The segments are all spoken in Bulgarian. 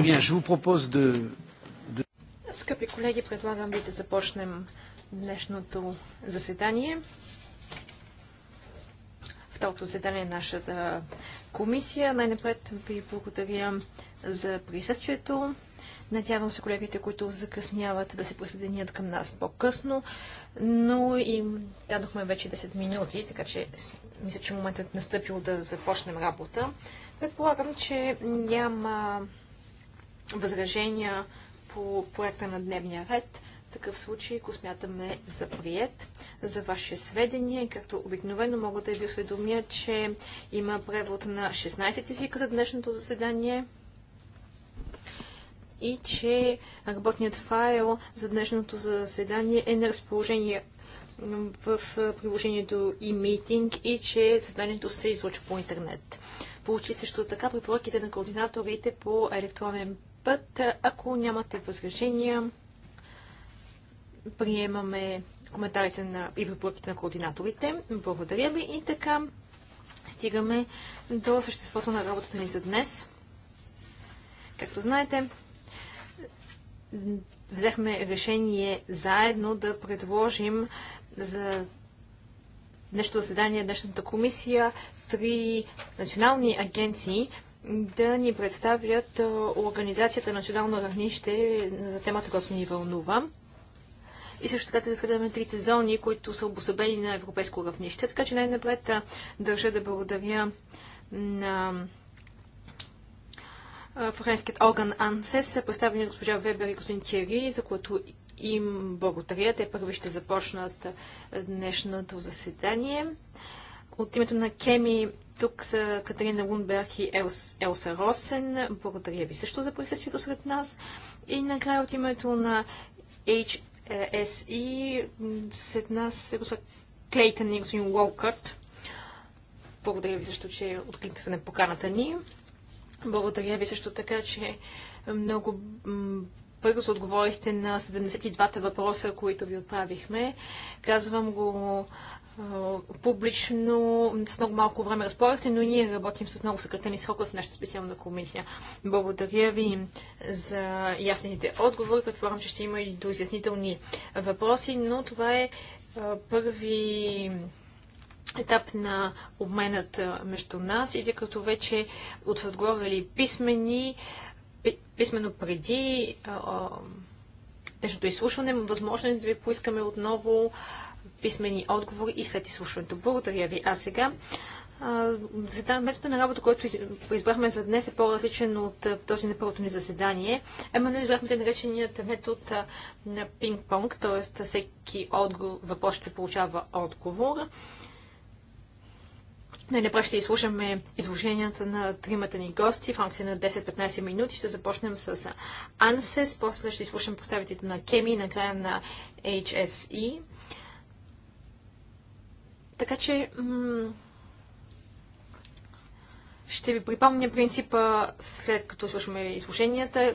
Très bien, je vous propose de... de... Скъпи колеги, предлагам ви да започнем днешното заседание. Второто заседание на нашата комисия. Най-напред ви благодаря за присъствието. Надявам се колегите, които закъсняват да се присъединят към нас по-късно, но им дадохме вече 10 минути, така че мисля, че моментът е настъпил да започнем работа. Предполагам, че няма възражения по проекта на дневния ред. В такъв случай го смятаме за прият. За ваше сведение, както обикновено мога да ви осведомя, че има превод на 16 езика за днешното заседание и че работният файл за днешното заседание е на разположение в приложението и e митинг и че заседанието се излъчва по интернет. Получи също така препоръките на координаторите по електронен път. Ако нямате възражения, приемаме коментарите на, и препоръките на координаторите. Благодаря ви и така стигаме до съществото на работата ни за днес. Както знаете, взехме решение заедно да предложим за днешното заседание, днешната комисия, три национални агенции, да ни представят организацията на национално равнище за темата, която ни вълнува. И също така да разгледаме трите зони, които са обособени на европейско равнище. Така че най-напред държа да благодаря на френският орган АНСЕС, представени от госпожа Вебер и господин Тиери, за което им благодаря. Те първи ще започнат днешното заседание. От името на Кеми тук са Катерина Лунберг и Елс, Елса Росен. Благодаря ви също за присъствието сред нас. И накрая от името на HSI е сред нас е господин Клейтън и господин Уолкърт. Благодаря ви също, че откликнахте на поканата ни. Благодаря ви също така, че много бързо отговорихте на 72-та въпроса, които ви отправихме. Казвам го публично с много малко време разполагате, но ние работим с много съкратени срокове в нашата специална комисия. Благодаря ви за ясните отговори. Предполагам, че ще има и доизяснителни въпроси, но това е първи етап на обменът между нас и тъй като вече отговорили писмени, писмено преди днешното изслушване, възможно е да ви поискаме отново писмени отговори и след изслушването. Благодаря ви. А сега заседание, метода на работа, който избрахме за днес е по-различен от този на първото ни заседание. Именно избрахме те нареченият метод на пинг-понг, т.е. всеки отговор, въпрос ще получава отговор. Най-напред ще изслушаме изложенията на тримата ни гости в рамките на 10-15 минути. Ще започнем с Ансес, после ще изслушам представителите на Кеми и накрая на HSE. Така че ще ви припомня принципа, след като слушаме изложенията.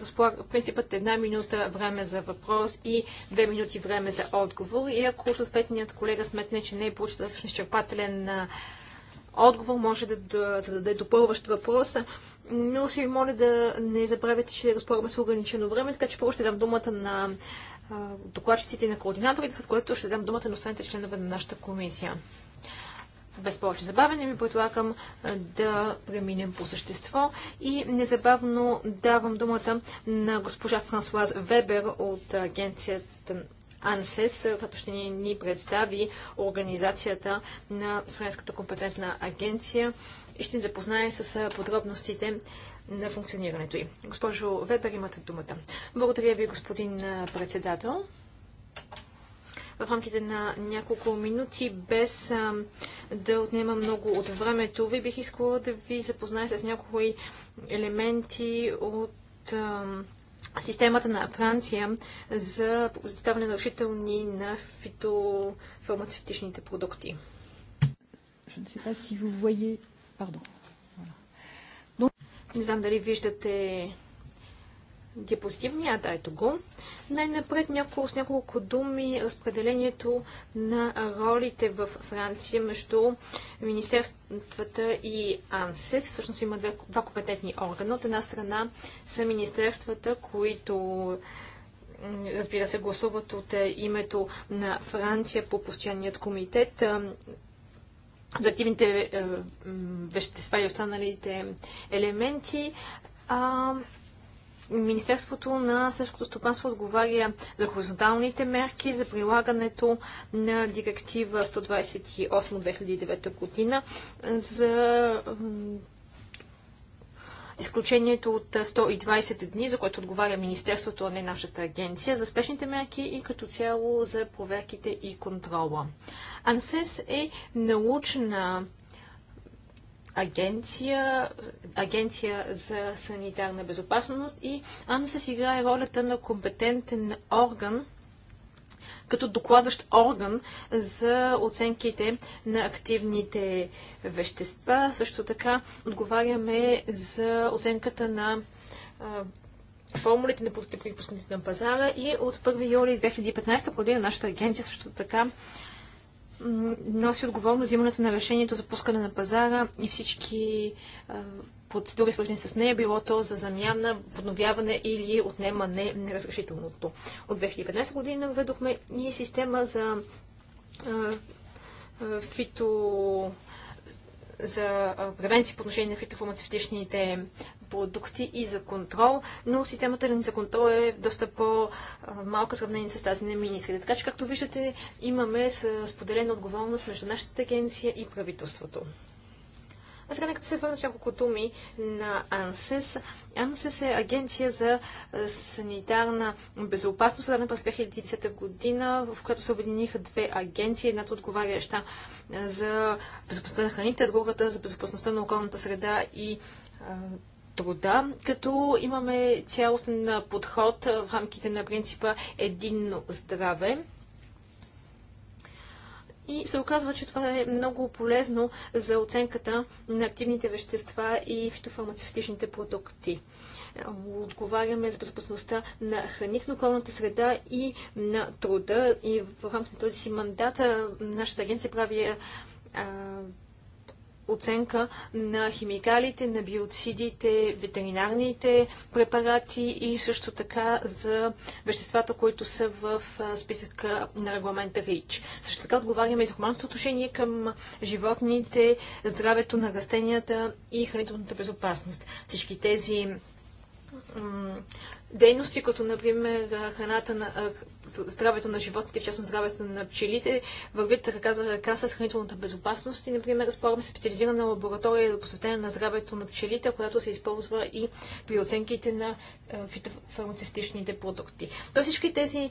Принципът е една минута време за въпрос и две минути време за отговор. И ако съответният колега сметне, че не е получил достатъчно изчерпателен отговор, може да зададе допълващ въпрос. Но си ви моля да не забравяйте, че разполагаме с ограничено време, така че първо ще дам думата на докладчиците и на координаторите, след което ще дам думата на останалите членове на нашата комисия без повече забавяне ми предлагам да преминем по същество и незабавно давам думата на госпожа Франсуаз Вебер от агенцията АНСЕС, като ще ни, ни представи организацията на Френската компетентна агенция и ще ни запознае с подробностите на функционирането й. Госпожо Вебер, имате думата. Благодаря ви, господин председател в рамките на няколко минути, без да отнема много от времето ви. Бих искала да ви запозная с някои елементи от системата на Франция за ставане на решителни на фитофармацевтичните продукти. Не знам дали виждате диапозитивния, да, ето го. Най-напред няколко, с няколко думи разпределението на ролите в Франция между министерствата и АНСЕС. Всъщност има две, два компетентни органа. От една страна са министерствата, които разбира се, гласуват от е, името на Франция по постоянният комитет за активните е, вещества и останалите елементи. А Министерството на сърското стопанство отговаря за хоризонталните мерки, за прилагането на директива 128 от 2009 година за изключението от 120 дни, за което отговаря Министерството, а не нашата агенция, за спешните мерки и като цяло за проверките и контрола. АНСЕС е научна агенция, агенция за санитарна безопасност и АНСЕС играе ролята на компетентен орган, като докладващ орган за оценките на активните вещества. Също така отговаряме за оценката на формулите на продуктите, припуснати на пазара и от 1 юли 2015 година нашата агенция също така носи отговорно взимането на решението за пускане на пазара и всички процедури, свързани с нея, било то за замяна, подновяване или отнемане на разрешителното. От 2015 година въведохме и система за фито за превенция по отношение на фитофармацевтичните продукти и за контрол, но системата ни за контрол е доста по-малка сравнение с тази на министрите. Така че, както виждате, имаме споделена отговорност между нашата агенция и правителството. А сега нека да се върна няколко думи на АНСЕС. АНСЕС е агенция за санитарна безопасност, създадена през 2010 година, в която се объединиха две агенции. Едната отговаряща за безопасността на храните, другата за безопасността на околната среда и труда, като имаме цялостен подход в рамките на принципа единно здраве. И се оказва, че това е много полезно за оценката на активните вещества и фитофармацевтичните продукти. Отговаряме за безопасността на храните, на околната среда и на труда. И в рамките на този си мандат нашата агенция прави оценка на химикалите, на биоцидите, ветеринарните препарати и също така за веществата, които са в списъка на регламента РИЧ. Също така отговаряме и за хуманното отношение към животните, здравето на растенията и хранителната безопасност. Всички тези дейности, като например храната на здравето на животните, в частност здравето на пчелите, вървят ръка за ръка с хранителната безопасност и, например, разполагаме специализирана лаборатория, посветена на здравето на пчелите, която се използва и при оценките на фармацевтичните продукти. То всички тези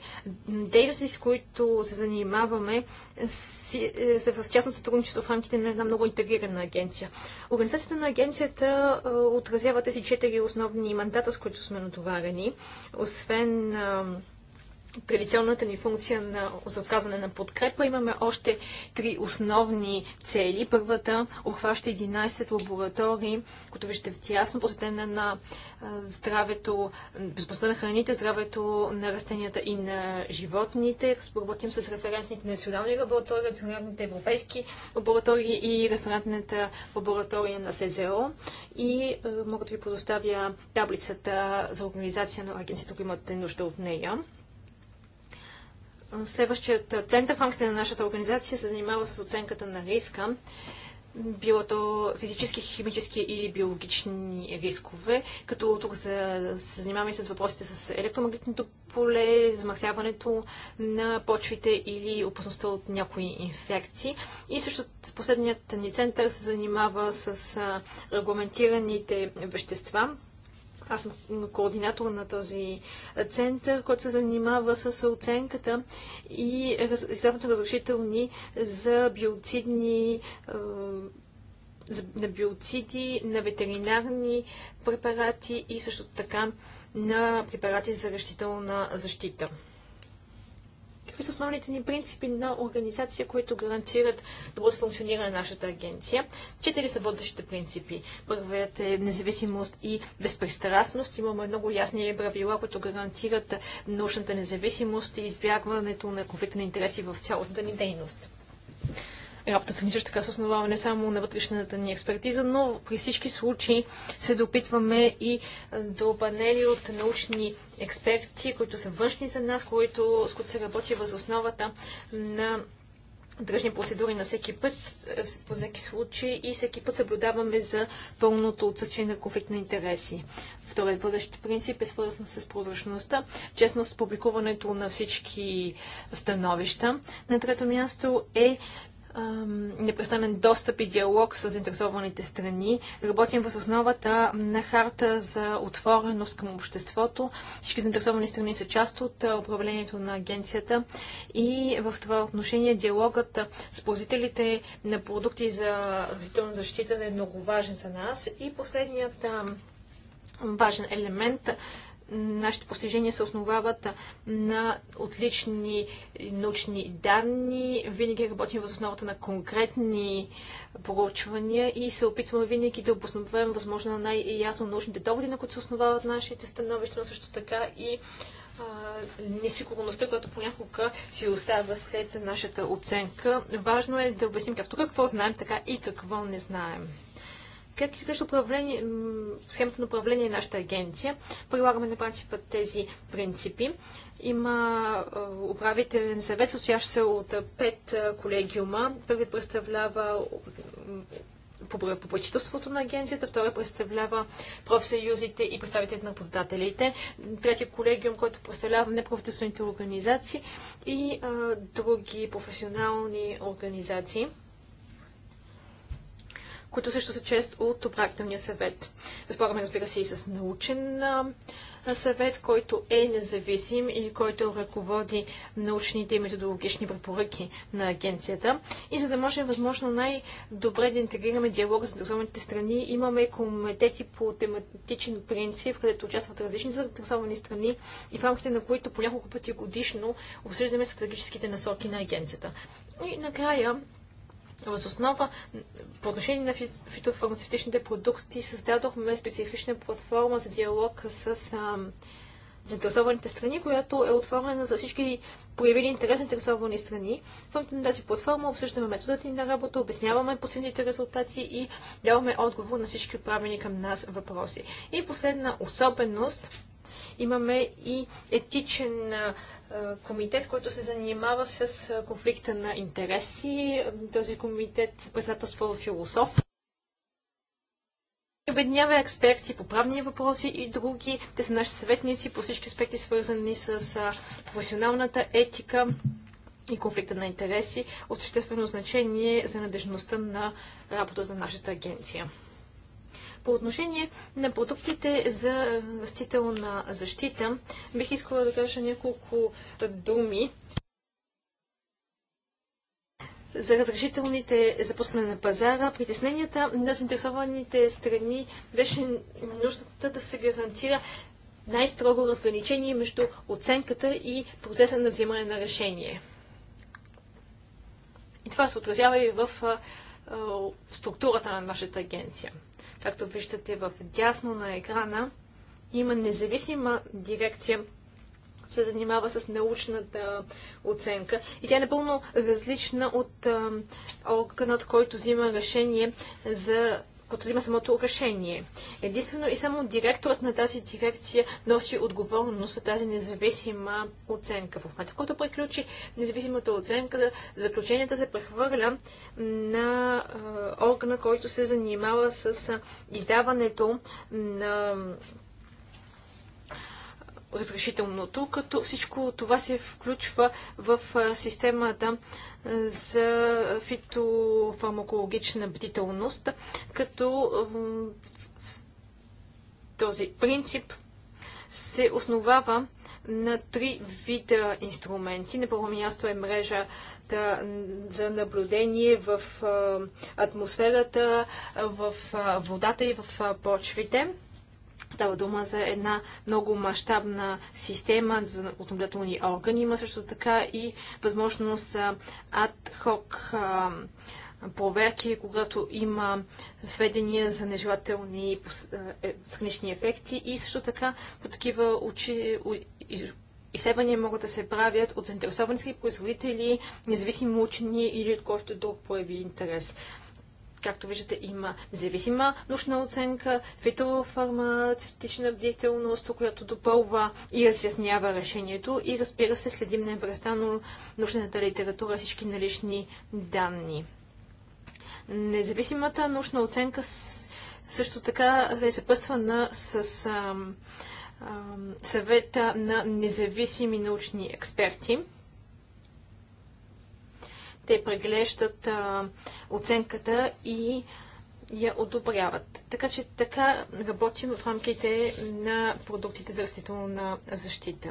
дейности, с които се занимаваме, е, са в тясно сътрудничество в рамките на една много интегрирана агенция. Организацията на агенцията отразява тези четири основни мандата, с които сме натоварени години, освен традиционната ни функция на, за отказване на подкрепа, имаме още три основни цели. Първата обхваща 11 лаборатории, които вижте в тясно, посетена на здравето, безопасността на храните, здравето на растенията и на животните. Работим с референтните национални лаборатории, националните европейски лаборатории и референтната лаборатория на СЗО. И мога да ви предоставя таблицата за организация на агенцията, ако имате нужда от нея. Следващият център в рамките на нашата организация се занимава с оценката на риска, било то физически, химически или биологични рискове, като тук се, се занимаваме и с въпросите с електромагнитното поле, замърсяването на почвите или опасността от някои инфекции. И също последният ни център се занимава с регламентираните вещества, аз съм координатор на този център, който се занимава с оценката и издаването разрешителни за биоцидни на биоциди, на ветеринарни препарати и също така на препарати за на защита. Какви са основните ни принципи на организация, които гарантират доброто функциониране на нашата агенция? Четири са водещите принципи. Първият е независимост и безпристрастност. Имаме много ясни правила, които гарантират научната независимост и избягването на конфликта на интереси в цялостната ни дейност. Работата ни също така се основава не само на вътрешната ни експертиза, но при всички случаи се допитваме и до панели от научни експерти, които са външни за нас, които, с които се работи въз основата на Дръжни процедури на всеки път, по всеки случай и всеки път съблюдаваме за пълното отсъствие на конфликт на интереси. Вторият бъдещ принцип е свързан с прозрачността, честност, с публикуването на всички становища. На трето място е непрестанен достъп и диалог с заинтересованите страни. Работим въз основата на харта за отвореност към обществото. Всички заинтересовани страни са част от управлението на агенцията и в това отношение диалогът с ползителите на продукти за растителна защита е много важен за нас. И последният важен елемент нашите постижения се основават на отлични научни данни. Винаги работим въз основата на конкретни проучвания и се опитваме винаги да обосновем възможно на най-ясно научните доводи, на които се основават нашите становища, но също така и а, несигурността, която понякога си остава след нашата оценка. Важно е да обясним както какво знаем, така и какво не знаем как изглежда управление, схемата на управление на нашата агенция. Прилагаме на принципа тези принципи. Има управителен съвет, състоящ се от пет колегиума. Първият представлява по попечителството на агенцията, втория представлява профсъюзите и представителите на продателите, третия колегиум, който представлява неправителствените организации и а, други професионални организации които също са чест от управителния съвет. Разполагаме, разбира се, и с научен съвет, който е независим и който ръководи научните и методологични препоръки на агенцията. И за да можем възможно най-добре да интегрираме диалог с държавните страни, имаме комитети по тематичен принцип, където участват различни заинтересовани страни и в рамките на които по няколко пъти годишно обсъждаме стратегическите насоки на агенцията. И накрая основа, по отношение на фитофармацевтичните продукти, създадохме специфична платформа за диалог с заинтересованите страни, която е отворена за всички проявили интерес на интересовани страни. В на тази платформа обсъждаме методът ни на работа, обясняваме последните резултати и даваме отговор на всички отправени към нас въпроси. И последна особеност имаме и етичен е, комитет, който се занимава с е, конфликта на интереси. Този комитет се председателства философ. Обеднява експерти по правни въпроси и други. Те са наши съветници по всички аспекти, свързани с е, професионалната етика и конфликта на интереси от съществено значение за надежността на работата на нашата агенция. По отношение на продуктите за растителна защита, бих искала да кажа няколко думи за разрешителните запускане на пазара, притесненията на заинтересованите страни беше нуждата да се гарантира най-строго разграничение между оценката и процеса на взимане на решение. И това се отразява и в структурата на нашата агенция. Както виждате в дясно на екрана, има независима дирекция, се занимава с научната оценка и тя е напълно различна от органът, който взима решение за като взима самото решение. Единствено и само директорът на тази дирекция носи отговорност за тази независима оценка. В момента, в който приключи независимата оценка, заключенията се прехвърля на органа, който се занимава с издаването на разрешителното, като всичко това се включва в системата за фитофармакологична бдителност, като този принцип се основава на три вида инструменти. На първо място е мрежа за наблюдение в атмосферата, в водата и в почвите. Става дума за една много мащабна система за отмъдателни органи. Има също така и възможност ад-хок проверки, когато има сведения за нежелателни странични е, ефекти и също така по такива очи, изследвания могат да се правят от заинтересовани производители, независимо учени или от който друг прояви интерес. Както виждате, има зависима научна оценка, фитофармацевтична бдителност, която допълва и разяснява решението и разбира се, следим непрестанно научната литература, всички налични данни. Независимата научна оценка също така е съпъствана с ам, съвета на независими научни експерти те преглеждат а, оценката и я одобряват. Така че така работим в рамките на продуктите за растителна защита.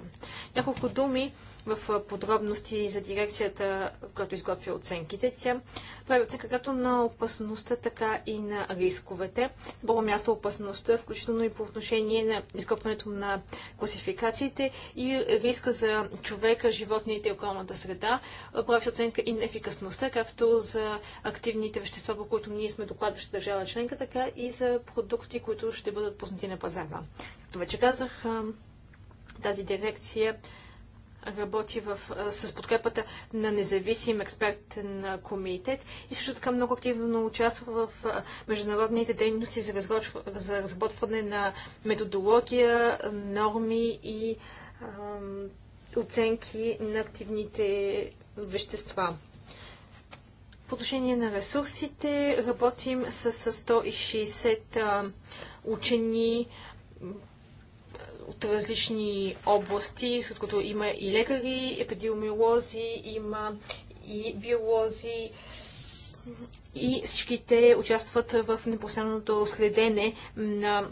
Няколко думи в подробности за дирекцията, която изготвя оценките. Тя прави оценка както на опасността, така и на рисковете. добро място опасността, включително и по отношение на изготвянето на класификациите и риска за човека, животните и околната среда. Прави се оценка и на ефикасността, както за активните вещества, по които ние сме докладващи държава членка, така и за продукти, които ще бъдат пуснати на пазара. Както вече казах, тази дирекция работи в, с подкрепата на независим експертен комитет и също така много активно участва в международните дейности за, за разработване на методология, норми и а, оценки на активните вещества. По отношение на ресурсите работим с 160 учени, от различни области, след като има и лекари, епидемиолози, има и биолози, и всичките участват в непостоянното следене на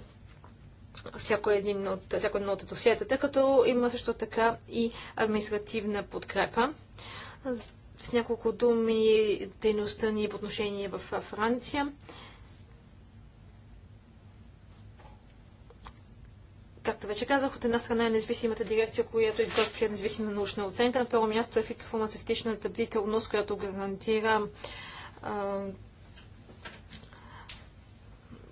всяко, един от, всяко едно от досиетата, като има също така и административна подкрепа. С няколко думи дейността ни е по отношение в Франция. Както вече казах, от една страна е независимата дирекция, която изготвя независима научна оценка. На второ място е фитофармацевтична таблителност, която гарантира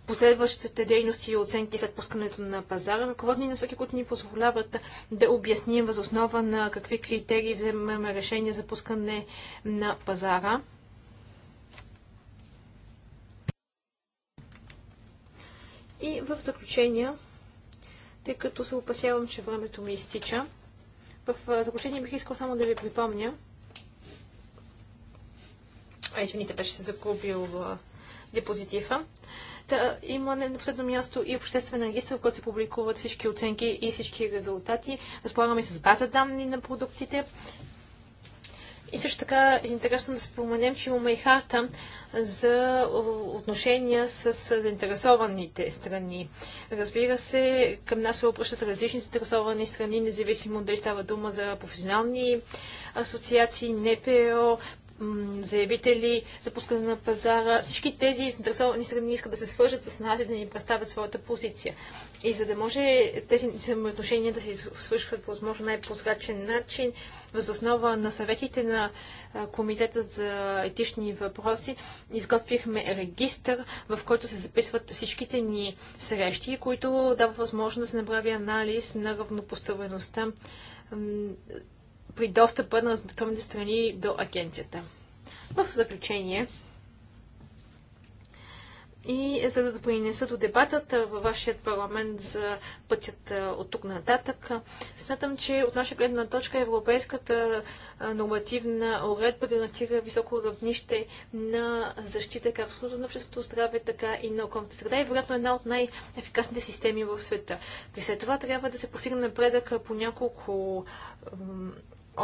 последващите дейности и оценки след пускането на пазара, ръководни насоки, които ни позволяват да обясним възоснова на какви критерии вземаме решение за пускане на пазара. И в заключение тъй като се опасявам, че времето ми изтича. В заключение бих искал само да ви припомня. А, извините, беше се загубил депозитива. Та, има на последно място и обществен регистр, в който се публикуват всички оценки и всички резултати. Разполагаме с база данни на продуктите и също така е интересно да споменем, че имаме и харта за отношения с заинтересованите страни. Разбира се, към нас се обръщат различни заинтересовани страни, независимо дали става дума за професионални асоциации, НПО, заявители за пускане на пазара. Всички тези заинтересовани страни искат да се свържат с нас и да ни представят своята позиция. И за да може тези взаимоотношения да се свършват по възможно най-прозрачен начин, въз основа на съветите на Комитета за етични въпроси, изготвихме регистър, в който се записват всичките ни срещи, които дава възможност да се направи анализ на равнопоставеността при достъпа на заинтересованите страни до агенцията. В заключение, и за да допринесат от дебатата във вашия парламент за пътят от тук нататък. Смятам, че от наша гледна точка европейската нормативна уредба гарантира високо равнище на защита както на общественото здраве, така и на околната среда и вероятно една от най-ефикасните системи в света. При след това трябва да се постигне напредък по няколко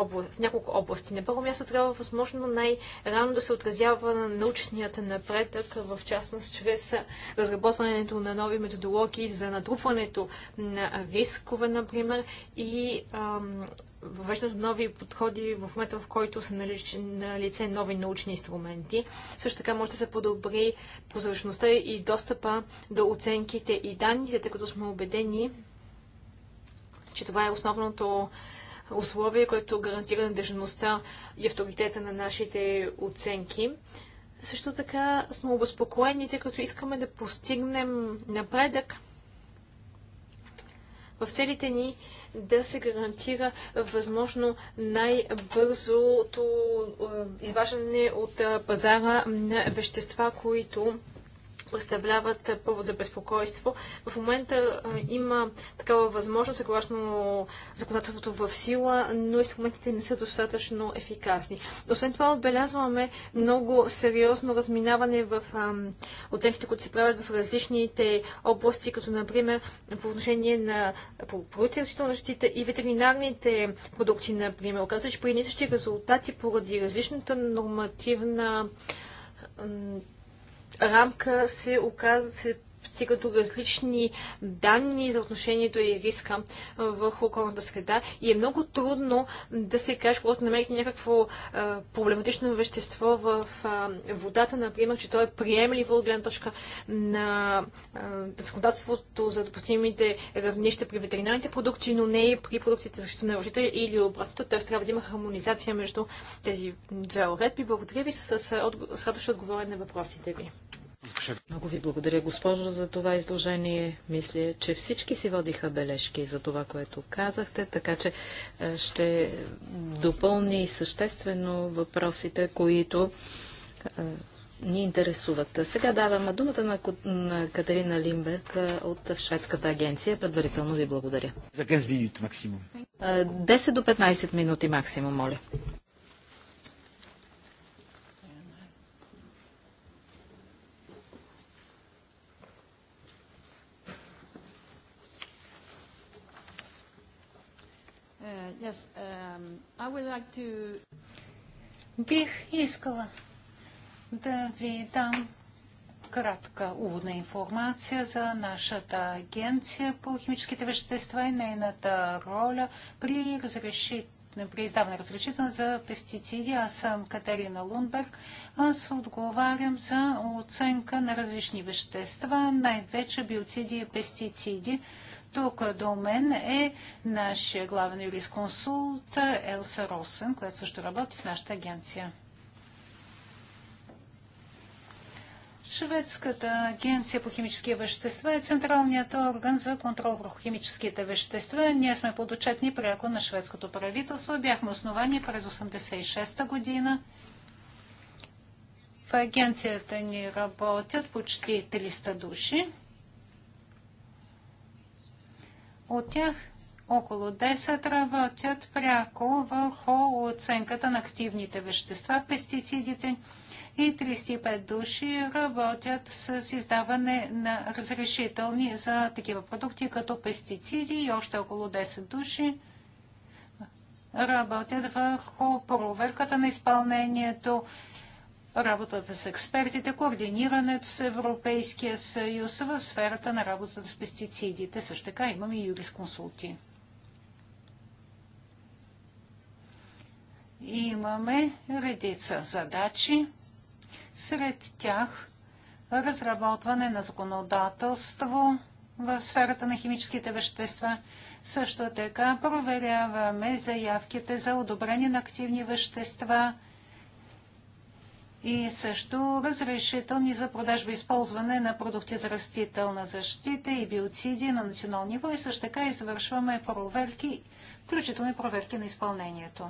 в няколко области. На първо място трябва възможно най-рано да се отразява на научният напредък, в частност чрез разработването на нови методологии за натрупването на рискове, например, и ам, въвеждането нови подходи в момента, в който са на лице нови научни инструменти. Също така може да се подобри прозрачността и достъпа до оценките и данните, тъй като сме убедени, че това е основното условие, което гарантира надежността и авторитета на нашите оценки. Също така сме обезпокоени, тъй като искаме да постигнем напредък в целите ни да се гарантира възможно най-бързото е, изваждане от е, пазара на вещества, които представляват повод за безпокойство. В момента а, има такава възможност, съгласно законодателството в сила, но инструментите не са достатъчно ефикасни. Освен това, отбелязваме много сериозно разминаване в оценките, които се правят в различните области, като например по отношение на продукти на защита и ветеринарните продукти, например. Оказва, че при едни същи резултати поради различната нормативна рамка се, оказа, се стига до различни данни за отношението и риска в околната среда и е много трудно да се каже, когато намерите някакво а, проблематично вещество в а, водата, например, че то е приемливо от гледна точка на законодателството за допустимите равнища при ветеринарните продукти, но не и при продуктите за защита на рожители или обратното, т.е. трябва да има хармонизация между тези две уредби. Благодаря ви, с, с, с радост ще отговоря на въпросите ви. Много ви благодаря, госпожо, за това изложение. Мисля, че всички си водиха бележки за това, което казахте, така че е, ще допълни съществено въпросите, които е, ни интересуват. Сега давам думата на, Катерина Лимбек е, от Шведската агенция. Предварително ви благодаря. За 10 минути максимум. 10 до 15 минути максимум, моля. Um, Бих искала да ви дам кратка уводна информация за нашата агенция по химическите вещества и нейната роля при, при издаване разрешително за пестициди. Аз съм Катерина Лунберг. Аз отговарям за оценка на различни вещества, най-вече биоциди и пестициди. Тук до мен е нашия главен юрисконсулт Елса Росен, която също работи в нашата агенция. Шведската агенция по химически вещества е централният орган за контрол върху химическите вещества. Ние сме подочетни пряко на шведското правителство. Бяхме основани през 1986 година. В агенцията ни работят почти 300 души. От тях около 10 работят пряко върху оценката на активните вещества в пестицидите и 35 души работят с издаване на разрешителни за такива продукти като пестициди и още около 10 души работят върху проверката на изпълнението работата с експертите, координирането с Европейския съюз в сферата на работата с пестицидите. Също така имаме юрисконсулти. Имаме редица задачи. Сред тях разработване на законодателство в сферата на химическите вещества. Също така проверяваме заявките за одобрение на активни вещества – и също разрешителни за продажба и използване на продукти за растителна защита и биоциди на национално ниво и също така извършваме проверки, включително и проверки на изпълнението.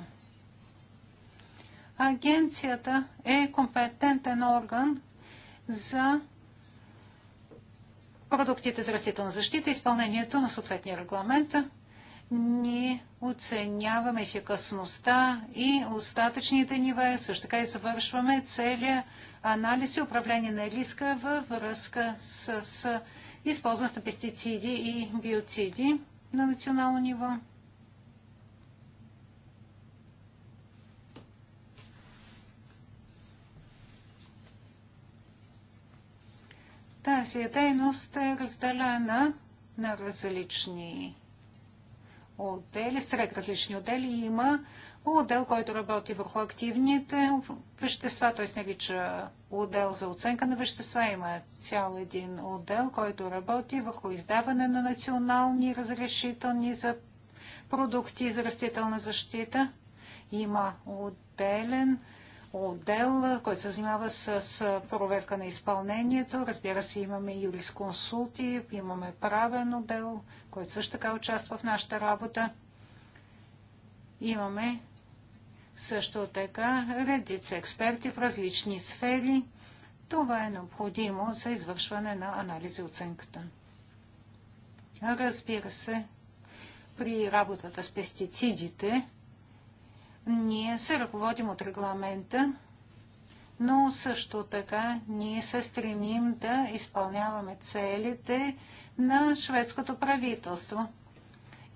Агенцията е компетентен орган за продуктите за растителна защита, изпълнението на съответния регламент ние оценяваме ефикасността и остатъчните нива, също така и завършваме целия анализ и управление на риска във връзка с, с използването на пестициди и биоциди на национално ниво. Тази дейност е разделена на различни отдели, сред различни отдели има отдел, който работи върху активните вещества, т.е. нарича отдел за оценка на вещества. Има цял един отдел, който работи върху издаване на национални разрешителни за продукти за растителна защита. Има отделен отдел, който се занимава с, с проверка на изпълнението. Разбира се, имаме юрисконсулти, имаме правен отдел, който също така участва в нашата работа. Имаме също така редица експерти в различни сфери. Това е необходимо за извършване на анализи и оценката. Разбира се, при работата с пестицидите ние се ръководим от регламента, но също така ние се стремим да изпълняваме целите на шведското правителство.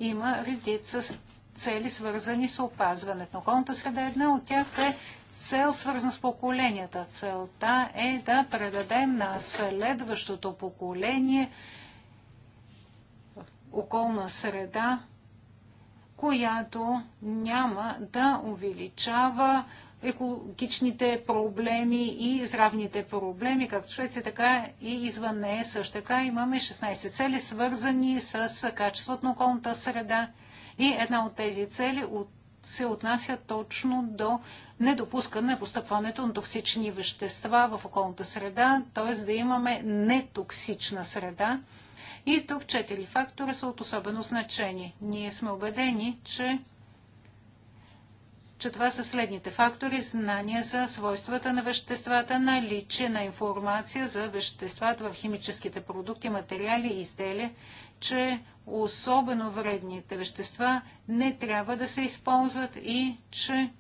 Има редица цели, свързани с опазването околната среда. Е една от тях е цел, свързана с поколенията. Целта е да предадем на следващото поколение околна среда, която няма да увеличава екологичните проблеми и здравните проблеми, както Швеция, така и извън нея. Също така имаме 16 цели, свързани с качеството на околната среда. И една от тези цели се отнася точно до недопускане постъпването на токсични вещества в околната среда, т.е. да имаме нетоксична среда. И тук четири фактора са от особено значение. Ние сме убедени, че че това са следните фактори. Знания за свойствата на веществата, наличие на информация за веществата в химическите продукти, материали и изделия, че особено вредните вещества не трябва да се използват и че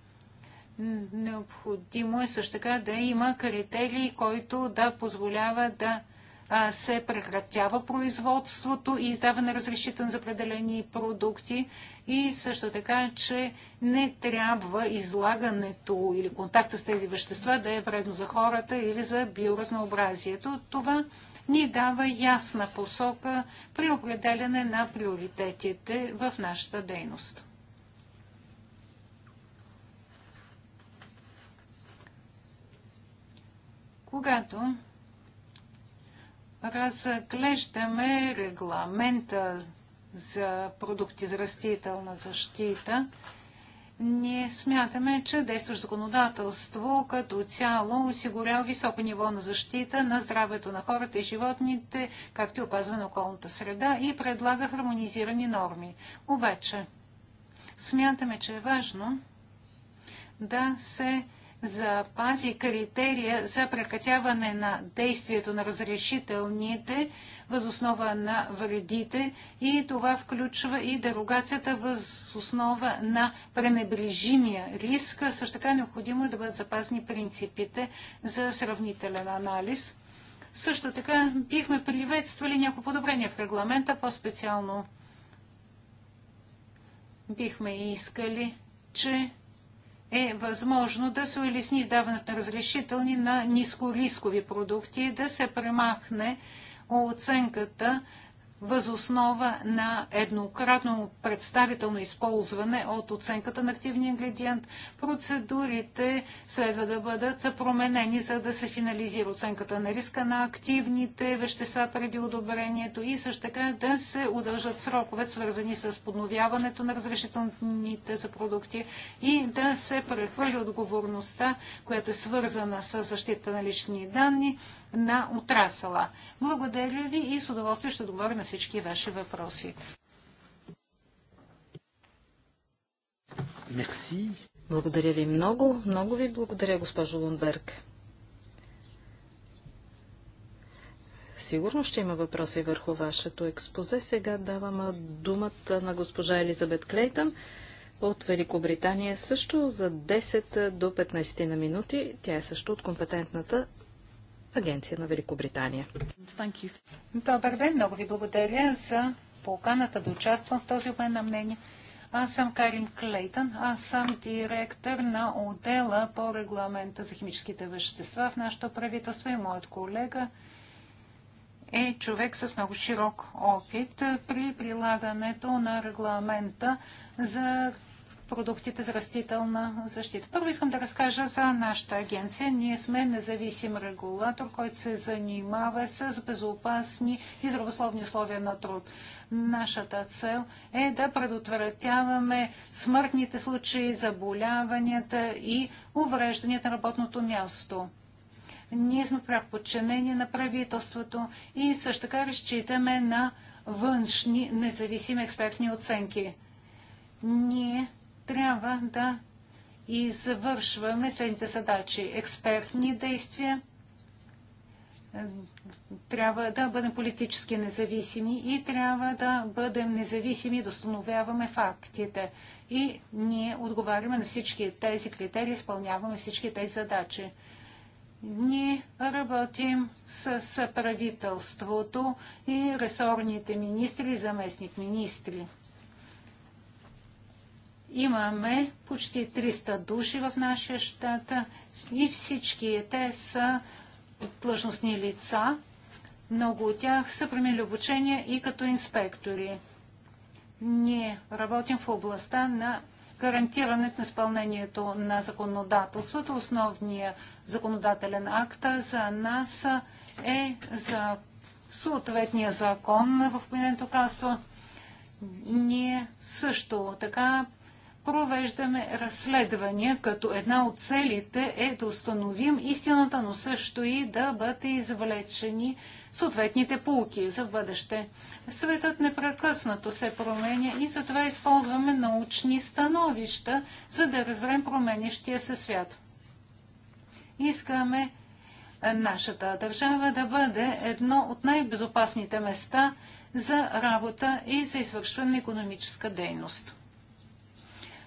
необходимо е също така да има критерии, който да позволява да се прекратява производството и издаване на разрешително за определени продукти и също така, че не трябва излагането или контакта с тези вещества да е вредно за хората или за биоразнообразието. Това ни дава ясна посока при определяне на приоритетите в нашата дейност. Когато разглеждаме регламента за продукти за растителна защита, ние смятаме, че действащо законодателство като цяло осигурява високо ниво на защита на здравето на хората и животните, както и опазване на околната среда и предлага хармонизирани норми. Обаче, смятаме, че е важно да се запази критерия за прекратяване на действието на разрешителните Въз основа на вредите и това включва и дерогацията въз основа на пренебрежимия риск. Също така е необходимо да бъдат запазни принципите за сравнителен анализ. Също така бихме приветствали някои подобрения в регламента, по-специално бихме искали, че е възможно да се улесни издаването на разрешителни на нискорискови продукти, да се премахне оценката възоснова на еднократно представително използване от оценката на активния ингредиент. Процедурите следва да бъдат променени, за да се финализира оценката на риска на активните вещества преди одобрението и също така да се удължат срокове, свързани с подновяването на разрешителните за продукти и да се прехвърли отговорността, която е свързана с защита на лични данни на отрасъла. Благодаря ви и с удоволствие ще отговоря на всички ваши въпроси. Мерси. Благодаря ви много. Много ви благодаря, госпожо Лунберг. Сигурно ще има въпроси върху вашето експозе. Сега давам думата на госпожа Елизабет Клейтън от Великобритания също за 10 до 15 на минути. Тя е също от компетентната агенция на Великобритания. Добър ден, много ви благодаря за поканата да участвам в този обмен на мнение. Аз съм Карим Клейтън, аз съм директор на отдела по регламента за химическите вещества в нашето правителство и моят колега е човек с много широк опит при прилагането на регламента за продуктите за растителна защита. Първо искам да разкажа за нашата агенция. Ние сме независим регулатор, който се занимава с безопасни и здравословни условия на труд. Нашата цел е да предотвратяваме смъртните случаи, заболяванията и уврежданията на работното място. Ние сме пряко подчинени на правителството и също така разчитаме на външни независими експертни оценки. Ние трябва да извършваме следните задачи. Експертни действия, е, трябва да бъдем политически независими и трябва да бъдем независими и да установяваме фактите. И ние отговаряме на всички тези критерии, изпълняваме всички тези задачи. Ние работим с, с правителството и ресорните министри и заместник министри. Имаме почти 300 души в нашия щат и всички те са длъжностни лица. Много от тях са премили обучение и като инспектори. Ние работим в областта на гарантирането на изпълнението на законодателството. основния законодателен акт за нас е за съответния закон в Обединеното кралство. Ние също така провеждаме разследвания, като една от целите е да установим истината, но също и да бъдат извлечени съответните полки за бъдеще. Светът непрекъснато се променя и затова използваме научни становища, за да разберем променящия се свят. Искаме нашата държава да бъде едно от най-безопасните места за работа и за извършване на економическа дейност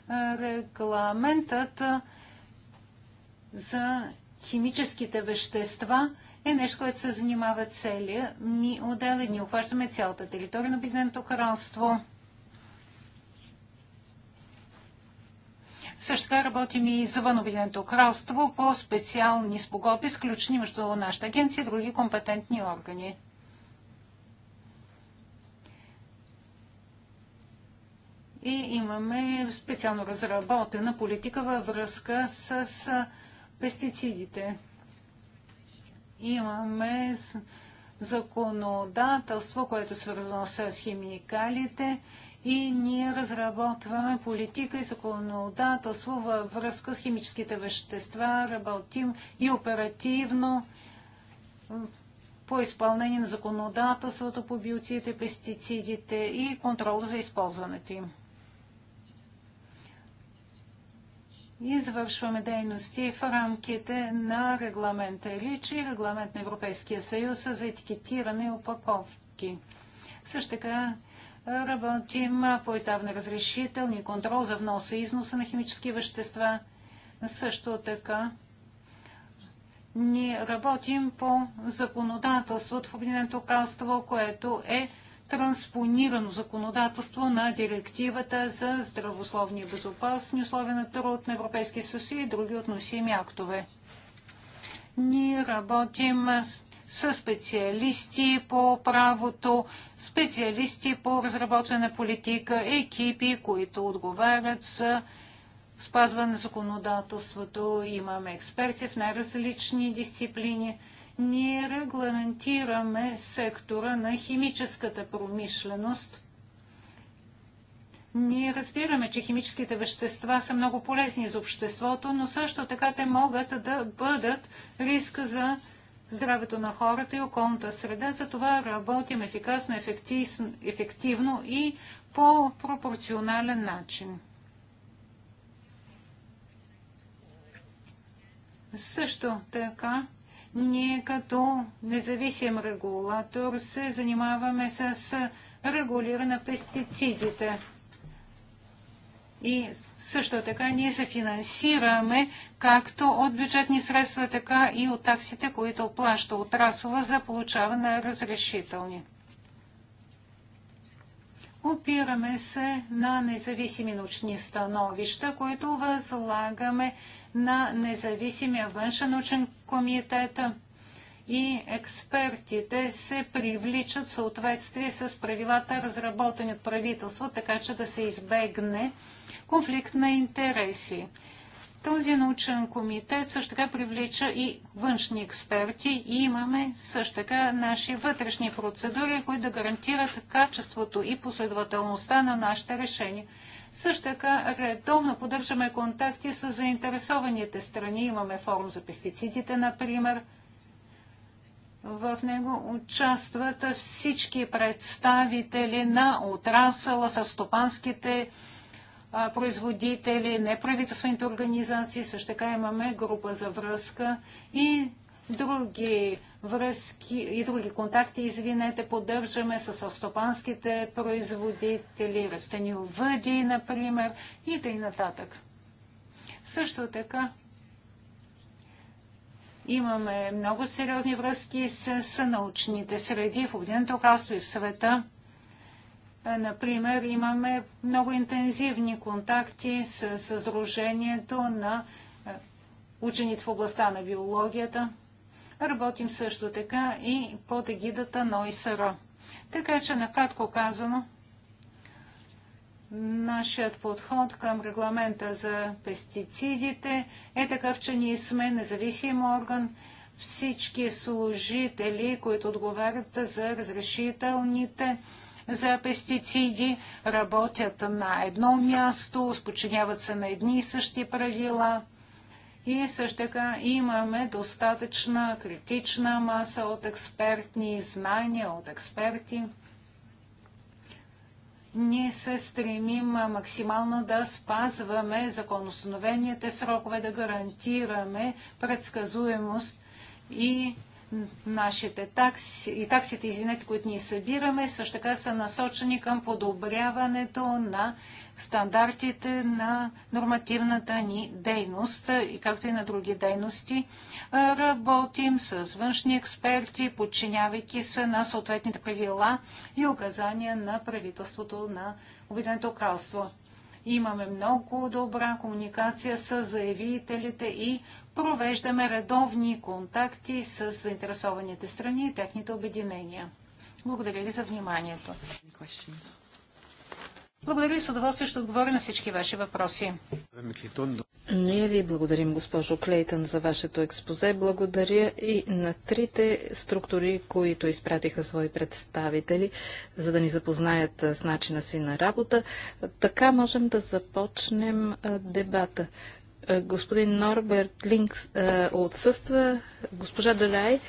регламентът за химическите вещества е нещо, което се занимава целия ми отдел и ние обхващаме цялата територия на Обединеното кралство. Също така работим и извън Обединеното кралство по специални спогодби, сключени между нашата агенция и други компетентни органи. и имаме специално разработена политика във връзка с пестицидите. Имаме законодателство, което е свързано с химикалите и ние разработваме политика и законодателство във връзка с химическите вещества, работим и оперативно по изпълнение на законодателството по биоцидите, пестицидите и контрол за използването им. извършваме дейности в рамките на регламента РИЧ и регламент на Европейския съюз за етикетиране и упаковки. Също така работим по издаване разрешителни контрол за вноса и износа на химически вещества. Също така ние работим по законодателството в Обединеното кралство, което е транспонирано законодателство на директивата за здравословни и безопасни условия на труд на Европейския съюз и други относими актове. Ние работим с специалисти по правото, специалисти по разработване на политика, екипи, които отговарят за спазване на законодателството. Имаме експерти в най-различни дисциплини – ние регламентираме сектора на химическата промишленост. Ние разбираме, че химическите вещества са много полезни за обществото, но също така те могат да бъдат риск за здравето на хората и околната среда. Затова работим ефикасно, ефективно и по пропорционален начин. Също така ние като независим регулатор се занимаваме с регулиране на пестицидите. И също така ние се финансираме както от бюджетни средства, така и от таксите, които плаща отрасъла за получаване на разрешителни. Опираме се на независими научни становища, които възлагаме на независимия външен научен комитета и експертите се привличат в съответствие с правилата, разработени от правителство, така че да се избегне конфликт на интереси. Този научен комитет също така привлича и външни експерти и имаме също така наши вътрешни процедури, които да гарантират качеството и последователността на нашите решения. Също така редовно поддържаме контакти с заинтересованите страни. Имаме форум за пестицидите, например. В него участват всички представители на отрасъла с стопанските производители, неправителствените организации. Също така имаме група за връзка и други връзки и други контакти, извинете, поддържаме с автопанските производители, растениовъди, например, и т.н. нататък. Също така имаме много сериозни връзки с, с научните среди в Обединеното кралство и в света. Например, имаме много интензивни контакти с, с Сдружението на учените в областта на биологията. Работим също така и под егидата на ОИСР. Така че, накратко казано, нашият подход към регламента за пестицидите е такъв, че ние сме независим орган. Всички служители, които отговарят за разрешителните за пестициди, работят на едно място, спочиняват се на едни и същи правила. И също така имаме достатъчна критична маса от експертни знания, от експерти. Ние се стремим максимално да спазваме законостановените срокове, да гарантираме предсказуемост и нашите такси и таксите, извинете, които ние събираме, също така са насочени към подобряването на стандартите на нормативната ни дейност, и както и на други дейности. Работим с външни експерти, подчинявайки се на съответните правила и указания на правителството на Обединеното кралство. Имаме много добра комуникация с заявителите и провеждаме редовни контакти с заинтересованите страни и техните обединения. Благодаря ви за вниманието. Благодаря ви с удоволствие, ще отговоря на всички ваши въпроси. Ние ви благодарим, госпожо Клейтън, за вашето експозе. Благодаря и на трите структури, които изпратиха свои представители, за да ни запознаят с начина си на работа. Така можем да започнем дебата. Е, господин Норберт Линкс е, отсъства. Госпожа Даляй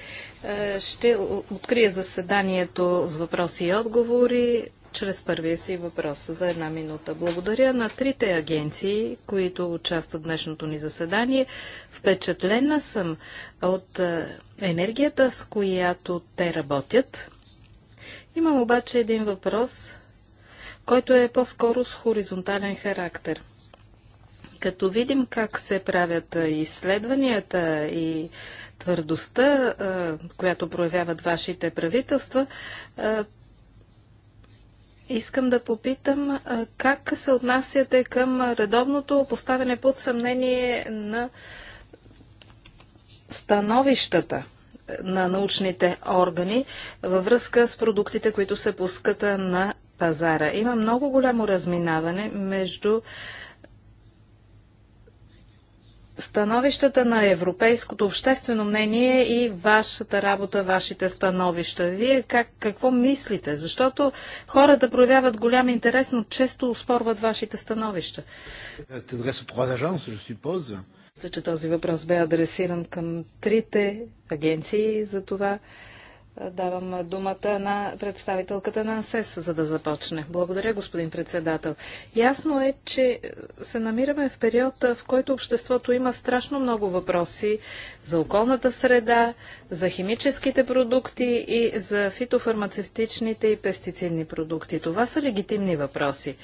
е, ще открие заседанието с въпроси и отговори чрез първия си въпрос за една минута. Благодаря на трите агенции, които участват в днешното ни заседание. Впечатлена съм от енергията, с която те работят. Имам обаче един въпрос, който е по-скоро с хоризонтален характер – като видим как се правят изследванията и твърдостта, която проявяват вашите правителства, Искам да попитам как се отнасяте към редовното поставяне под съмнение на становищата на научните органи във връзка с продуктите, които се пускат на пазара. Има много голямо разминаване между становищата на европейското обществено мнение и вашата работа, вашите становища. Вие как, какво мислите? Защото хората проявяват голям интерес, но често успорват вашите становища. Е, Мисля, че този въпрос бе адресиран към трите агенции за това. Давам думата на представителката на АНСЕС, за да започне. Благодаря, господин председател. Ясно е, че се намираме в период, в който обществото има страшно много въпроси за околната среда, за химическите продукти и за фитофармацевтичните и пестицидни продукти. Това са легитимни въпроси.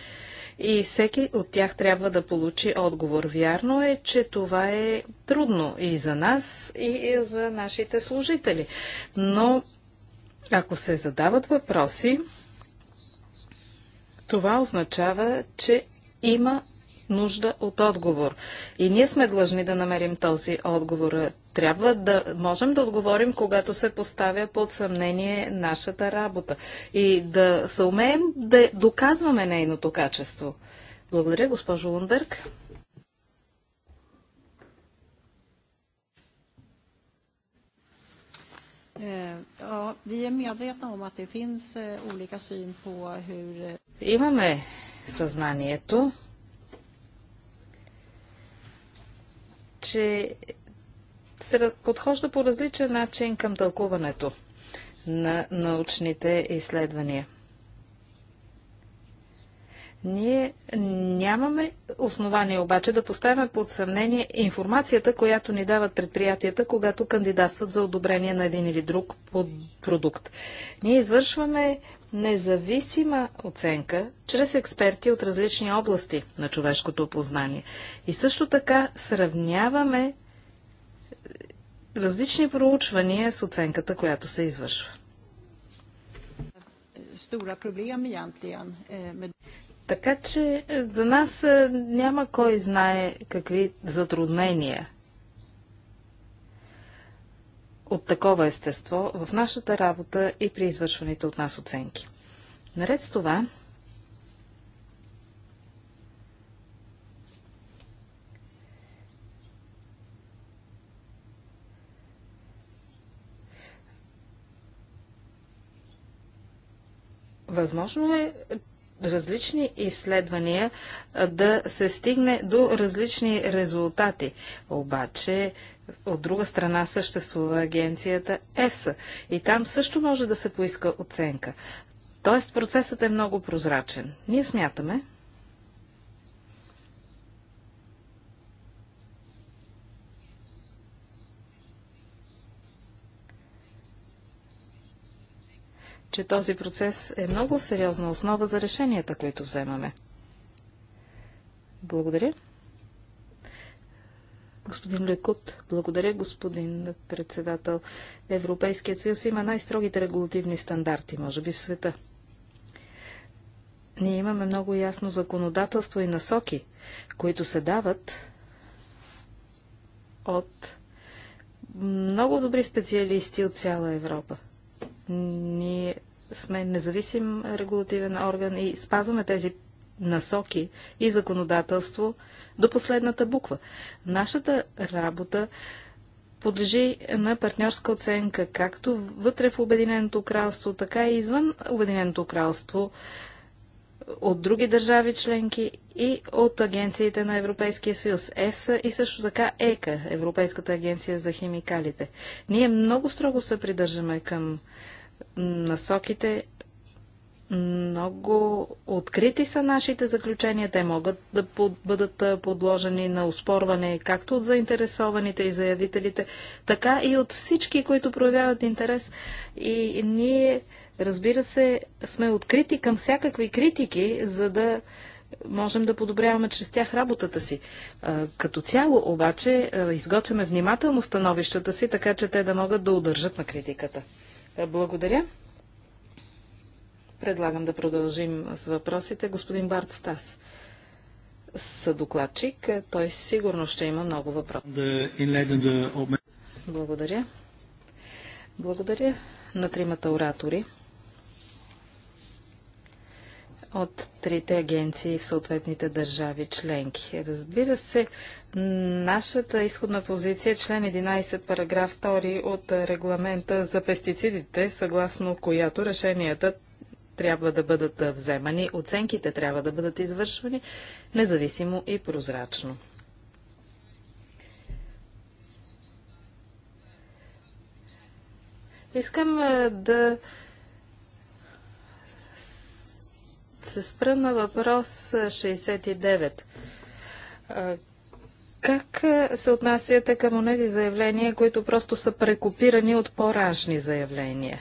И всеки от тях трябва да получи отговор. Вярно е, че това е трудно и за нас, и за нашите служители. Но ако се задават въпроси, това означава, че има нужда от отговор. И ние сме длъжни да намерим този отговор. Трябва да можем да отговорим, когато се поставя под съмнение нашата работа и да съумеем да доказваме нейното качество. Благодаря, госпожо Лунберг. Имаме съзнанието, че се подхожда по различен начин към тълкуването на научните изследвания. Ние нямаме основание обаче да поставяме под съмнение информацията, която ни дават предприятията, когато кандидатстват за одобрение на един или друг продукт. Ние извършваме независима оценка чрез експерти от различни области на човешкото познание. И също така сравняваме различни проучвания с оценката, която се извършва. Така че е, за нас е, няма кой знае какви затруднения от такова естество в нашата работа и при извършваните от нас оценки. Наред с това, възможно е различни изследвания да се стигне до различни резултати. Обаче, от друга страна съществува агенцията ЕФСА и там също може да се поиска оценка. Тоест процесът е много прозрачен. Ние смятаме, че този процес е много сериозна основа за решенията, които вземаме. Благодаря. Господин Лекут, благодаря, господин председател. Европейският съюз има най-строгите регулативни стандарти, може би в света. Ние имаме много ясно законодателство и насоки, които се дават от много добри специалисти от цяла Европа. Ние сме независим регулативен орган и спазваме тези насоки и законодателство до последната буква. Нашата работа подлежи на партньорска оценка както вътре в Обединеното кралство, така и извън Обединеното кралство от други държави членки и от агенциите на Европейския съюз, ЕСА и също така ЕКА, Европейската агенция за химикалите. Ние много строго се придържаме към насоките много открити са нашите заключения. Те могат да под, бъдат подложени на успорване както от заинтересованите и заявителите, така и от всички, които проявяват интерес. И ние, разбира се, сме открити към всякакви критики, за да можем да подобряваме чрез тях работата си. Като цяло, обаче, изготвяме внимателно становищата си, така че те да могат да удържат на критиката. Е, благодаря. Предлагам да продължим с въпросите. Господин Барт Стас съдокладчик, е, той сигурно ще има много въпроси. Благодаря. Благодаря на тримата оратори от трите агенции в съответните държави членки. Разбира се, нашата изходна позиция е член 11, параграф 2 от регламента за пестицидите, съгласно която решенията трябва да бъдат вземани, оценките трябва да бъдат извършвани независимо и прозрачно. Искам да се спра на въпрос 69. Как се отнасяте към тези заявления, които просто са прекопирани от по-рашни заявления?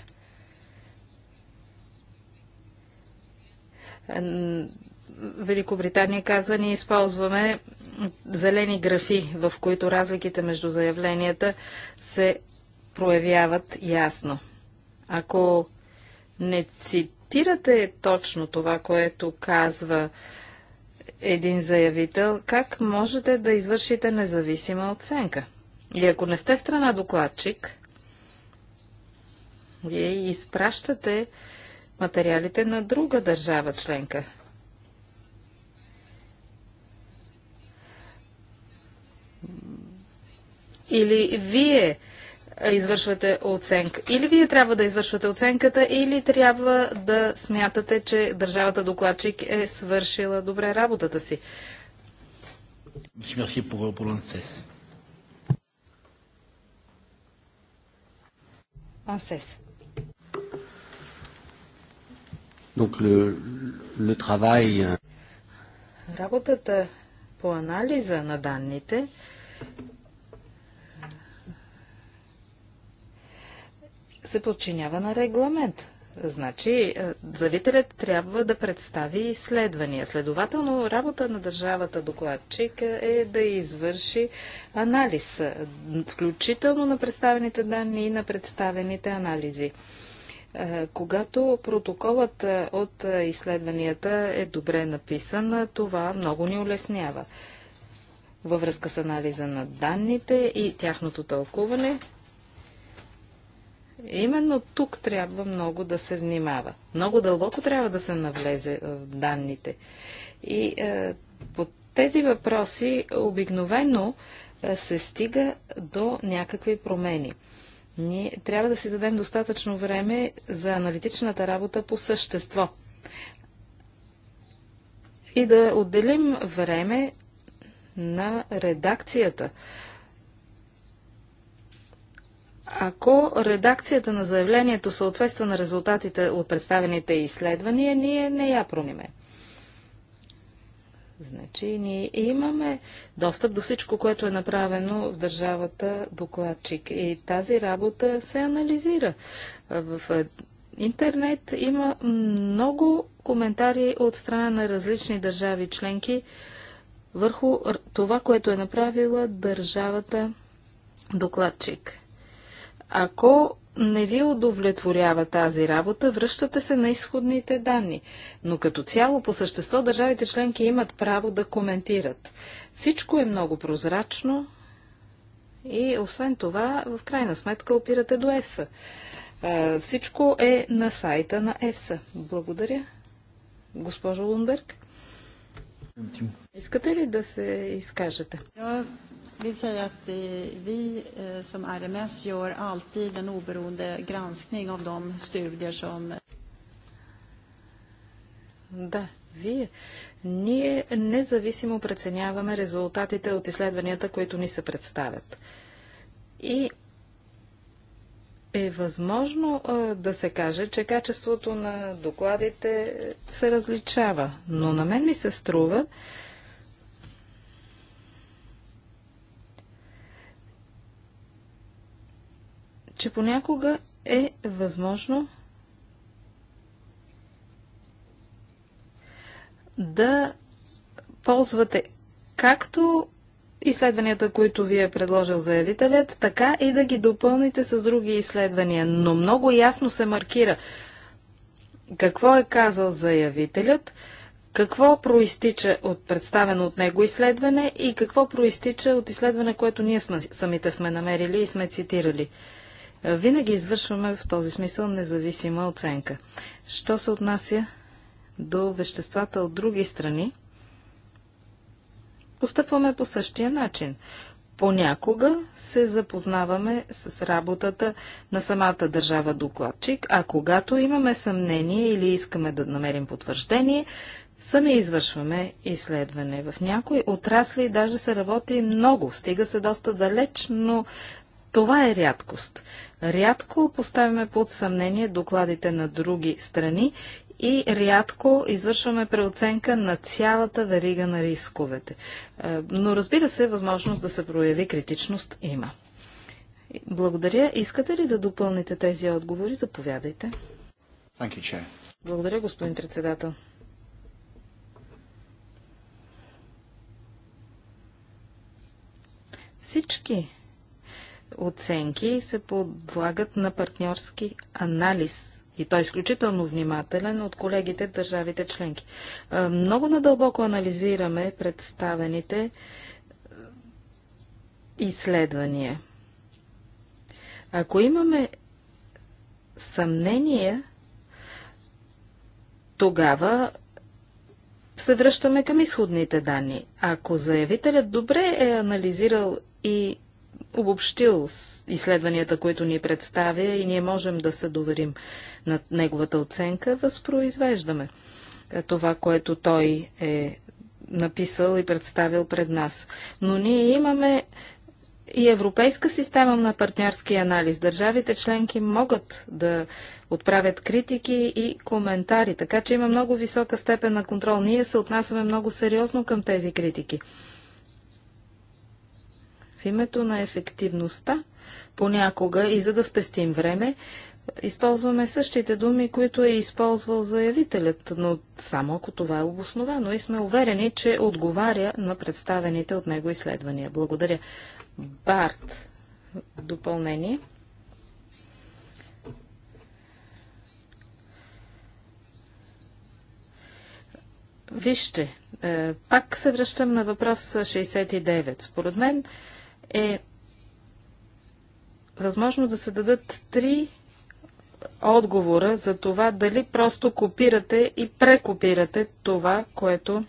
Великобритания каза, ние използваме зелени графи, в които разликите между заявленията се проявяват ясно. Ако не цит гарантирате точно това, което казва един заявител, как можете да извършите независима оценка? И ако не сте страна докладчик, вие изпращате материалите на друга държава членка. Или вие извършвате оценка. Или вие трябва да извършвате оценката, или трябва да смятате, че държавата докладчик е свършила добре работата си. Ансес. Donc le, le travail... Euh, работата по анализа на данните се подчинява на регламент. Значи, е, завителят трябва да представи изследвания. Следователно, работа на държавата докладчик е да извърши анализ, е, включително на представените данни и на представените анализи. Е, когато протоколът от изследванията е добре написан, това много ни улеснява. Във връзка с анализа на данните и тяхното тълкуване, Именно тук трябва много да се внимава. Много дълбоко трябва да се навлезе в данните. И е, по тези въпроси обикновено е, се стига до някакви промени. Ние трябва да си дадем достатъчно време за аналитичната работа по същество. И да отделим време на редакцията ако редакцията на заявлението съответства на резултатите от представените изследвания, ние не я прониме. Значи ние имаме достъп до всичко, което е направено в държавата докладчик. И тази работа се анализира. В интернет има много коментари от страна на различни държави членки върху това, което е направила държавата докладчик. Ако не ви удовлетворява тази работа, връщате се на изходните данни. Но като цяло, по същество, държавите членки имат право да коментират. Всичко е много прозрачно и освен това, в крайна сметка, опирате до ЕФСА. Всичко е на сайта на ЕФСА. Благодаря. Госпожо Лунберг. Искате ли да се изкажете? vill säga att eh, vi eh, som RMS gör alltid en oberoende granskning av de studier som... Да, вие. Ние независимо преценяваме резултатите от изследванията, които ни се представят. И е възможно да се каже, че качеството на докладите се различава, но на мен ми се струва, че понякога е възможно да ползвате както изследванията, които ви е предложил заявителят, така и да ги допълните с други изследвания. Но много ясно се маркира какво е казал заявителят, какво проистича от представено от него изследване и какво проистича от изследване, което ние сме, самите сме намерили и сме цитирали. Винаги извършваме в този смисъл независима оценка. Що се отнася до веществата от други страни, постъпваме по същия начин. Понякога се запознаваме с работата на самата държава докладчик, а когато имаме съмнение или искаме да намерим потвърждение, сами извършваме изследване. В някои отрасли даже се работи много, стига се доста далеч, но това е рядкост. Рядко поставяме под съмнение докладите на други страни и рядко извършваме преоценка на цялата верига на рисковете. Е, но разбира се, възможност да се прояви критичност има. Благодаря. Искате ли да допълните тези отговори? Заповядайте. You, Благодаря, господин председател. Всички оценки се подлагат на партньорски анализ. И той е изключително внимателен от колегите в държавите членки. Много надълбоко анализираме представените изследвания. Ако имаме съмнение, тогава се връщаме към изходните данни. Ако заявителят добре е анализирал и обобщил изследванията, които ни представя и ние можем да се доверим на неговата оценка, възпроизвеждаме е, това, което той е написал и представил пред нас. Но ние имаме и европейска система на партньорски анализ. Държавите членки могат да отправят критики и коментари, така че има много висока степен на контрол. Ние се отнасяме много сериозно към тези критики в името на ефективността, понякога и за да спестим време, използваме същите думи, които е използвал заявителят, но само ако това е обосновано и сме уверени, че отговаря на представените от него изследвания. Благодаря. Барт, допълнение. Вижте, е, пак се връщам на въпрос 69. Според мен, е възможно да се дадат три отговора за това дали просто копирате и прекопирате това, което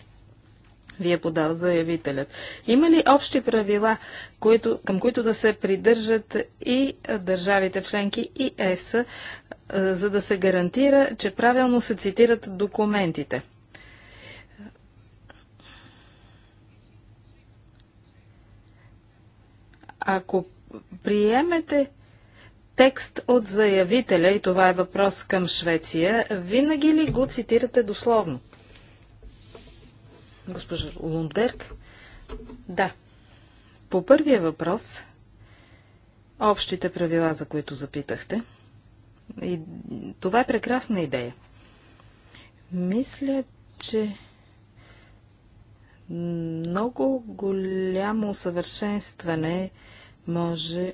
ви е подал заявителят. Има ли общи правила, които, към които да се придържат и държавите членки и ЕС, за да се гарантира, че правилно се цитират документите? Ако приемете текст от заявителя, и това е въпрос към Швеция, винаги ли го цитирате дословно? Госпожа Лундберг? Да. По първия въпрос, общите правила, за които запитахте, и това е прекрасна идея. Мисля, че много голямо усъвършенстване може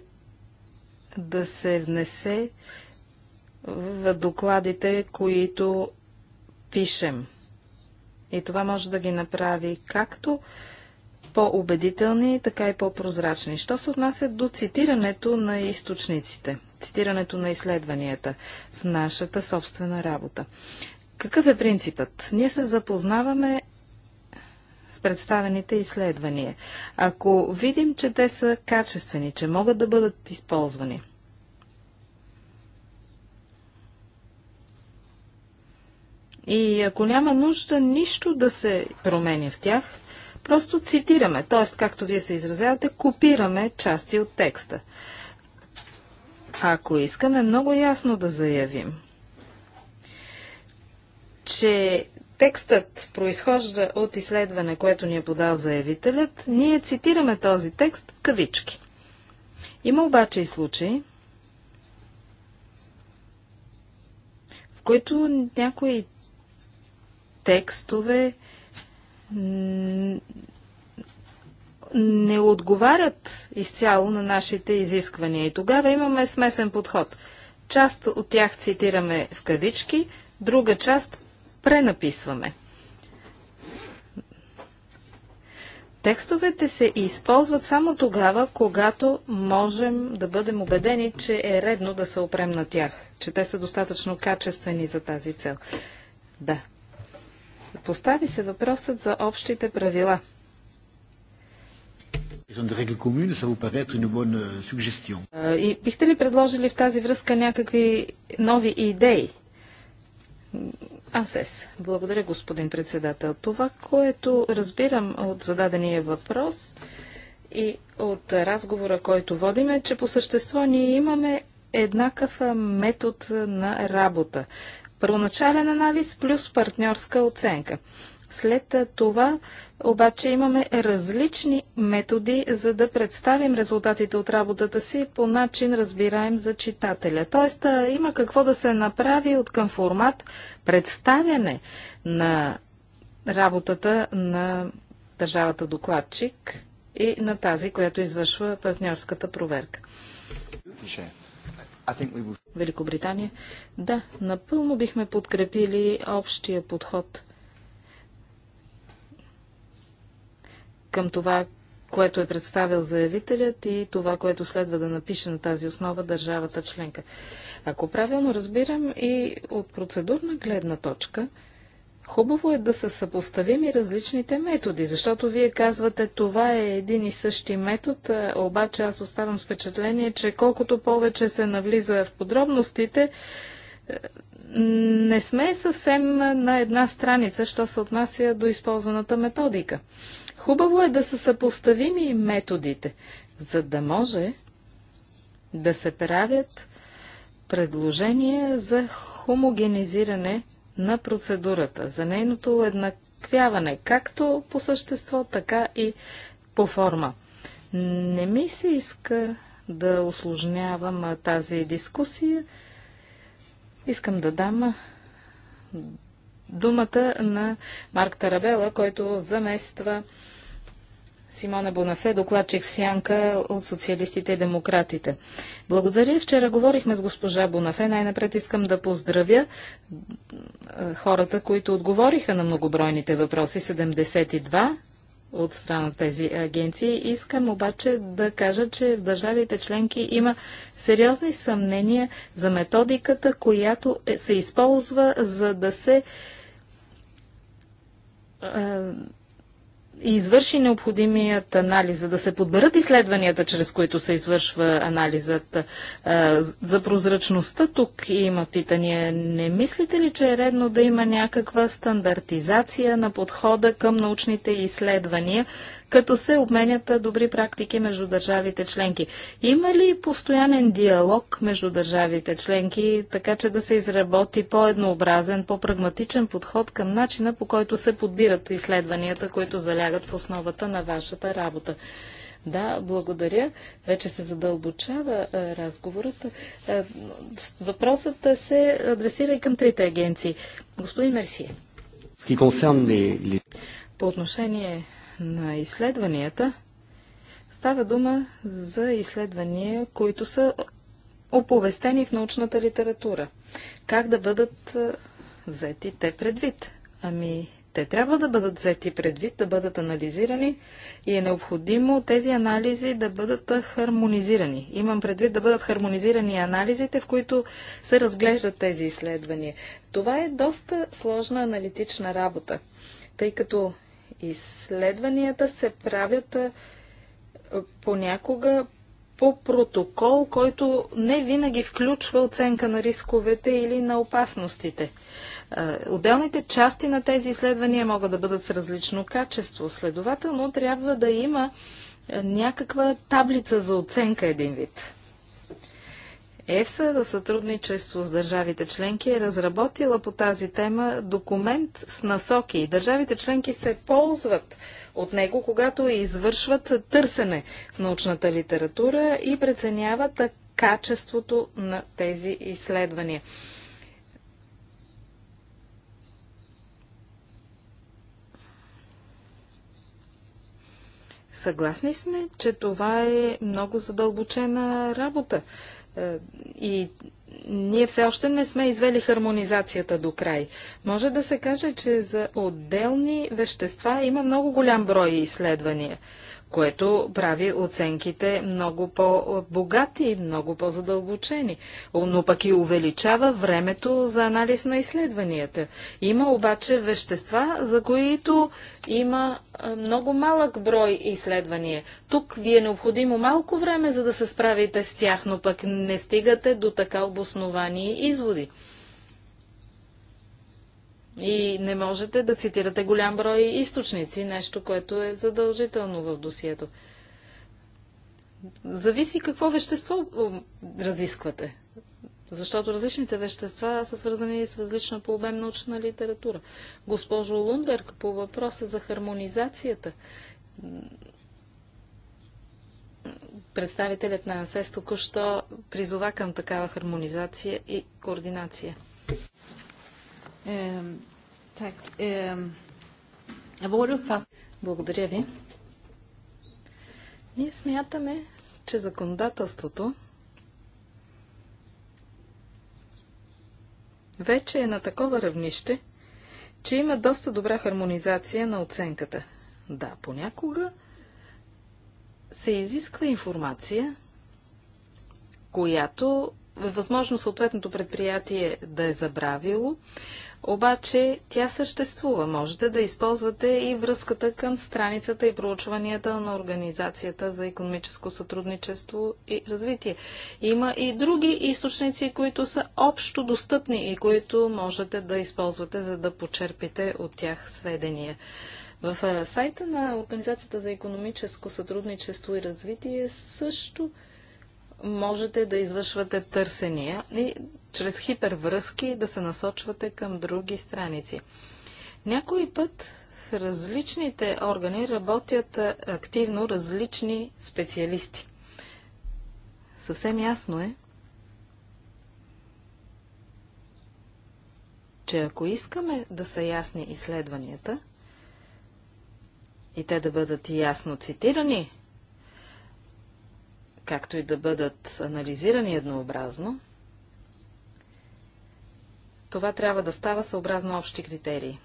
да се внесе в докладите, които пишем. И това може да ги направи както по-убедителни, така и по-прозрачни. Що се отнася до цитирането на източниците, цитирането на изследванията в нашата собствена работа? Какъв е принципът? Ние се запознаваме с представените изследвания. Ако видим, че те са качествени, че могат да бъдат използвани, и ако няма нужда нищо да се променя в тях, просто цитираме, т.е. както вие се изразявате, копираме части от текста. Ако искаме много ясно да заявим, че Текстът произхожда от изследване, което ни е подал заявителят. Ние цитираме този текст в кавички. Има обаче и случаи, в които някои текстове не отговарят изцяло на нашите изисквания. И тогава имаме смесен подход. Част от тях цитираме в кавички, друга част пренаписваме. Текстовете се използват само тогава, когато можем да бъдем убедени, че е редно да се опрем на тях, че те са достатъчно качествени за тази цел. Да. Постави се въпросът за общите правила. Euh, и бихте ли предложили в тази връзка някакви нови идеи? АСЕС. Благодаря, господин председател. Това, което разбирам от зададения въпрос и от разговора, който водим, е, че по същество ние имаме еднакъв метод на работа. Първоначален анализ плюс партньорска оценка. След това обаче имаме различни методи, за да представим резултатите от работата си по начин разбираем за читателя. Тоест има какво да се направи от към формат представяне на работата на държавата докладчик и на тази, която извършва партньорската проверка. Великобритания. Да, напълно бихме подкрепили общия подход – към това, което е представил заявителят и това, което следва да напише на тази основа държавата членка. Ако правилно разбирам и от процедурна гледна точка, хубаво е да са съпоставими различните методи, защото вие казвате, това е един и същи метод, обаче аз оставам с впечатление, че колкото повече се навлиза в подробностите, не сме съвсем на една страница, що се отнася до използваната методика. Хубаво е да са съпоставими методите, за да може да се правят предложения за хомогенизиране на процедурата, за нейното еднаквяване, както по същество, така и по форма. Не ми се иска да осложнявам тази дискусия. Искам да дам думата на Марк Тарабела, който замества Симона Бонафе, докладчик в Сянка от социалистите и демократите. Благодаря. Вчера говорихме с госпожа Бонафе. Най-напред искам да поздравя хората, които отговориха на многобройните въпроси. 72 от страна тези агенции. Искам обаче да кажа, че в държавите членки има сериозни съмнения за методиката, която е, се използва за да се и е, извърши необходимият анализ, за да се подберат изследванията, чрез които се извършва анализът. Е, за прозрачността тук има питания. Не мислите ли, че е редно да има някаква стандартизация на подхода към научните изследвания, като се обменят добри практики между държавите членки. Има ли постоянен диалог между държавите членки, така че да се изработи по-еднообразен, по-прагматичен подход към начина по който се подбират изследванията, които залягат в основата на вашата работа? Да, благодаря. Вече се задълбочава разговорът. въпросът се адресира и към трите агенции. Господин Мерсие. По отношение на изследванията, става дума за изследвания, които са оповестени в научната литература. Как да бъдат взети те предвид? Ами, те трябва да бъдат взети предвид, да бъдат анализирани и е необходимо тези анализи да бъдат хармонизирани. Имам предвид да бъдат хармонизирани анализите, в които се разглеждат тези изследвания. Това е доста сложна аналитична работа, тъй като Изследванията се правят понякога по протокол, който не винаги включва оценка на рисковете или на опасностите. Отделните части на тези изследвания могат да бъдат с различно качество. Следователно, трябва да има някаква таблица за оценка един вид. ЕСА за сътрудничество с държавите членки е разработила по тази тема документ с насоки. Държавите членки се ползват от него, когато извършват търсене в научната литература и преценяват качеството на тези изследвания. Съгласни сме, че това е много задълбочена работа. Е, и ние все още не сме извели хармонизацията до край. Може да се каже, че за отделни вещества има много голям брой изследвания което прави оценките много по-богати, и много по-задълбочени, но пък и увеличава времето за анализ на изследванията. Има обаче вещества, за които има много малък брой изследвания. Тук ви е необходимо малко време, за да се справите с тях, но пък не стигате до така обосновани изводи. И не можете да цитирате голям брой източници, нещо, което е задължително в досието. Зависи какво вещество разисквате. Защото различните вещества са свързани с различна по обем научна литература. Госпожо Лунберг, по въпроса за хармонизацията, представителят на АНСЕС току-що призова към такава хармонизация и координация. Благодаря ви. Ние смятаме, че законодателството вече е на такова равнище, че има доста добра хармонизация на оценката. Да, понякога се изисква информация, която е възможно съответното предприятие да е забравило, обаче тя съществува. Можете да използвате и връзката към страницата и проучванията на Организацията за економическо сътрудничество и развитие. Има и други източници, които са общо достъпни и които можете да използвате, за да почерпите от тях сведения. В сайта на Организацията за економическо сътрудничество и развитие също можете да извършвате търсения и чрез хипервръзки да се насочвате към други страници. Някой път различните органи работят активно различни специалисти. Съвсем ясно е, че ако искаме да са ясни изследванията и те да бъдат ясно цитирани както и да бъдат анализирани еднообразно, това трябва да става съобразно общи критерии.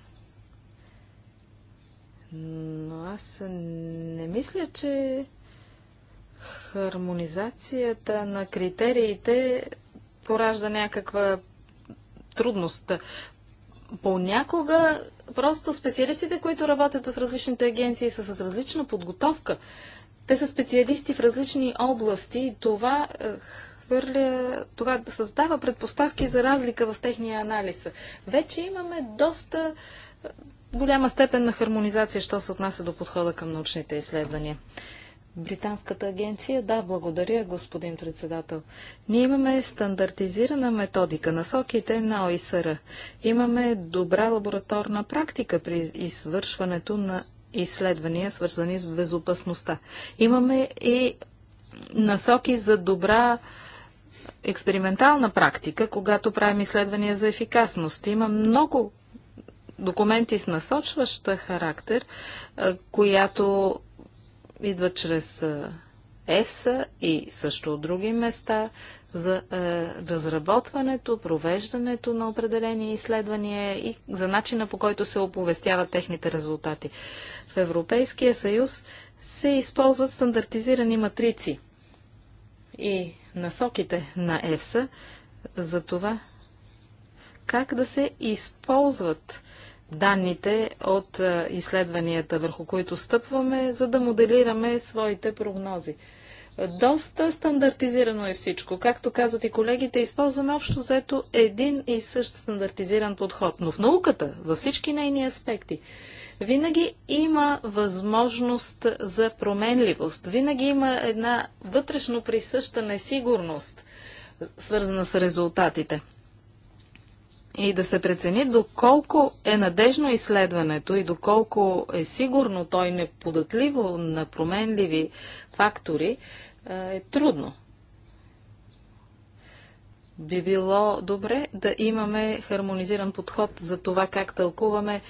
Но аз не мисля, че хармонизацията на критериите поражда някаква трудност. Понякога просто специалистите, които работят в различните агенции, са с различна подготовка те са специалисти в различни области и това е, хвърля, това създава предпоставки за разлика в техния анализ. Вече имаме доста е, голяма степен на хармонизация, що се отнася до подхода към научните изследвания. Британската агенция, да, благодаря, господин председател. Ние имаме стандартизирана методика, насоките на ОИСР. Имаме добра лабораторна практика при извършването на изследвания, свързани с безопасността. Имаме и насоки за добра експериментална практика, когато правим изследвания за ефикасност. Има много документи с насочваща характер, която идва чрез ЕФСА и също от други места за е, разработването, провеждането на определени изследвания и за начина по който се оповестяват техните резултати. В Европейския съюз се използват стандартизирани матрици и насоките на ЕСА за това как да се използват данните от изследванията, върху които стъпваме, за да моделираме своите прогнози. Доста стандартизирано е всичко. Както казват и колегите, използваме общо взето един и същ стандартизиран подход. Но в науката, във всички нейни аспекти, винаги има възможност за променливост. Винаги има една вътрешно присъща несигурност, свързана с резултатите. И да се прецени доколко е надежно изследването и доколко е сигурно той неподатливо на променливи фактори, е трудно би било добре да имаме хармонизиран подход за това как тълкуваме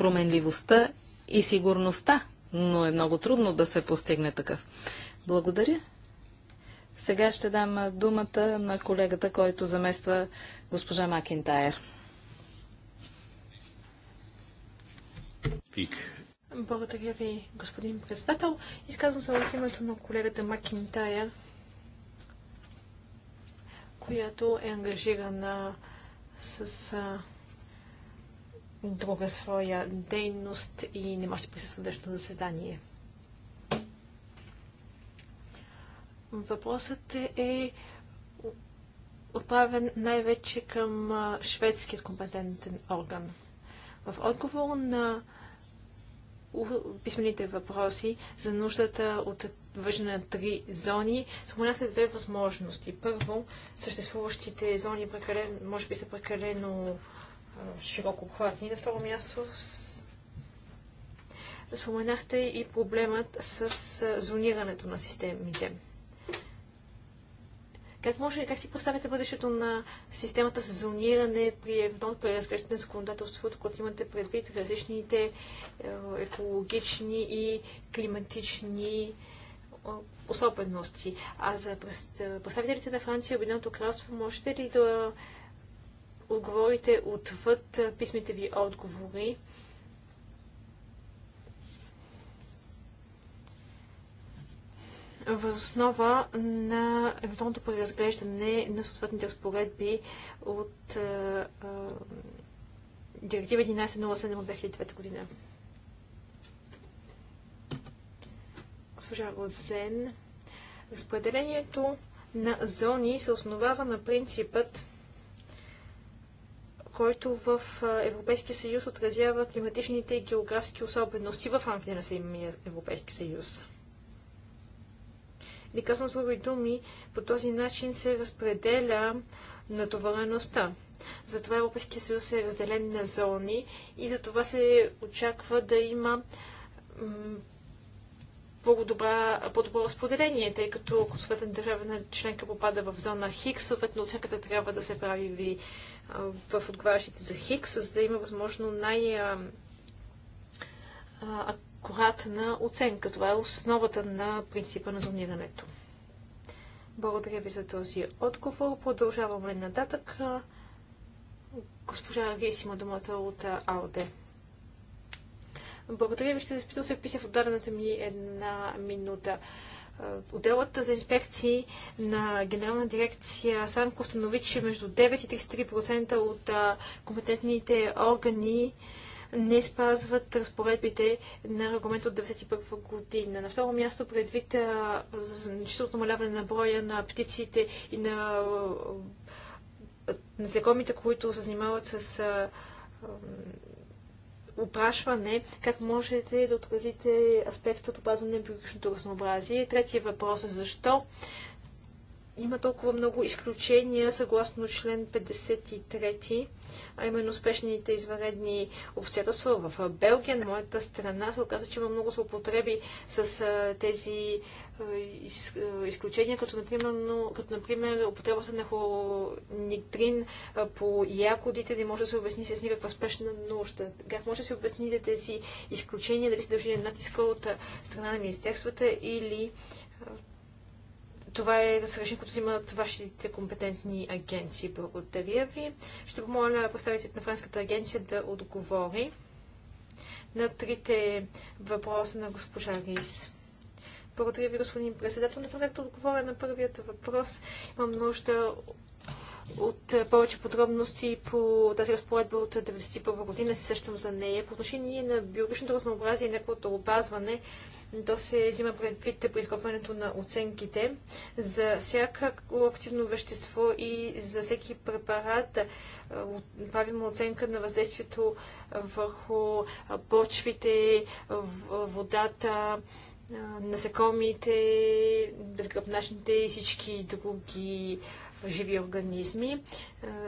променливостта и сигурността, но е много трудно да се постигне такъв. Благодаря. Сега ще дам думата на колегата, който замества госпожа Макинтайр. Пик. Благодаря ви, господин председател. Изказвам се от името на колегата Макинтайр, която е ангажирана с друга своя дейност и не може да присъства днешно заседание. Въпросът е отправен най-вече към шведският компетентен орган. В отговор на писмените въпроси за нуждата от въждане на три зони, споменахте две възможности. Първо, съществуващите зони прекалено, може би са прекалено широко обхватни. На второ място с... споменахте и проблемът с зонирането на системите. Как може, как си представяте бъдещето на системата с зониране при едно преразглеждане на законодателството, което имате предвид различните е, екологични и климатични особености? А за представителите на Франция и Обединеното кралство можете ли да отговорите отвъд писмите ви отговори. възоснова на евентуалното преразглеждане на съответните разпоредби от а, а, Директива 1107 от 2009 година. Госпожа Розен, разпределението на зони се основава на принципът който в Европейския съюз отразява климатичните и географски особености в рамките на самия Европейски съюз. Или казвам с други думи, по този начин се разпределя натовареността. Затова Европейския съюз е разделен на зони и затова се очаква да има по-добро разпределение, тъй като ако съответната държава членка попада в зона Х, съответно оценката трябва да се прави в отговарящите за Хикс, за да има възможно най- акуратна оценка. Това е основата на принципа на зонирането. Благодаря ви за този отговор. Продължаваме нататък. Госпожа Рис има думата от АОД. Благодаря ви, ще се спитам се вписа в отдадената ми една минута. Е, отделът за инспекции на Генерална дирекция Санко установи, че между 9 и 33% от е, компетентните органи не спазват разпоредбите на регламент от 1991 година. На второ място, предвид е, значителното намаляване на броя на петициите и на незакомите, които се занимават с а, опрашване, как можете да отразите аспекта от опазване на биологичното разнообразие. Третия въпрос е защо има толкова много изключения съгласно член 53, а именно успешните извънредни обстоятелства в Белгия, на моята страна, се оказа, че има много злоупотреби с тези из, е, изключения, като например, но, като, например употребата на хлонитрин е, по якодите не може да се обясни с никаква спешна нужда. Как може да се обясните тези изключения, дали се дължи на натиска от е, страна на министерствата или това е да се решим, като взимат вашите компетентни агенции. Благодаря ви. Ще помоля представителите на Френската агенция да отговори на трите въпроса на госпожа Рис. Благодаря ви, господин председател. Не съм да отговоря на първият въпрос. Имам нужда от повече подробности по тази разпоредба от 1991 година. Се същам за нея. По отношение на биологичното разнообразие и неговото опазване, то се взима предвид при изготвянето на оценките за всяко активно вещество и за всеки препарат. Е, правим оценка на въздействието върху почвите, водата, насекомите, безгръбначните и всички други живи организми,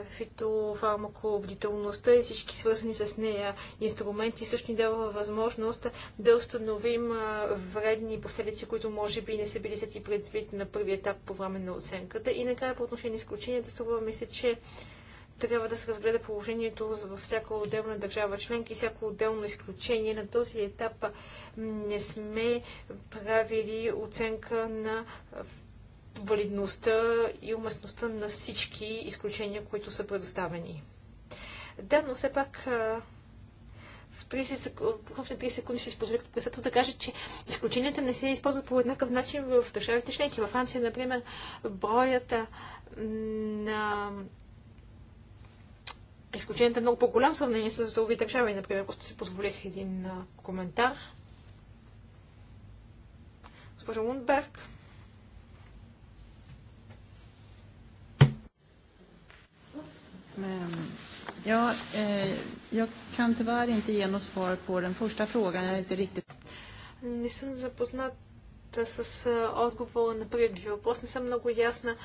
фитофармакобдителността и всички свързани с нея инструменти също ни дава възможност да установим вредни последици, които може би не са били сети предвид на първи етап по време на оценката. И накрая по отношение на изключенията, струва мисля, се, че трябва да се разгледа положението във всяка отделна държава членка и всяко отделно изключение. На този етап не сме правили оценка на валидността и уместността на всички изключения, които са предоставени. Да, но все пак в 30 секунди, 30 секунди ще си позволя като председател да кажа, че изключенията не се използват по еднакъв начин в държавите членки. Във Франция, например, броята на изключението е много по-голям сравнение с други държави. Например, просто си позволих един а, коментар. Госпожа Лундберг. Ja, eh, jag kan tyvärr inte ge något svar på den första frågan. Jag är inte riktigt... Не съм запознат с отговора на първия въпрос. Не съм много ясна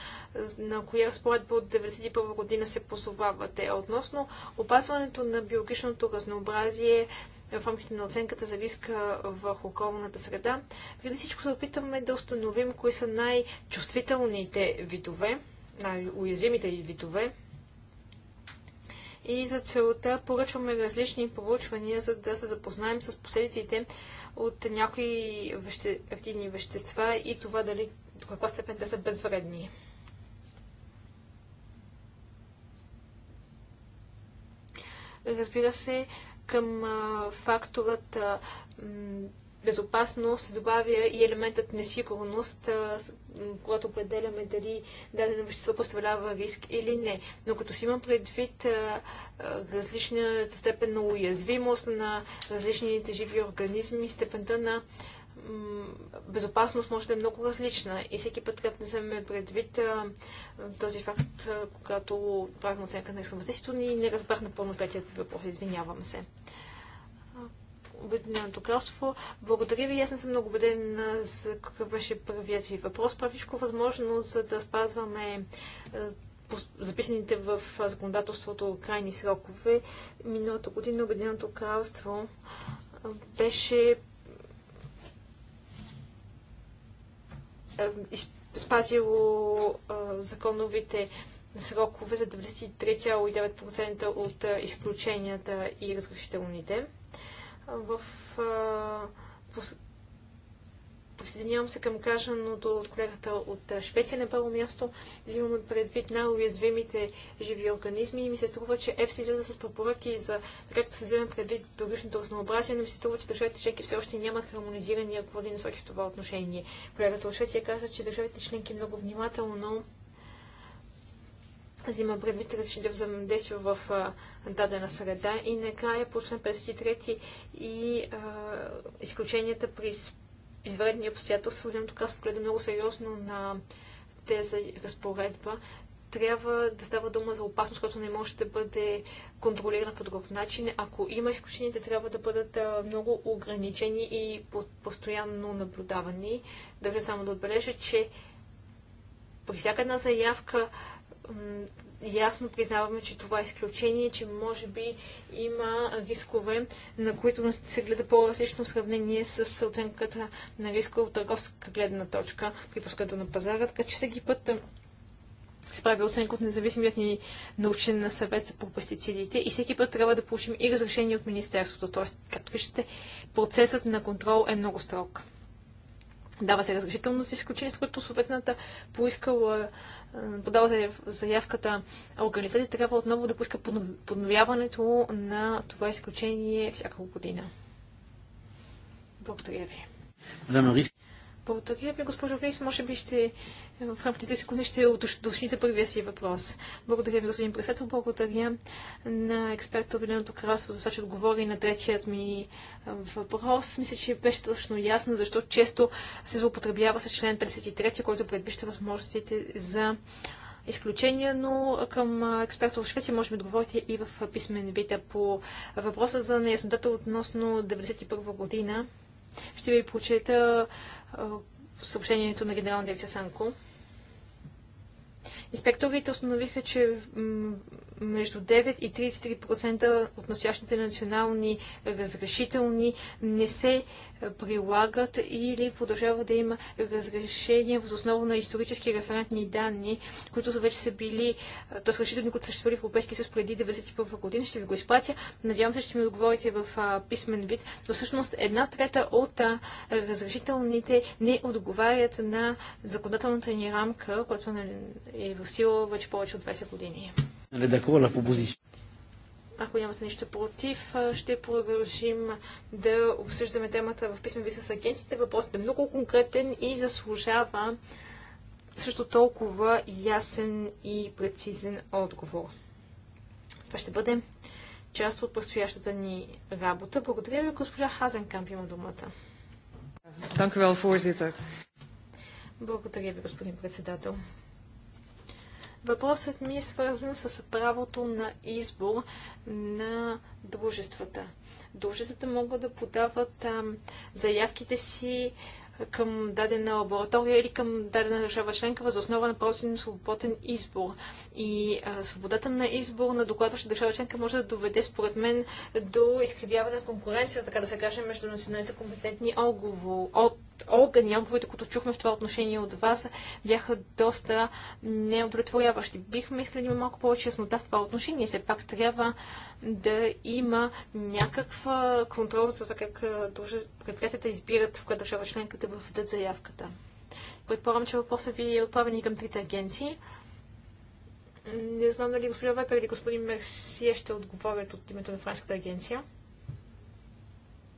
на коя разпоредба от 1991 година се позовавате. Относно опазването на биологичното разнообразие, в рамките на оценката за риска върху околната среда. Преди всичко се опитаме да установим кои са най-чувствителните видове, най-уязвимите видове и за целта поръчваме различни проучвания, за да се запознаем с последиците от някои веще... активни вещества и това дали до каква степен те са безвредни. Разбира се, към а, факторът а, безопасност се добавя и елементът несигурност, когато определяме дали дадено вещество представлява риск или не. Но като си има предвид различната степен на уязвимост на различните живи организми, степента на безопасност може да е много различна и всеки път, когато не вземем предвид този факт, когато правим оценка на въздействието, ни не разбрах напълно третият въпрос. Извинявам се. Обединеното кралство. Благодаря ви. Аз не съм много убеден за какъв беше първият ви въпрос. Правишко възможно, за да спазваме записаните в законодателството крайни срокове. Миналата година Обединеното кралство беше спазило законовите срокове за 93,9% от изключенията и разрешителните в Присъединявам се към кажаното от колегата от Швеция на първо място. Взимаме предвид най-уязвимите живи организми и ми се струва, че ЕФС излиза с препоръки за така да се вземе предвид биологичното разнообразие, но ми се струва, че държавите членки все още нямат хармонизирани води насоки в това отношение. Колегата от Швеция каза, че държавите членки много внимателно взима предвид да взаимодействия в дадена среда и накрая по член 53 и а, изключенията при извредни обстоятелства, голямото казва гледа много сериозно на тези разпоредба, трябва да става дума за опасност, която не може да бъде контролирана по друг начин. Ако има изключения, те трябва да бъдат много ограничени и постоянно наблюдавани. Държа само да отбележа, че при всяка една заявка ясно признаваме, че това е изключение, че може би има рискове, на които се гледа по-различно в сравнение с оценката на риска от търговска гледна точка при пускането на пазара. Така че всеки път се прави оценка от независимият ни научен на съвет по пестицидите и всеки път трябва да получим и разрешение от Министерството. Тоест, както виждате, процесът на контрол е много строг. Дава се разрешително с изключение, с което съответната поискала, е, подала заявката организация, трябва отново да поиска подновяването на това изключение всяка година. Благодаря ви. Благодаря ви, госпожо Грейс. Може би ще в рамките секунди ще уточните първия си въпрос. Благодаря ви, господин Пресетов. Благодаря на експерта от Обединеното кралство за това, че отговори на третият ми въпрос. Мисля, че беше точно ясно, защо често се злоупотребява с член 53, който предвижда възможностите за изключения, но към експерта в Швеция може да отговорите и в писмен вид. По въпроса за неяснотата относно 1991 година ще ви прочета съобщението на генерална дирекция Санко. Инспекторите установиха, че между 9 и 33% от настоящите национални разрешителни не се прилагат или продължава да има разрешения въз основа на исторически референтни данни, които са вече са били, т.е. решителни, които съществували в Европейския съюз преди 1991 година. Ще ви го изпратя. Надявам се, че ми отговорите в а, писмен вид. Но всъщност една трета от а, разрешителните не отговарят на законодателната ни рамка, която нали, е в сила вече повече от 20 години. Нали, ако нямате нищо против, ще продължим да обсъждаме темата в писмен ви с агенците. Въпросът е много конкретен и заслужава също толкова ясен и прецизен отговор. Това ще бъде част от предстоящата ни работа. Благодаря ви, госпожа Хазенкамп има думата. Благодаря ви, господин председател. Въпросът ми е свързан с правото на избор на дружествата. Дружествата могат да подават а, заявките си към дадена лаборатория или към дадена държава членка въз основа на просто свободен избор. И а, свободата на избор на докладваща държава членка може да доведе, според мен, до изкривяване на конкуренция, така да се каже, между националните компетентни отговори. от, органи, отговорите, които чухме в това отношение от вас, бяха доста неудовлетворяващи. Бихме искали да има малко повече яснота в това отношение. Все пак трябва да има някаква контрол за това как предприятията избират в коя държава членката да въведат заявката. Предполагам, че въпросът ви е отправен към трите агенции. Не знам дали господин Вепер или господин Мерсие ще отговорят от името на Франската агенция.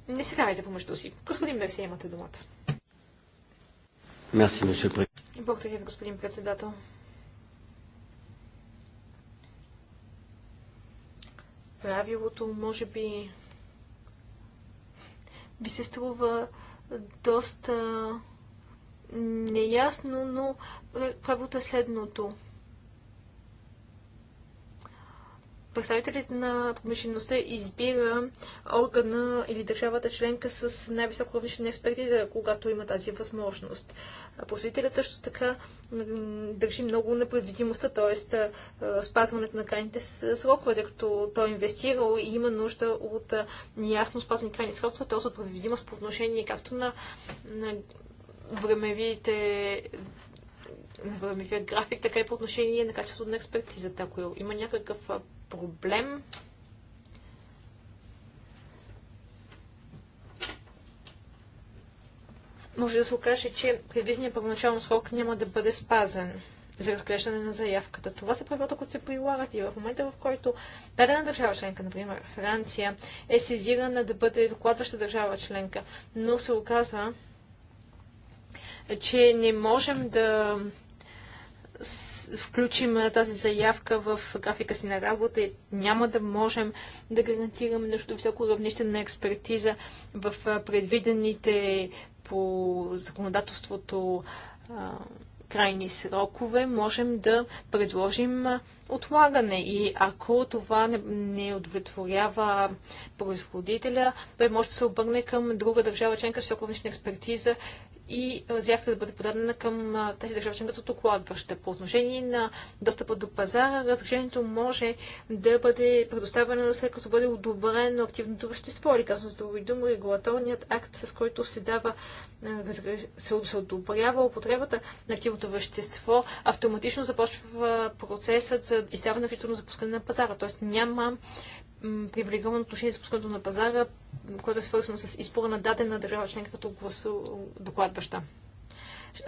Не се карайте помежду си. Господин Мерсие, имате думата. Мерси, Благодаря ви, господин председател. Правилото, може би, ви се струва доста неясно, но правилото е следното. представителят на промишлеността избира органа или държавата членка с най-високо равнище на експертиза, когато има тази възможност. Производителят също така държи много на предвидимостта, т.е. спазването на крайните срокове, тъй като той е инвестирал и има нужда от ясно спазване крайни срокове, т.е. от предвидимост по отношение както на, на времевите на времевия график, така и по отношение на качеството на експертизата. Ако има някакъв проблем, може да се окаже, че предвидният първоначално срок няма да бъде спазен за разглеждане на заявката. Това са правилата, които се прилагат и в момента, в който дадена държава членка, например Франция, е сезирана да бъде докладваща държава членка, но се оказва, че не можем да включим тази заявка в графика си на работа и няма да можем да гарантираме нещо високо равнище на експертиза в предвидените по законодателството крайни срокове, можем да предложим отлагане. И ако това не, не удовлетворява производителя, той може да се обърне към друга държава членка с високовнична експертиза и заявката да бъде подадена към тази държава членка като докладваща. По отношение на достъпа до пазара, разрешението може да бъде предоставено след като бъде одобрено активното вещество или казано с други думи, регулаторният акт, с който се дава се одобрява употребата на активното вещество, автоматично започва процесът за издаване на запускане на пазара. Тоест няма привилегировано отношение с пускането на пазара, което е свързано с избора на дадена държава членка като докладваща.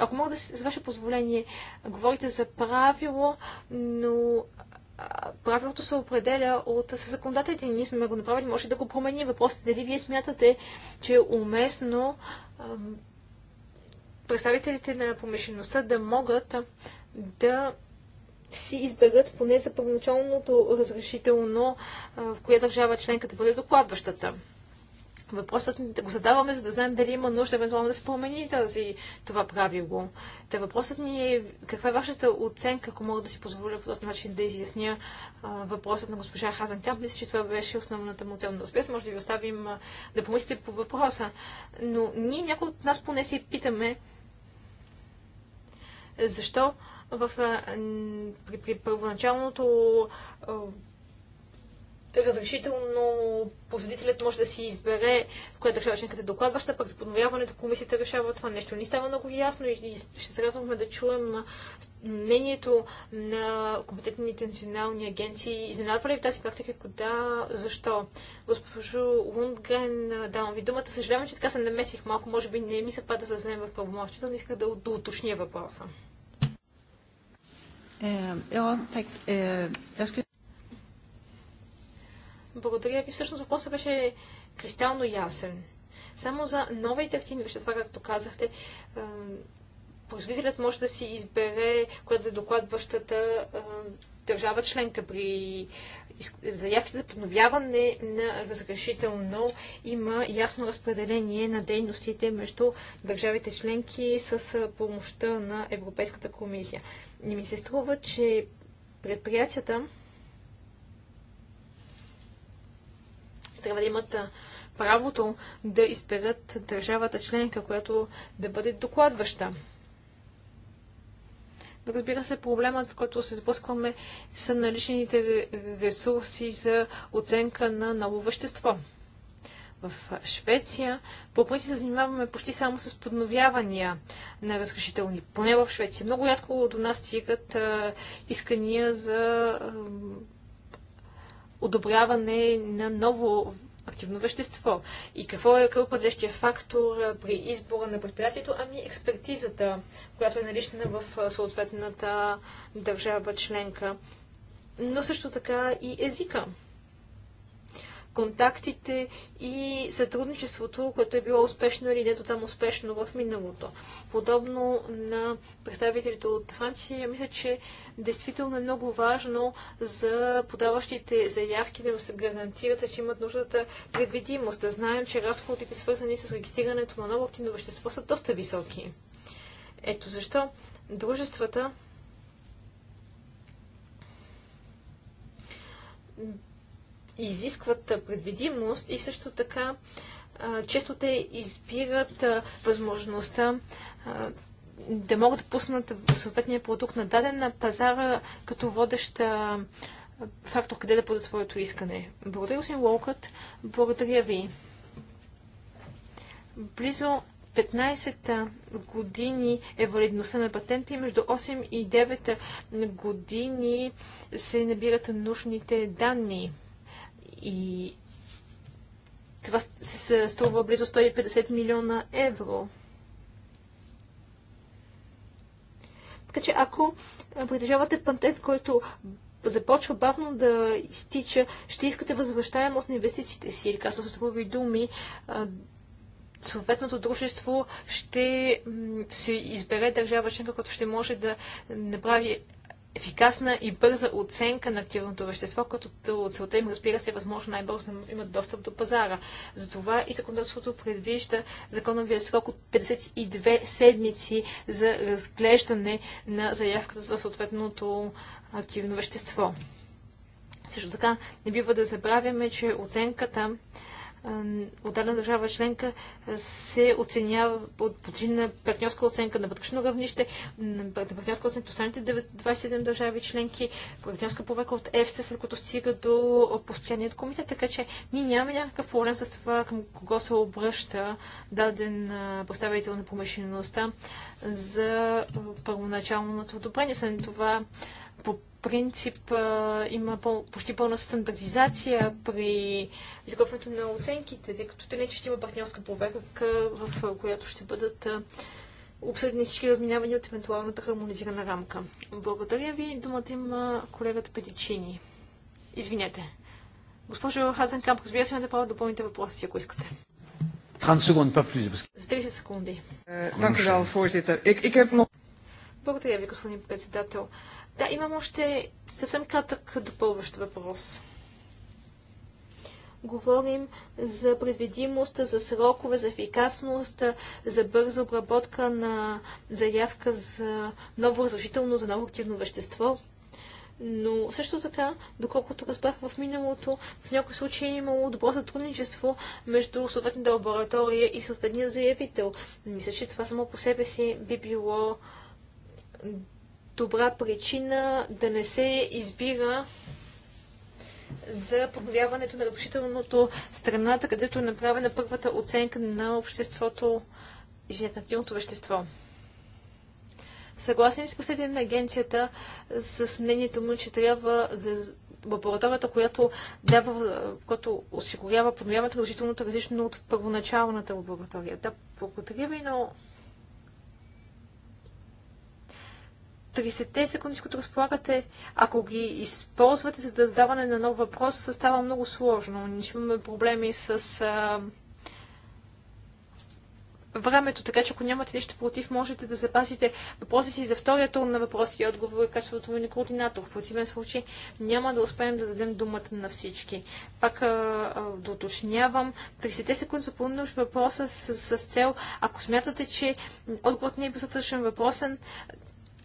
Ако мога да, с ваше позволение, говорите за правило, но правилото се определя от законодателите. Ние сме го направили, може да го променим. Въпросът е дали вие смятате, че е уместно представителите на промишлеността да могат да ще си изберат поне за първоначалното разрешително, в коя държава членка да бъде докладващата. Въпросът да го задаваме, за да знаем дали има нужда евентуално да се промени тази, това правило. Та въпросът ни е каква е вашата оценка, ако мога да си позволя по този начин да изясня а, въпросът на госпожа Хазанкамп. Мисля, че това беше основната му цел на успех. Може да ви оставим а, да помислите по въпроса. Но ние някои от нас поне се питаме защо в, при, при първоначалното разрешително поведителят може да си избере в коя държава членка да докладваща, пък за подновяването комисията решава това нещо. Не става много ясно и ще се радваме да чуем мнението на компетентните национални агенции. Изненадва ли тази практика, Кода? защо? Госпожо Лундген, давам ви думата. Съжалявам, че така се намесих малко. Може би не ми се пада да се вземем в правомощите, но исках да, да уточня въпроса. Е, е, е, Благодаря ви. Всъщност въпросът беше кристално ясен. Само за новите активни вещества, както казахте, производителят може да си избере коя да е докладващата държава членка при заявките за подновяване на разрешително има ясно разпределение на дейностите между държавите членки с помощта на Европейската комисия. Не ми се струва, че предприятията трябва да имат правото да изберат държавата членка, която да бъде докладваща. разбира се, проблемът, с който се сблъскваме, са наличните ресурси за оценка на ново вещество в Швеция, по принцип се занимаваме почти само с подновявания на разрешителни, поне в Швеция. Много рядко до нас стигат искания за одобряване на ново активно вещество. И какво е кръвпадещия е фактор при избора на предприятието? Ами експертизата, която е налична в съответната държава членка, но също така и езика, контактите и сътрудничеството, което е било успешно или не там успешно в миналото. Подобно на представителите от Франция, мисля, че действително е много важно за подаващите заявки да се гарантират, че имат нуждата предвидимост. Да знаем, че разходите, свързани с регистрирането на ново активно вещество, са доста високи. Ето защо дружествата изискват предвидимост и също така често те избират възможността да могат да пуснат съответния продукт на даден на пазара като водеща фактор къде да подат своето искане. Благодаря, господин Уолкът. Благодаря ви. Близо 15 години е валидността на патента и между 8 и 9 години се набират нужните данни. И това се струва близо 150 милиона евро. Така че ако притежавате пантет, който започва бавно да изтича, ще искате възвръщаемост на инвестициите си. Или казвам с други думи, съответното дружество ще се избере държава членка, която ще може да направи ефикасна и бърза оценка на активното вещество, като целта им, разбира се, е възможно най-бързо да имат достъп до пазара. Затова и законодателството предвижда законовия срок от 52 седмици за разглеждане на заявката за съответното активно вещество. Също така не бива да забравяме, че оценката една държава членка се оценява от подчинена партньорска оценка на вътрешно равнище, на партньорска оценка от останалите 27 държави членки, партньорска проверка от ЕФС, след като стига до постоянният комитет. Така че ние нямаме някакъв проблем с това към кого се обръща даден представител на промишлеността за първоначалното одобрение. След това по принцип има пъл, почти пълна стандартизация при изготвянето на оценките, тъй като те ще има партньорска проверка, в която ще бъдат обсъдени всички разминавания от евентуалната хармонизирана рамка. Благодаря ви. Думата има колегата Петичини. Извинете. Госпожо Хазенкамп, разбира се, да направя допълните въпроси, ако искате. За 30 секунди. Е, Благодаря ви, господин председател. Да, имам още съвсем кратък допълващ въпрос. Говорим за предвидимост, за срокове, за ефикасност, за бърза обработка на заявка за ново разрушително, за ново активно вещество. Но също така, доколкото разбрах в миналото, в някои случаи е имало добро сътрудничество между съответната лаборатория и съответния заявител. Мисля, че това само по себе си би било добра причина да не се избира за подновяването на разрушителното страната, където е направена първата оценка на обществото, и активното вещество. Съгласен с последен на агенцията с мнението му, че трябва лабораторията, която, дава, която осигурява подновяването разрушителното е различно от първоначалната лаборатория. Да, благодаря ви, но 30 секунди, с които разполагате, ако ги използвате за да задаване на нов въпрос, става много сложно. Ние имаме проблеми с а, времето, така че ако нямате нищо против, можете да запасите въпроси си за втория тур на въпроси и отговори, качеството ви на координатор. В противен случай няма да успеем да дадем думата на всички. Пак а, а, уточнявам, 30 секунди запълнено въпроса с, с, с цел, ако смятате, че отговорът не е достатъчно въпросен,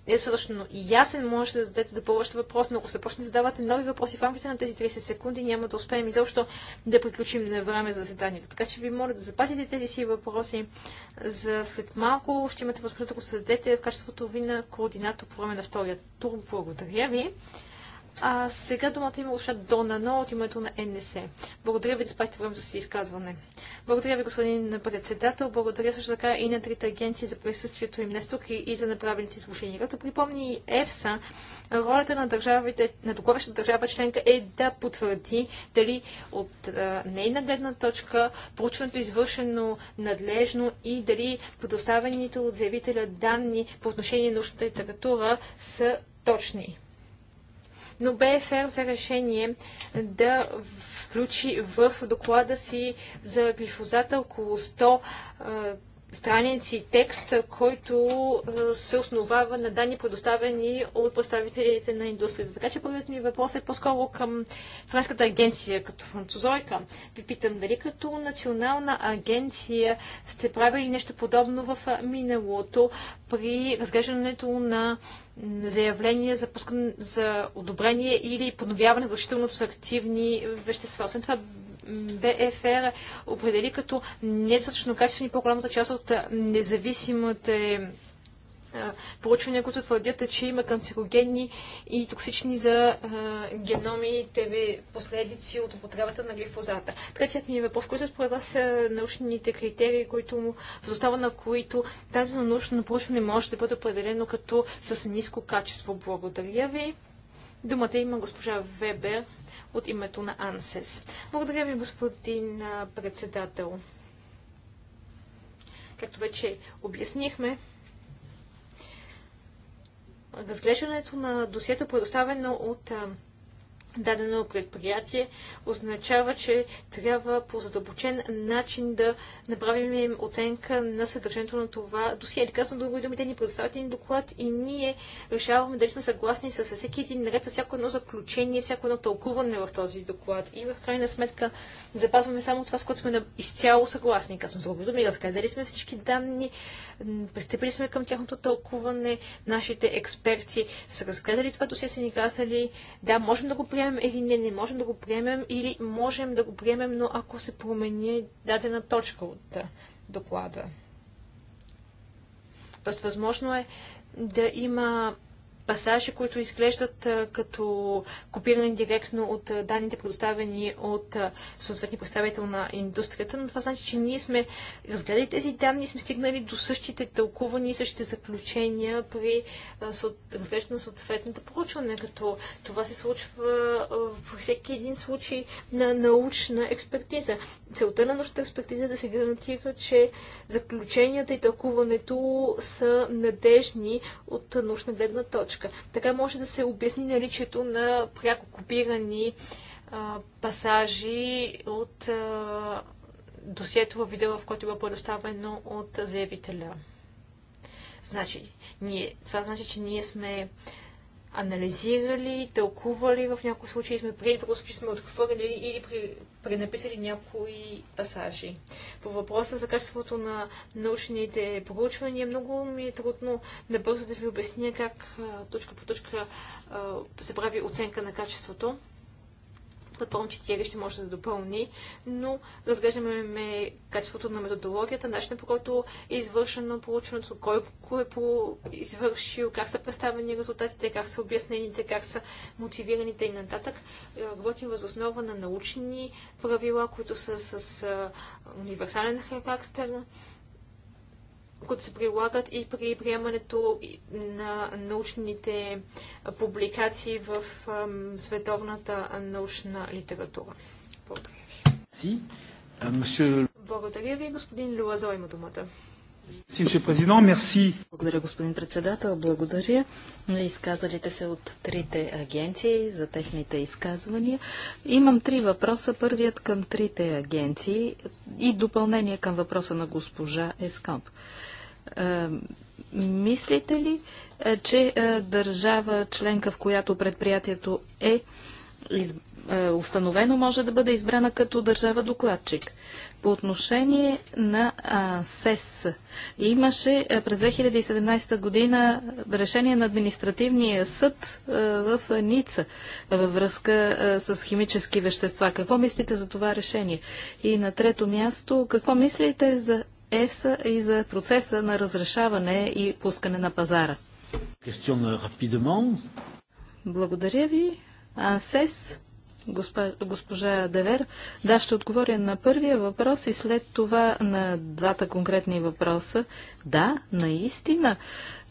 е достатъчно ясен, може да зададете допълващи въпрос, но ако се почне да задавате нови въпроси в рамките на тези 30 секунди, няма да успеем изобщо да приключим на време за заседанието. Така че ви моля да запазите тези си въпроси за след малко. Ще имате възможност да го зададете в качеството ви на координатор по време на втория тур. Благодаря ви. А сега думата има госпожа Дона Но от името на НС. Благодаря ви да спасите времето си изказване. Благодаря ви, господин председател. Благодаря също така и на трите агенции за присъствието им днес тук и, за направените изложения. Като припомни и ЕФСА, ролята на, държавите, на договорящата държава членка е да потвърди дали от а, нейна гледна точка проучването е извършено надлежно и дали предоставените от заявителя данни по отношение на научната литература са точни но БФР за решение да включи в доклада си за глифозата около 100 страници текст, който се основава на данни предоставени от представителите на индустрията. Така че първият ми въпрос е по-скоро към Френската агенция като французойка. Ви питам дали като национална агенция сте правили нещо подобно в миналото при разглеждането на заявление за, пускан, за одобрение или подновяване, включително с активни вещества. Освен това, БФР определи като недостатъчно качествени по-голямата част от независимите проучвания, които твърдят, че има канцерогенни и токсични за а, геноми ТВ последици от употребата на глифозата. Третият ми въпрос, кои са според вас научните критерии, които, в основа на които тази научно проучване може да бъде определено като с ниско качество? Благодаря ви. Думата има госпожа Вебер от името на АНСЕС. Благодаря ви, господин председател. Както вече обяснихме, разглеждането на досието, предоставено от дадено предприятие, означава, че трябва по задълбочен начин да направим им оценка на съдържанието на това досие. Или казано друго думи, те ни предоставят един доклад и ние решаваме дали сме съгласни с всеки един ред, с всяко едно заключение, всяко едно тълкуване в този доклад. И в крайна сметка запазваме само това, с което сме изцяло съгласни. Казано друго думи, разгледали сме всички данни, пристъпили сме към тяхното тълкуване, нашите експерти са разгледали това досие, са ни казали, да, можем да го приемем, приемем или не, не можем да го приемем или можем да го приемем, но ако се промени дадена точка от доклада. Тоест, възможно е да има пасажи, които изглеждат като копирани директно от данните, предоставени от съответния представител на индустрията, но това значи, че ние сме разгледали тези данни и сме стигнали до същите тълкувания и същите заключения при разглеждане на съответната проучване, като това се случва във всеки един случай на научна експертиза. Целта на научната експертиза е да се гарантира, че заключенията и тълкуването са надежни от научна гледна точка точка. Така може да се обясни наличието на пряко копирани а, пасажи от а, досието във вида, в който е предоставено от заявителя. Значи, ние, това значи, че ние сме анализирали, тълкували, в някои случаи сме приели, в други случаи сме отхвърлили или при, пренаписали някои пасажи. По въпроса за качеството на научните проучвания, много ми е трудно набързо да ви обясня как точка по точка се прави оценка на качеството. Предполагам, че Тиери ще може да допълни, но разглеждаме качеството на методологията, начинът по който е извършено полученото, кой го е по извършил, как са представени резултатите, как са обяснените, как са мотивираните и нататък. Е, работим въз основа на научни правила, които са с универсален характер, които се прилагат и при приемането на научните публикации в световната научна литература. Благодаря ви. Благодаря ви, господин Луазо има думата. Благодаря, господин председател. Благодаря на изказалите се от трите агенции за техните изказвания. Имам три въпроса. Първият към трите агенции и допълнение към въпроса на госпожа Ескамп. Е, мислите ли, е, че е, държава членка, в която предприятието е установено, може да бъде избрана като държава докладчик? По отношение на СЕС, имаше през 2017 година решение на административния съд в Ница във връзка с химически вещества. Какво мислите за това решение? И на трето място, какво мислите за ЕФСА и за процеса на разрешаване и пускане на пазара. Euh, Благодаря ви. АНСЕС, госпожа, госпожа Девер. Да, ще отговоря на първия въпрос и след това на двата конкретни въпроса. Да, наистина.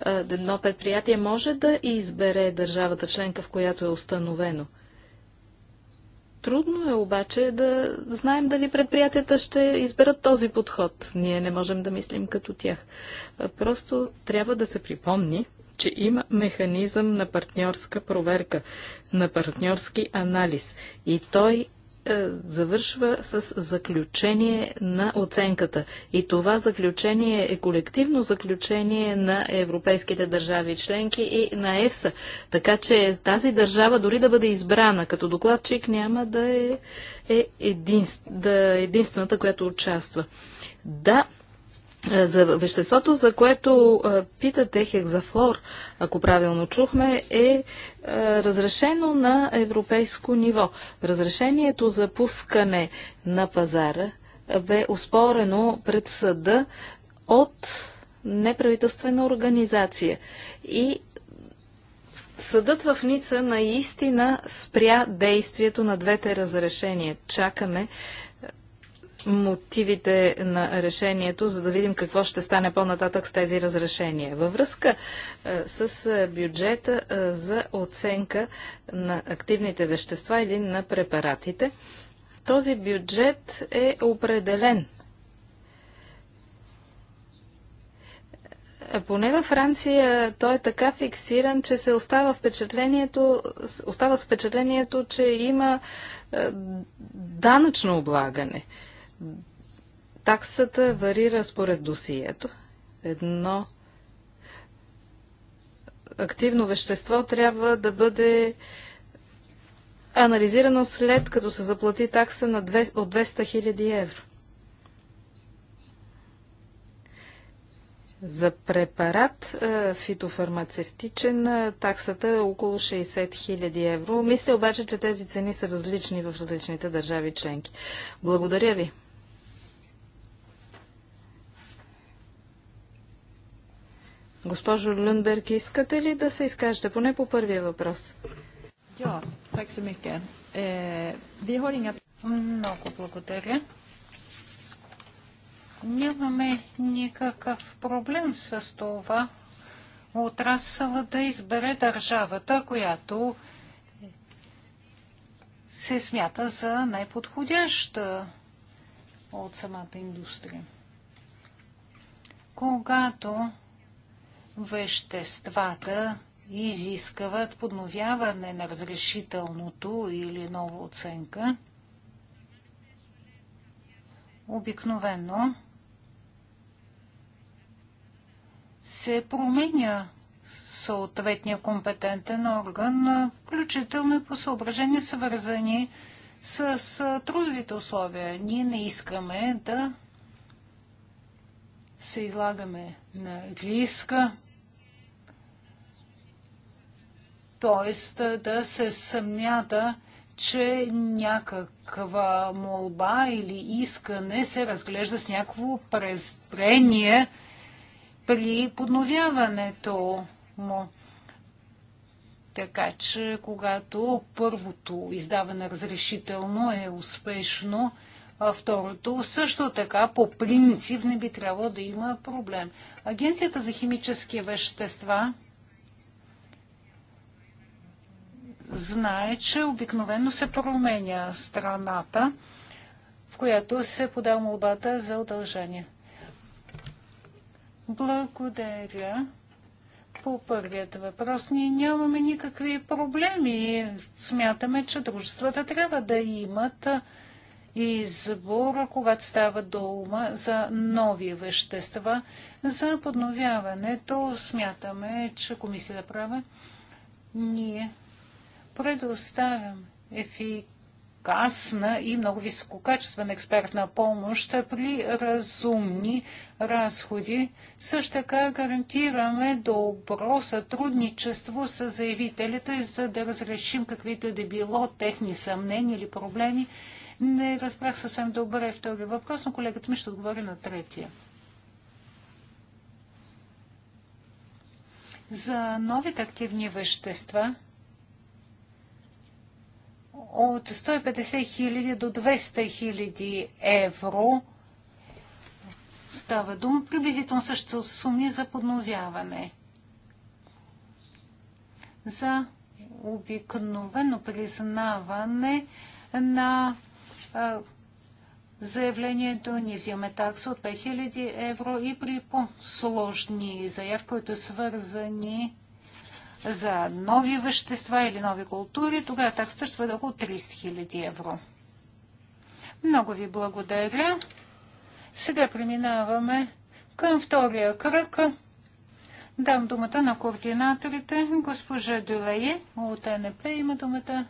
Едно предприятие може да избере държавата членка, в която е установено. Трудно е обаче да знаем дали предприятията ще изберат този подход. Ние не можем да мислим като тях. Просто трябва да се припомни, че има механизъм на партньорска проверка, на партньорски анализ и той е, завършва с заключение на оценката. И това заключение е колективно заключение на европейските държави членки и на ЕФСА. Така че тази държава, дори да бъде избрана като докладчик, няма да е, е да е единствената, която участва. Да, е, за веществото, за което е, питате хекзафлор, ако правилно чухме, е, е разрешено на европейско ниво. Разрешението за пускане на пазара бе успорено пред съда от неправителствена организация. И съдът в Ница наистина спря действието на двете разрешения. Чакаме мотивите на решението, за да видим какво ще стане по-нататък с тези разрешения. Във връзка е, с е, бюджета е, за оценка на активните вещества или на препаратите, този бюджет е определен. Поне във Франция той е така фиксиран, че се остава, впечатлението, остава с впечатлението, че има данъчно облагане. Таксата варира според досието. Едно активно вещество трябва да бъде анализирано след като се заплати такса на 2, от 200 000 евро. За препарат е, фитофармацевтичен е, таксата е около 60 000 евро. Мисля обаче, че тези цени са различни в различните държави членки. Благодаря ви. Госпожо Люнберг, искате ли да се изкажете поне по първия въпрос? Eh, Много благодаря. Нямаме никакъв проблем с това отрасъла да избере държавата, която се смята за най-подходяща от самата индустрия. Когато веществата изискват подновяване на разрешителното или нова оценка. Обикновено се променя съответния компетентен орган, включително и по съображения свързани с трудовите условия. Ние не искаме да се излагаме на риска т.е. да се съмнята, че някаква молба или искане се разглежда с някакво презрение при подновяването му. Така че, когато първото издаване разрешително е успешно, а второто също така по принцип не би трябвало да има проблем. Агенцията за химически вещества знае, че обикновено се променя страната, в която се подава молбата за удължение. Благодаря. По първият въпрос ние нямаме никакви проблеми. Смятаме, че дружествата трябва да имат избор, когато става дума за нови вещества. За подновяването смятаме, че комисията права ние предоставям ефикасна и много висококачествена експертна помощ при разумни разходи. Също така гарантираме добро сътрудничество с заявителите, за да разрешим каквито да било техни съмнения или проблеми. Не разбрах съвсем добре втори въпрос, но колегата ми ще отговори на третия. За новите активни вещества – от 150 хиляди до 200 хиляди евро. Става дума приблизително също суми за подновяване. За обикновено признаване на заявлението ни взимаме такса от 5000 евро и при по-сложни заявки, които свързани за нови вещества или нови култури, тогава таксата ще бъде около 30 000 евро. Много ви благодаря. Сега преминаваме към втория кръг. Дам думата на координаторите. Госпожа Дюлее от НП има думата.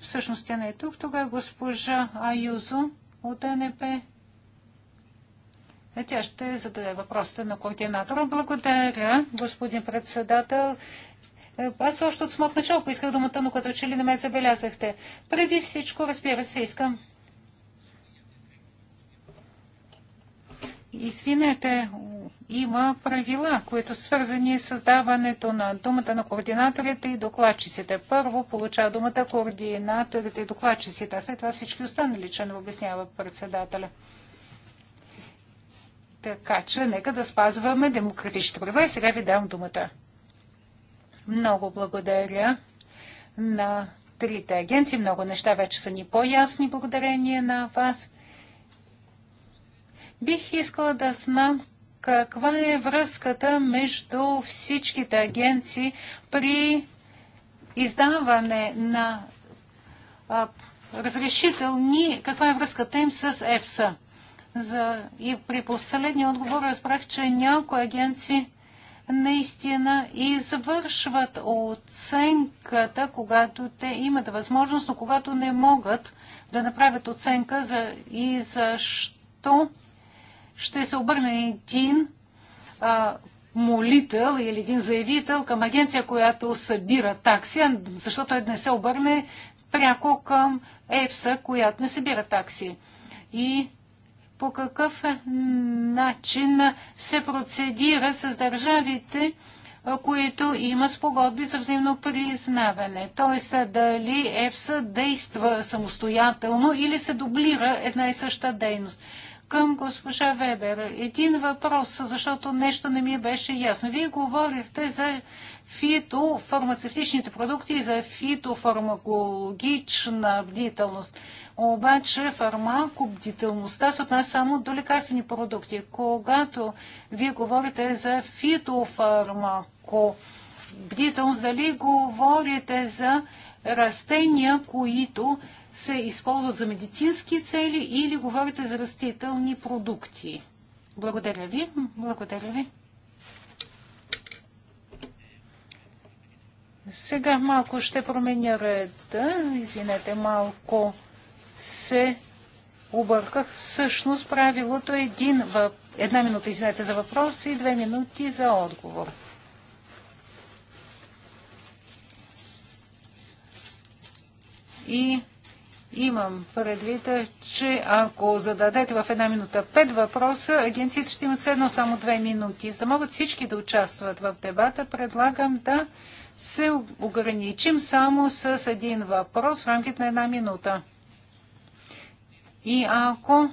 Всъщност тя не е тук. Тогава госпожа Аюзо от НП. Е, тя ще зададе въпросите на координатора. Е Благодаря, господин председател. Е, аз още от смот начало поисках думата, но като че ли не ме забелязахте. Преди всичко, разбира се, искам. Извинете, има правила, които свързани с даването на думата на координаторите и докладчиците. Първо получава думата координаторите и докладчиците, а след това всички останали членове, обяснява председателя. Така че нека да спазваме демократичните права и сега ви дам думата. Много благодаря на трите агенции. Много неща вече са ни по-ясни благодарение на вас. Бих искала да знам каква е връзката между всичките агенции при издаване на а, разрешителни, каква е връзката им с ЕФСА за... и при последния отговор разбрах, че някои агенции наистина извършват оценката, когато те имат възможност, но когато не могат да направят оценка за и защо ще се обърне един а, молител или един заявител към агенция, която събира такси, защото той не се обърне пряко към ЕФСА, която не събира такси. И по какъв начин се процедира с държавите, които има спогодби за взаимно признаване. Т.е. дали ЕФСА действа самостоятелно или се дублира една и съща дейност. Към госпожа Вебер, един въпрос, защото нещо не ми беше ясно. Вие говорихте за фитофармацевтичните продукти и за фитофармакологична бдителност. Обаче фармакобдителността се отнася само до лекарствени продукти. Когато вие говорите за фитофармакобдителност, дали говорите за растения, които се използват за медицински цели или говорите за растителни продукти? Благодаря ви. Благодаря ви. Сега малко ще променя реда. Извинете, малко се обърках. Всъщност правилото е един въп... една минута извинете за въпрос и две минути за отговор. И имам предвид, че ако зададете в една минута пет въпроса, агенцията ще имат едно само две минути. За могат всички да участват в дебата, предлагам да се ограничим само с един въпрос в рамките на една минута. И ако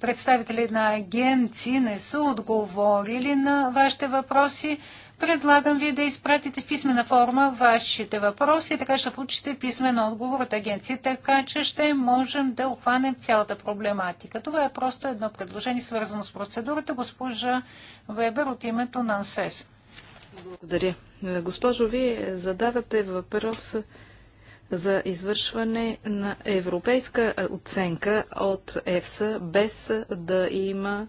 представители на агенции не са отговорили на вашите въпроси, предлагам ви да изпратите в писмена форма вашите въпроси, така ще получите писмен отговор от агенции, така че ще можем да охванем цялата проблематика. Това е просто едно предложение, свързано с процедурата. Госпожа Вебер от името на АНСЕС. Благодаря. Госпожо, вие задавате въпроса за извършване на европейска оценка от ЕФСА, без да има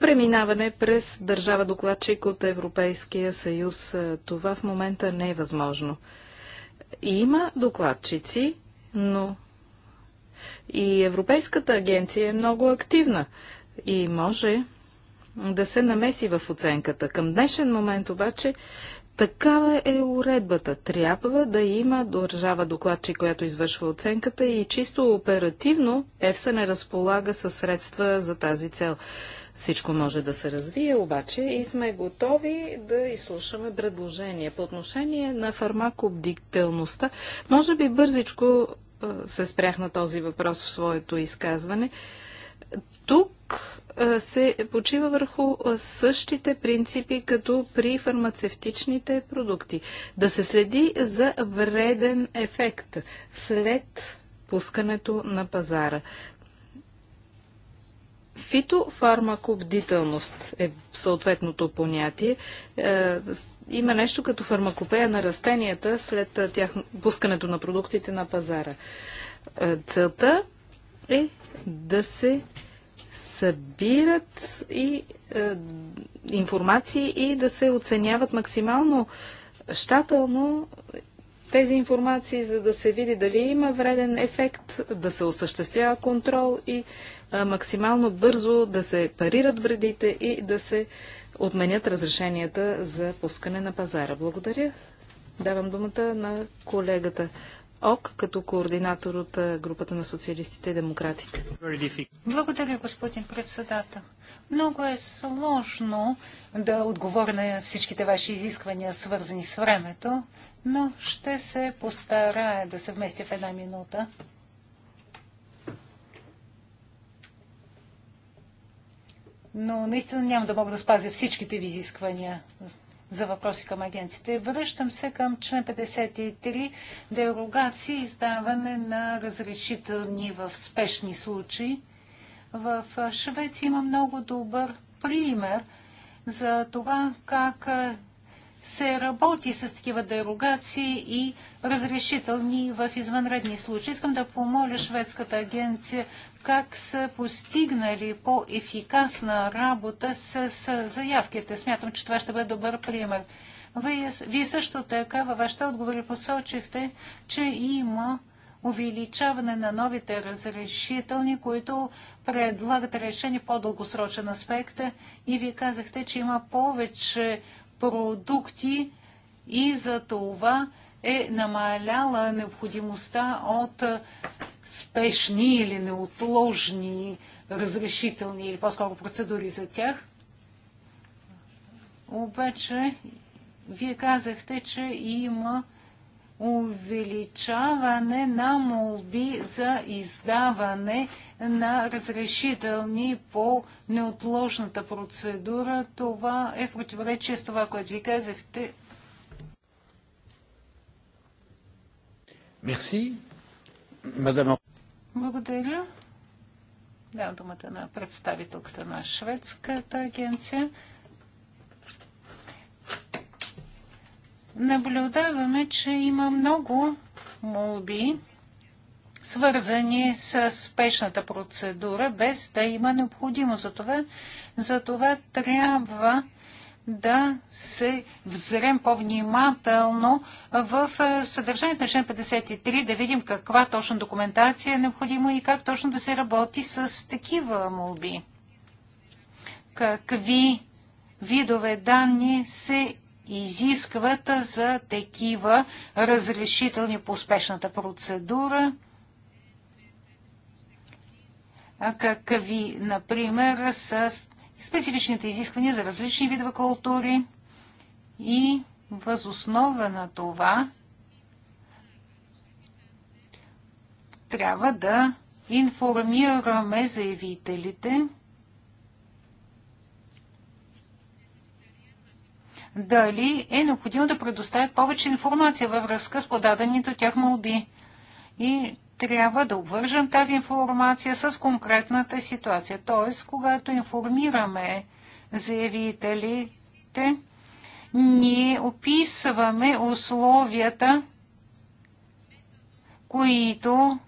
преминаване през държава докладчик от Европейския съюз. Това в момента не е възможно. Има докладчици, но и Европейската агенция е много активна и може да се намеси в оценката. Към днешен момент обаче Такава е уредбата. Трябва да има държава докладчик, която извършва оценката и чисто оперативно ЕФСА не разполага със средства за тази цел. Всичко може да се развие, обаче и сме готови да изслушаме предложения. По отношение на фармакобдителността, може би бързичко се спрях на този въпрос в своето изказване. Тук се почива върху същите принципи, като при фармацевтичните продукти. Да се следи за вреден ефект след пускането на пазара. Фитофармакобдителност е съответното понятие. Е, има нещо като фармакопея на растенията след тях, пускането на продуктите на пазара. Е, целта е да се събират и е, информации и да се оценяват максимално щателно тези информации, за да се види дали има вреден ефект, да се осъществява контрол и е, максимално бързо да се парират вредите и да се отменят разрешенията за пускане на пазара. Благодаря. Давам думата на колегата Ок като координатор от групата на социалистите и демократите. Благодаря, господин председател. Много е сложно да отговоря на всичките ваши изисквания, свързани с времето, но ще се постарая да се вместя в една минута. но наистина няма да мога да спазя всичките ви изисквания за въпроси към агенците. Връщам се към член 53, дерогация и издаване на разрешителни в спешни случаи. В Швеция има много добър пример за това как се работи с такива дерогации и разрешителни в извънредни случаи. Искам да помоля шведската агенция как са постигнали по-ефикасна работа с, с заявките. Смятам, че това ще бъде добър пример. Вие, вие също така във вашите отговори посочихте, че има увеличаване на новите разрешителни, които предлагат решение по-дългосрочен аспект и вие казахте, че има повече продукти и за това е намаляла необходимостта от спешни или неотложни разрешителни или по-скоро процедури за тях. Обаче, вие казахте, че има увеличаване на молби за издаване на разрешителни по неотложната процедура. Това е в противоречие с това, което ви казахте. Мерси. Мадам... Благодаря. Дам думата на представителката на Шведската агенция. наблюдаваме, че има много молби, свързани с спешната процедура, без да има необходимо за това. За това трябва да се взрем по-внимателно в съдържанието на член 53, да видим каква точно документация е необходима и как точно да се работи с такива молби. Какви видове данни се изискват за такива разрешителни по успешната процедура, какви, например, са специфичните изисквания за различни видове култури и възоснова на това трябва да информираме заявителите дали е необходимо да предоставят повече информация във връзка с подадените от тях молби. И трябва да обвържам тази информация с конкретната ситуация. Т.е. когато информираме заявителите, ние описваме условията, които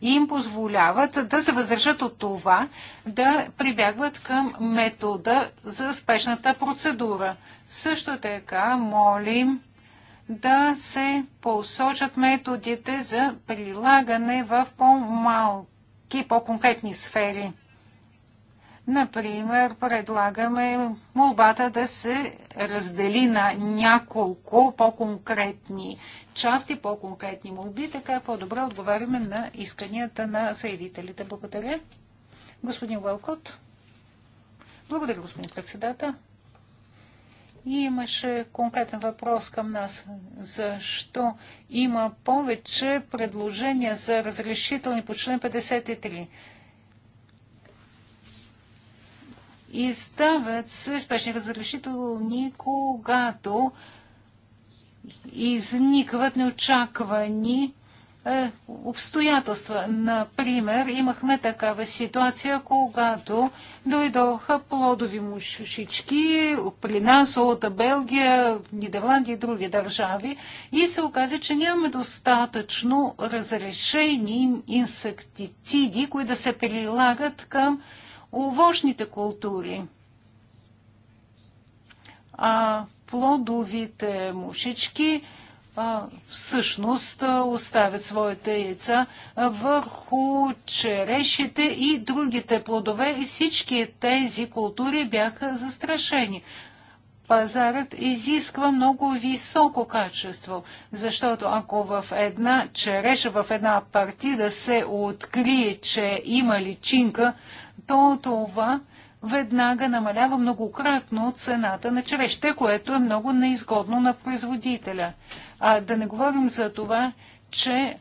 им позволяват да се въздържат от това да прибягват към метода за спешната процедура. Също така молим да се посочат методите за прилагане в по-малки, по-конкретни сфери. Например, предлагаме молбата да се раздели на няколко по-конкретни части, по-конкретни молби, така по-добре отговаряме на исканията на заявителите. Благодаря. Господин Уелкот. Благодаря, господин председател. И имаше конкретен въпрос към нас. Защо има повече предложения за разрешителни по член 53? Издават се спешни разрешителни, когато изникват неочаквани е, обстоятелства. Например, имахме такава ситуация, когато дойдоха плодови мушички при нас от Белгия, Нидерландия и други държави и се оказа, че нямаме достатъчно разрешени инсектициди, които да се прилагат към овощните култури. А плодовите мушички всъщност оставят своите яйца върху черешите и другите плодове и всички тези култури бяха застрашени. Пазарът изисква много високо качество, защото ако в една череша, в една партида се открие, че има личинка, то това веднага намалява многократно цената на човеще, което е много неизгодно на производителя. А да не говорим за това, че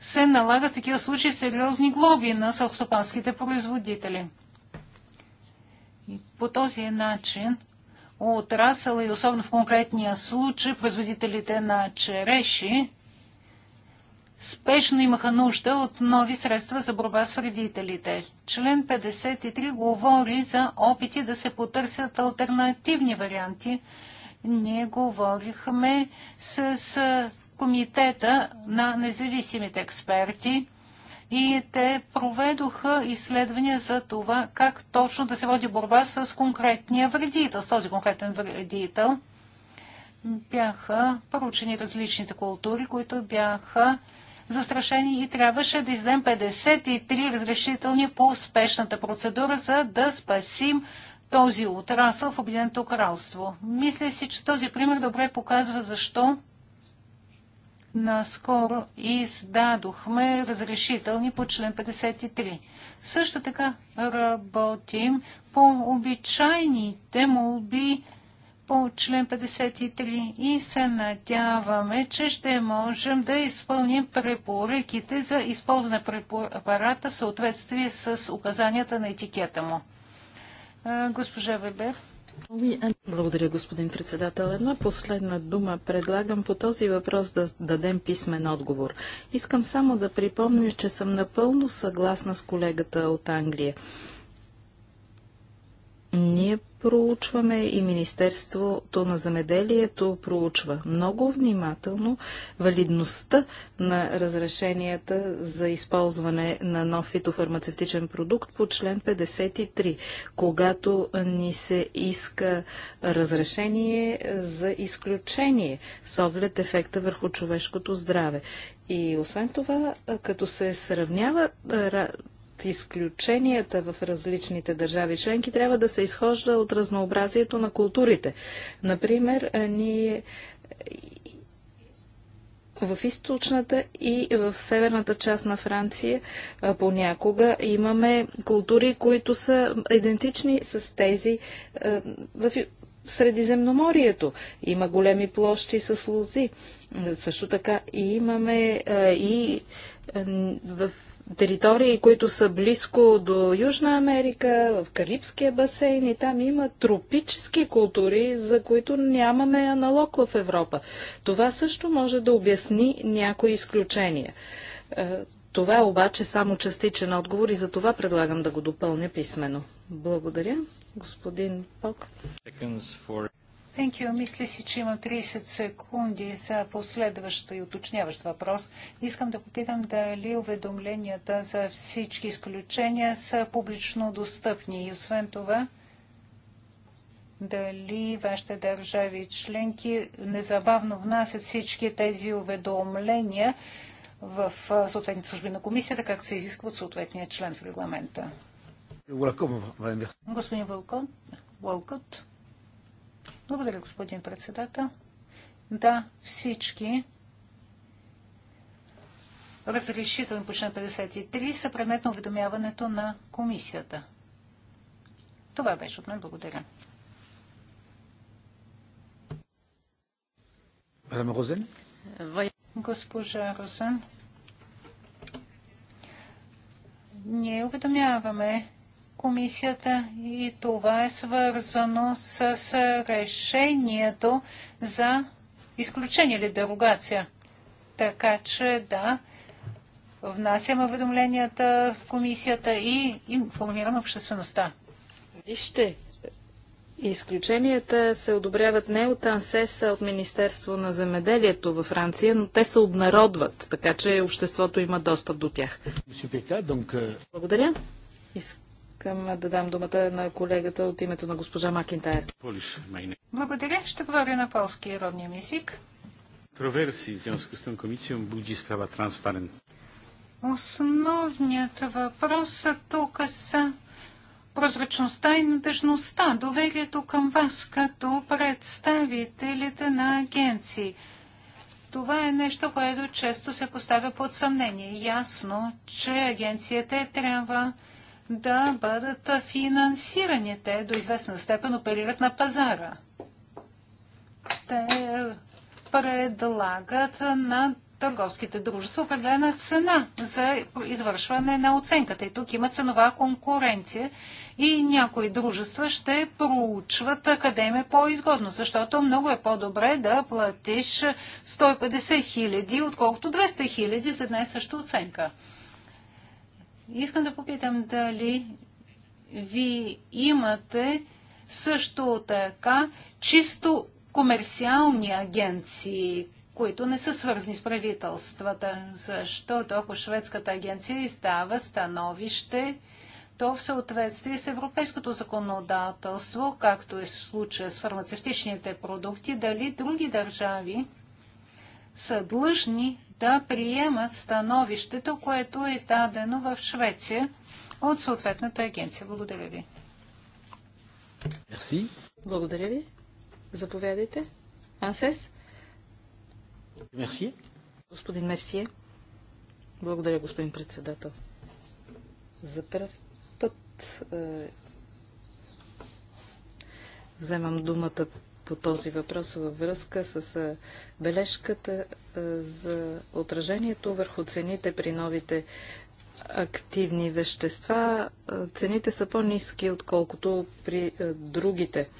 се налага в такива случаи сериозни глоби на сълхостопанските производители. И по този начин отрасъл и особено в конкретния случай производителите на череши спешно имаха нужда от нови средства за борба с вредителите. Член 53 говори за опити да се потърсят альтернативни варианти. Ние говорихме с, с комитета на независимите експерти и те проведоха изследвания за това как точно да се води борба с конкретния вредител, с този конкретен вредител. Бяха поручени различните култури, които бяха застрашени и трябваше да издем 53 разрешителни по успешната процедура, за да спасим този отрасъл в Обединеното кралство. Мисля си, че този пример добре показва защо наскоро издадохме разрешителни по член 53. Също така работим по обичайните молби по член 53 и се надяваме, че ще можем да изпълним препоръките за използване препарата в съответствие с указанията на етикета му. Госпожа Вебер. Благодаря, господин председател. Една последна дума предлагам по този въпрос да дадем писмен отговор. Искам само да припомня, че съм напълно съгласна с колегата от Англия. Ние проучваме и Министерството на земеделието проучва много внимателно валидността на разрешенията за използване на нов фитофармацевтичен продукт по член 53, когато ни се иска разрешение за изключение с оглед ефекта върху човешкото здраве. И освен това, като се сравнява изключенията в различните държави членки трябва да се изхожда от разнообразието на културите. Например, ние в източната и в северната част на Франция понякога имаме култури, които са идентични с тези в Средиземноморието. Има големи площи с лози. Също така и имаме и в територии, които са близко до Южна Америка, в Карибския басейн и там има тропически култури, за които нямаме аналог в Европа. Това също може да обясни някои изключения. Е, това е обаче само частичен отговор и за това предлагам да го допълня писменно. Благодаря, господин Пок. Thank you. Мисля си, че имам 30 секунди за последващ и уточняващ въпрос. Искам да попитам дали уведомленията за всички изключения са публично достъпни и освен това дали вашите държави членки незабавно внасят всички тези уведомления в съответните служби на комисията, както се изисква от съответния член в регламента. Господин Вълкот, благодаря, господин председател. Да, всички разрешителни по член 53 са предмет на уведомяването на комисията. Това беше от мен. Благодаря. Розен? Госпожа Розен, ние уведомяваме комисията и това е свързано с решението за изключение или дерогация. Така че да, внасяме уведомленията в комисията и информираме обществеността. Вижте, изключенията се одобряват не от АНСЕС, а от Министерство на земеделието във Франция, но те се обнародват, така че обществото има достъп до тях. Euh, Благодаря искам да дам думата на колегата от името на госпожа Макинтайр. Благодаря. Ще говоря на полски родния ми език. в с справа транспарент. Основният въпрос тук са прозрачността и надежността, доверието към вас като представителите на агенции. Това е нещо, което често се поставя под съмнение. Ясно, че агенцията е трябва да бъдат финансирани. Те до известна степен оперират на пазара. Те е, предлагат на търговските дружества определена цена за извършване на оценката. И тук има ценова конкуренция и някои дружества ще проучват къде им е по-изгодно, защото много е по-добре да платиш 150 хиляди, отколкото 200 хиляди за една и съща оценка. Искам да попитам дали ви имате също така чисто комерциални агенции, които не са свързани с правителствата, защото ако шведската агенция издава становище, то в съответствие с европейското законодателство, както е случая с фармацевтичните продукти, дали други държави са длъжни да приемат становището, което е издадено в Швеция от съответната агенция. Благодаря ви. Мерси. Благодаря ви. Заповядайте. Ансес. Мерси. Господин Мерсие. Благодаря, господин председател. За първ път е, вземам думата по този въпрос във връзка с бележката за отражението върху цените при новите активни вещества. Цените са по-низки, отколкото при другите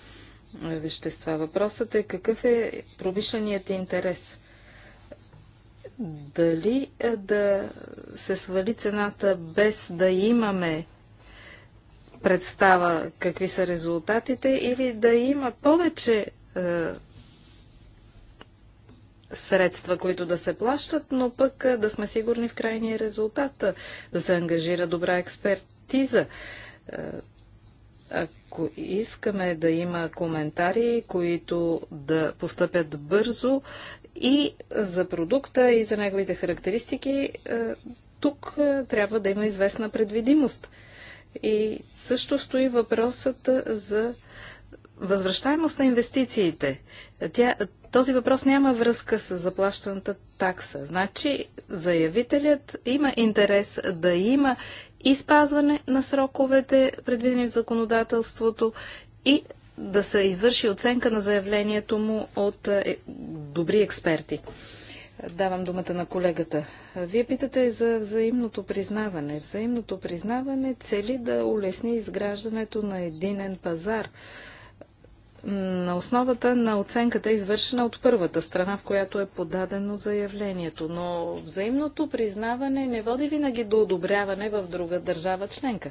вещества. Въпросът е какъв е промишленият интерес – дали да се свали цената без да имаме представа какви са резултатите или да има повече е, средства, които да се плащат, но пък е, да сме сигурни в крайния резултат, е, да се ангажира добра експертиза. ако искаме да има коментари, които да постъпят бързо и за продукта, и за неговите характеристики, тук трябва да има известна предвидимост. И също стои въпросът за възвръщаемост на инвестициите. Тя, този въпрос няма връзка с заплащаната такса. Значи заявителят има интерес да има и спазване на сроковете, предвидени в законодателството, и да се извърши оценка на заявлението му от е, добри експерти. Давам думата на колегата. Вие питате за взаимното признаване. Взаимното признаване цели да улесни изграждането на единен пазар на основата на оценката, извършена от първата страна, в която е подадено заявлението. Но взаимното признаване не води винаги до одобряване в друга държава членка.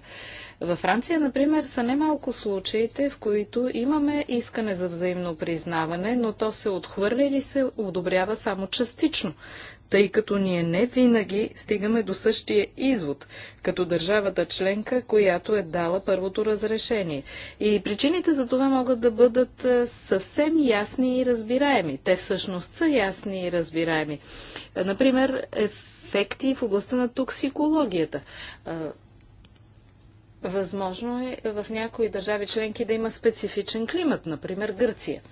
Във Франция, например, са немалко случаите, в които имаме искане за взаимно признаване, но то се отхвърля или се одобрява само частично тъй като ние не винаги стигаме до същия извод, като държавата членка, която е дала първото разрешение. И причините за това могат да бъдат е, съвсем ясни и разбираеми. Те всъщност са ясни и разбираеми. Е, например, ефекти в областта на токсикологията. Е, възможно е в някои държави членки да има специфичен климат, например Гърция –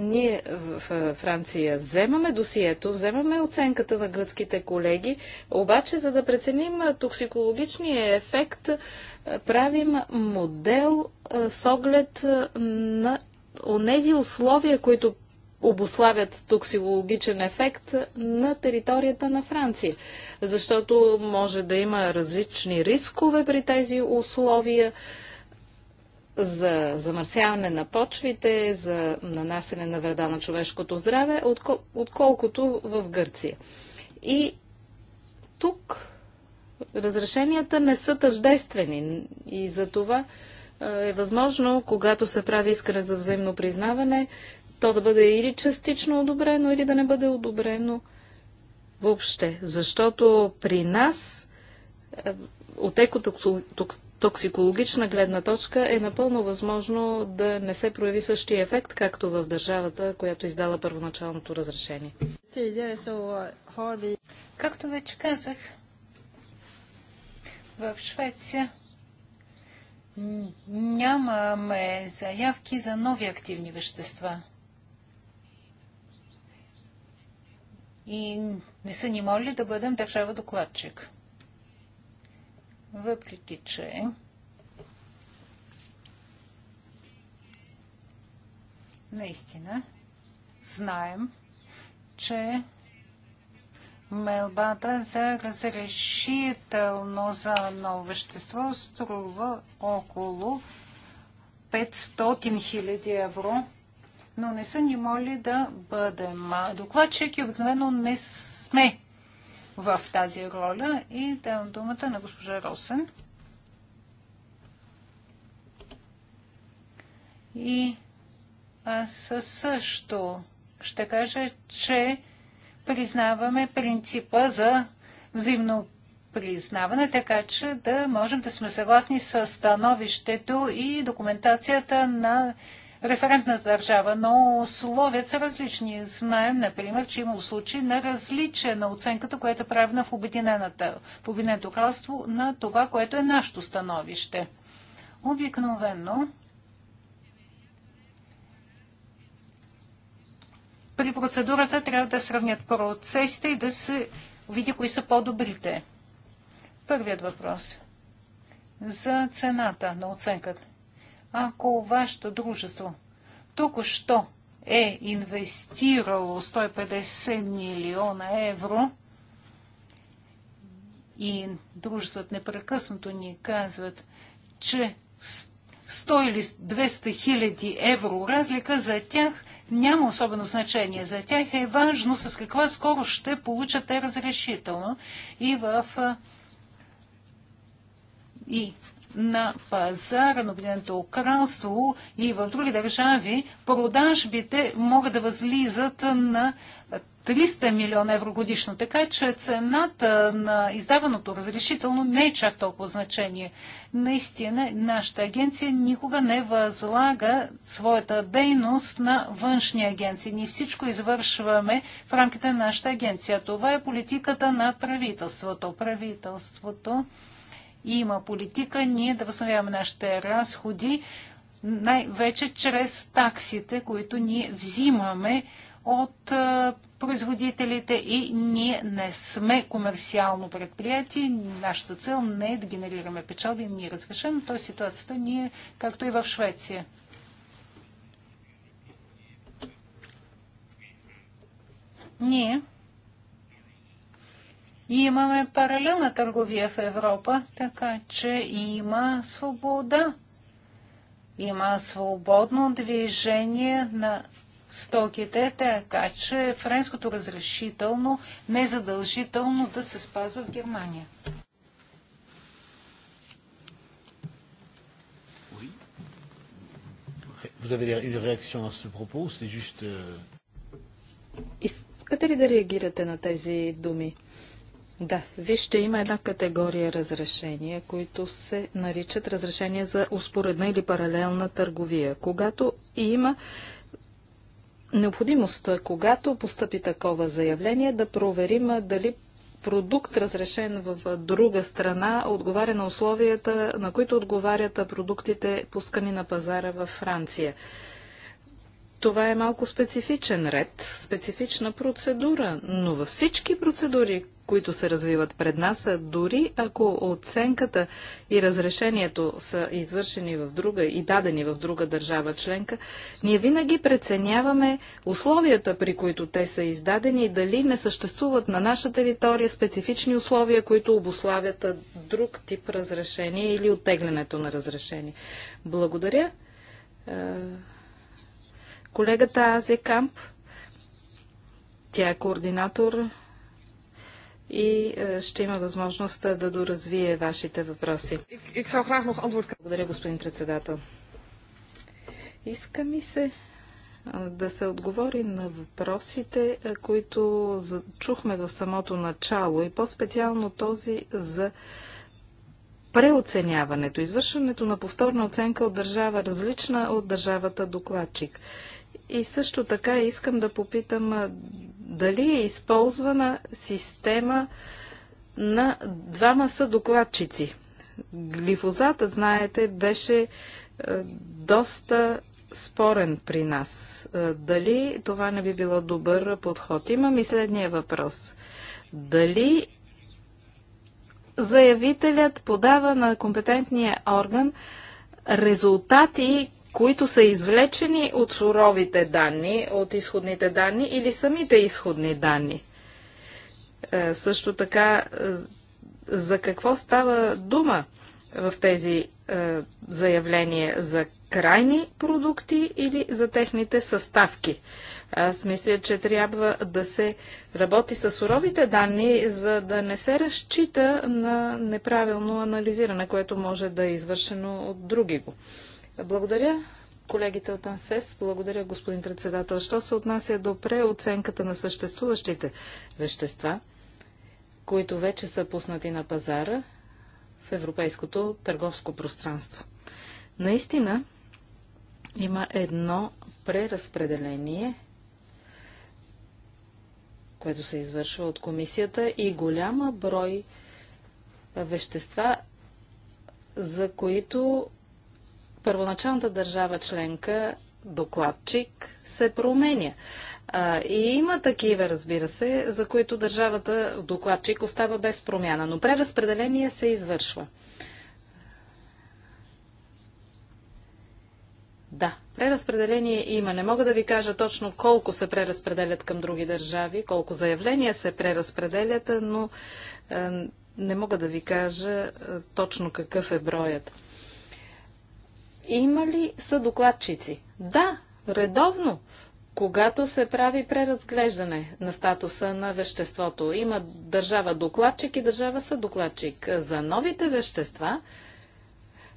ние в Франция вземаме досието, вземаме оценката на гръцките колеги, обаче за да преценим токсикологичния ефект, правим модел с оглед на онези условия, които обославят токсикологичен ефект на територията на Франция. Защото може да има различни рискове при тези условия за замърсяване на почвите, за нанасене на вреда на човешкото здраве, отколкото в Гърция. И тук разрешенията не са тъждествени и за това е възможно, когато се прави искане за взаимно признаване, то да бъде или частично одобрено, или да не бъде одобрено въобще. Защото при нас е, от екотоксикологичната токсикологична гледна точка е напълно възможно да не се прояви същия ефект, както в държавата, която издала първоначалното разрешение. Uh, както вече казах, в Швеция нямаме заявки за нови активни вещества. И не са ни моли да бъдем държава докладчик въпреки че наистина знаем, че мелбата за разрешително за ново вещество струва около 500 000 евро, но не са ни моли да бъдем докладчик и обикновено не сме в тази роля и давам думата на госпожа Росен. И аз също ще кажа, че признаваме принципа за взаимно признаване, така че да можем да сме съгласни с становището и документацията на референтната държава, но условията са различни. Знаем, например, че има случаи на различие на оценката, която е правена в Обединената, в Обединеното кралство на това, което е нашето становище. Обикновено при процедурата трябва да сравнят процесите и да се види кои са по-добрите. Първият въпрос за цената на оценката ако вашето дружество току-що е инвестирало 150 милиона евро и дружеството непрекъснато ни казват, че 100 или 200 хиляди евро разлика за тях няма особено значение. За тях е важно с каква скорост ще получат те разрешително. И в и на пазара на Обединеното кралство и в други държави продажбите могат да възлизат на 300 милиона евро годишно. Така че цената на издаваното разрешително не е чак толкова значение. Наистина, нашата агенция никога не възлага своята дейност на външни агенции. Ние всичко извършваме в рамките на нашата агенция. Това е политиката на правителството. Правителството има политика ние да възстановяваме нашите разходи, най-вече чрез таксите, които ние взимаме от производителите и ние не сме комерциално предприятие. Нашата цел не е да генерираме печалби, ни е разрешено. Тоест ситуацията ни е както и в Швеция. Ние и имаме паралелна търговия в Европа, така че има свобода. Има свободно движение на стоките, така че френското разрешително не е задължително да се спазва в Германия. Vous avez une réaction à ce propos ou c'est juste... Euh, Искате ли да реагирате на тези думи? Да, вижте, има една категория разрешения, които се наричат разрешения за успоредна или паралелна търговия. Когато има необходимост, когато постъпи такова заявление, да проверим дали продукт, разрешен в друга страна, отговаря на условията, на които отговарят продуктите, пускани на пазара във Франция. Това е малко специфичен ред, специфична процедура, но във всички процедури, които се развиват пред нас, дори ако оценката и разрешението са извършени в друга и дадени в друга държава членка, ние винаги преценяваме условията, при които те са издадени и дали не съществуват на наша територия специфични условия, които обославят друг тип разрешение или оттеглянето на разрешение. Благодаря. Колегата Азе Камп. тя е координатор и е, ще има възможност е, да доразвие вашите въпроси. Благодаря, господин председател. Иска ми се е, да се отговори на въпросите, които чухме в самото начало и по-специално този за преоценяването, извършването на повторна оценка от държава, различна от държавата докладчик. И също така искам да попитам дали е използвана система на двама са докладчици. Глифозатът, знаете, беше доста спорен при нас. Дали това не би било добър подход? Имам и следния въпрос. Дали заявителят подава на компетентния орган резултати, които са извлечени от суровите данни, от изходните данни или самите изходни данни. Е, също така, е, за какво става дума в тези е, заявления за крайни продукти или за техните съставки? Аз мисля, че трябва да се работи с суровите данни, за да не се разчита на неправилно анализиране, което може да е извършено от други го. Благодаря колегите от АНСЕС. Благодаря, господин председател. Що се отнася до преоценката на съществуващите вещества, които вече са пуснати на пазара в европейското търговско пространство? Наистина има едно преразпределение, което се извършва от комисията и голяма брой вещества, за които първоначалната държава членка докладчик се променя. А, и има такива, разбира се, за които държавата докладчик остава без промяна, но преразпределение се извършва. Да, преразпределение има. Не мога да ви кажа точно колко се преразпределят към други държави, колко заявления се преразпределят, но е, не мога да ви кажа е, точно какъв е броят. Има ли са докладчици? Да, редовно. Когато се прави преразглеждане на статуса на веществото, има държава докладчик и държава са докладчик. За новите вещества,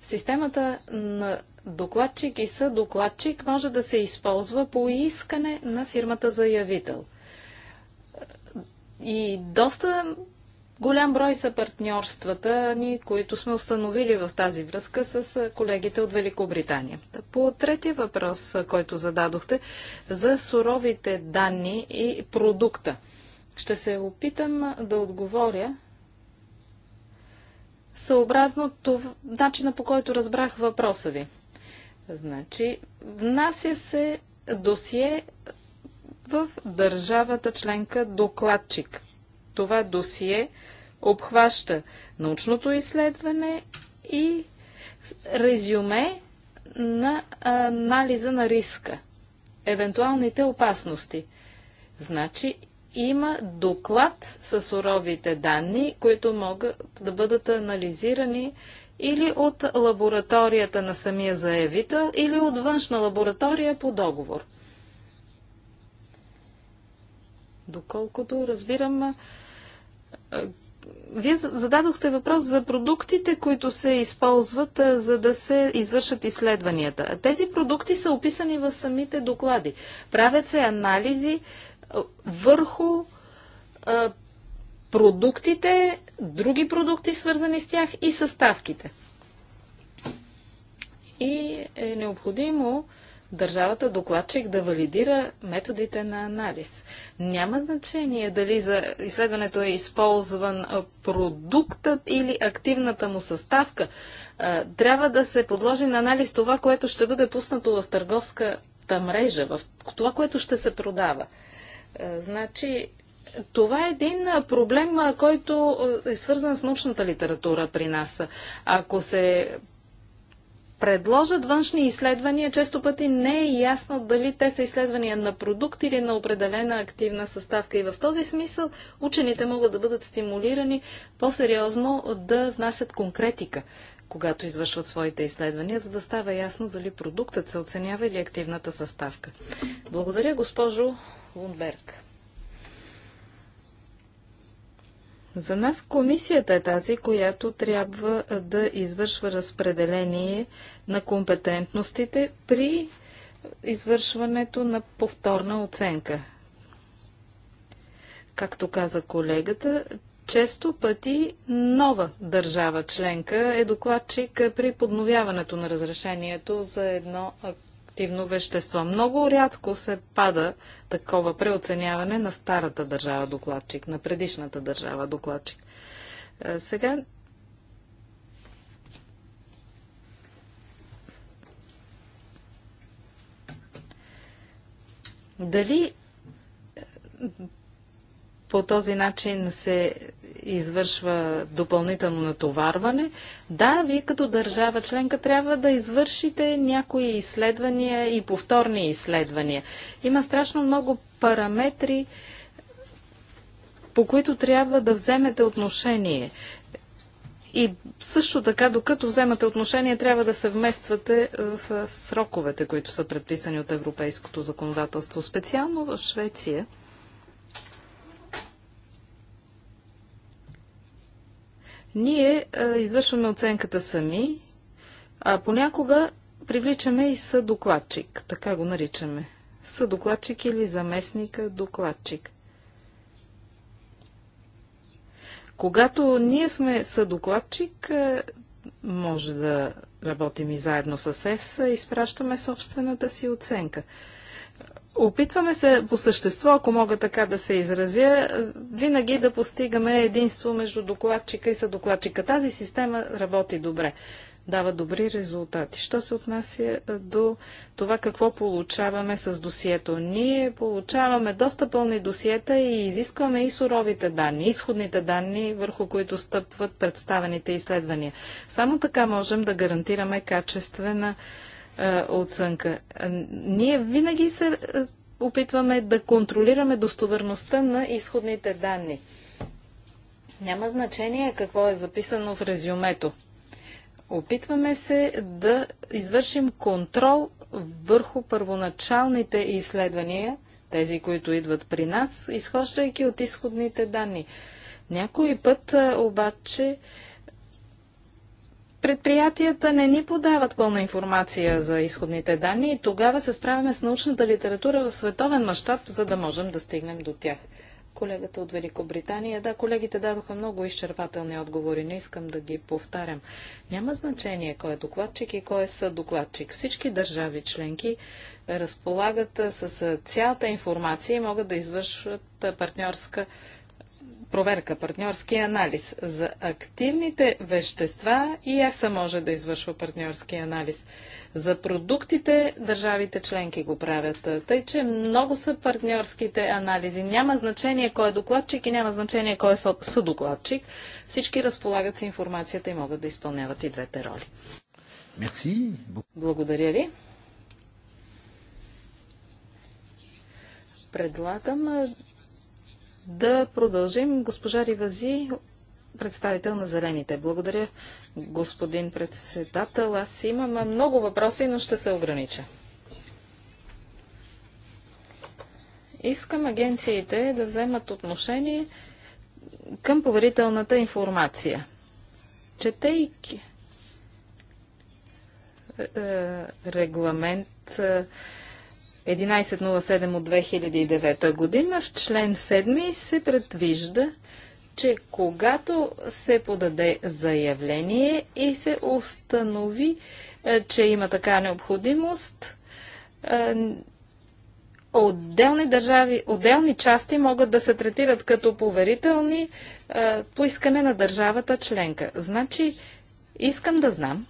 системата на докладчик и съдокладчик може да се използва по искане на фирмата заявител. И доста Голям брой са партньорствата ни, които сме установили в тази връзка с колегите от Великобритания. По третия въпрос, който зададохте, за суровите данни и продукта. Ще се опитам да отговоря съобразно това, начина по който разбрах въпроса ви. Значи, внася се досие в държавата членка докладчик това досие обхваща научното изследване и резюме на анализа на риска, евентуалните опасности. Значи има доклад с суровите данни, които могат да бъдат анализирани или от лабораторията на самия заявител, или от външна лаборатория по договор. Доколкото разбирам, вие зададохте въпрос за продуктите, които се използват, за да се извършат изследванията. Тези продукти са описани в самите доклади. Правят се анализи върху продуктите, други продукти, свързани с тях и съставките. И е необходимо държавата докладчик да валидира методите на анализ. Няма значение дали за изследването е използван продуктът или активната му съставка. Трябва да се подложи на анализ това, което ще бъде пуснато в търговската мрежа, в това, което ще се продава. Значи, това е един проблем, който е свързан с научната литература при нас. Ако се предложат външни изследвания, често пъти не е ясно дали те са изследвания на продукт или на определена активна съставка. И в този смисъл учените могат да бъдат стимулирани по-сериозно да внасят конкретика, когато извършват своите изследвания, за да става ясно дали продуктът се оценява или активната съставка. Благодаря, госпожо Лундберг. За нас комисията е тази, която трябва да извършва разпределение на компетентностите при извършването на повторна оценка. Както каза колегата, често пъти нова държава членка е докладчик при подновяването на разрешението за едно радиоактивно вещество. Много рядко се пада такова преоценяване на старата държава докладчик, на предишната държава докладчик. Е, сега дали е, по този начин се извършва допълнително натоварване. Да, вие като държава членка трябва да извършите някои изследвания и повторни изследвания. Има страшно много параметри, по които трябва да вземете отношение. И също така, докато вземате отношение, трябва да се вмествате е, в е, сроковете, които са предписани от европейското законодателство. Специално в Швеция Ние а, извършваме оценката сами, а понякога привличаме и съдокладчик, така го наричаме. Съдокладчик или заместника докладчик. Когато ние сме съдокладчик, може да работим и заедно с ЕФСА, изпращаме собствената си оценка. Опитваме се по същество, ако мога така да се изразя, винаги да постигаме единство между докладчика и съдокладчика. Тази система работи добре, дава добри резултати. Що се отнася до това какво получаваме с досието? Ние получаваме доста пълни досиета и изискваме и суровите данни, изходните данни, върху които стъпват представените изследвания. Само така можем да гарантираме качествена е, оценка. Ние винаги се е, опитваме да контролираме достоверността на изходните данни. Няма значение какво е записано в резюмето. Опитваме се да извършим контрол върху първоначалните изследвания, тези, които идват при нас, изхождайки от изходните данни. Някой път е, обаче предприятията не ни подават пълна информация за изходните данни и тогава се справяме с научната литература в световен мащаб, за да можем да стигнем до тях. Колегата от Великобритания, да, колегите дадоха много изчерпателни отговори, не искам да ги повтарям. Няма значение кой е докладчик и кой е съдокладчик. Всички държави членки разполагат с цялата информация и могат да извършват партньорска проверка, партньорски анализ. За активните вещества и ЕСА може да извършва партньорски анализ. За продуктите държавите членки го правят. Тъй, че много са партньорските анализи. Няма значение кой е докладчик и няма значение кой е съдокладчик. Всички разполагат с информацията и могат да изпълняват и двете роли. Мерси. Благодаря ви. Предлагам да продължим. Госпожа Ривази, представител на Зелените. Благодаря, господин председател. Аз имам много въпроси, но ще се огранича. Искам агенциите да вземат отношение към поверителната информация. Четейки е, е, регламент е, 1107 от 2009 година в член 7 се предвижда, че когато се подаде заявление и се установи, е, че има така необходимост, е, отделни държави, отделни части могат да се третират като поверителни е, по искане на държавата членка. Значи, искам да знам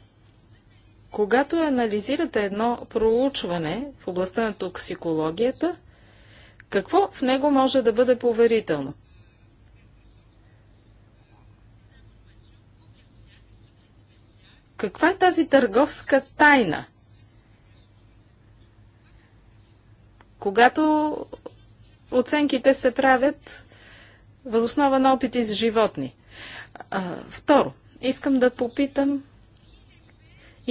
когато анализирате едно проучване в областта на токсикологията, какво в него може да бъде поверително? Каква е тази търговска тайна? Когато оценките се правят възоснова на опити с животни. А, второ, искам да попитам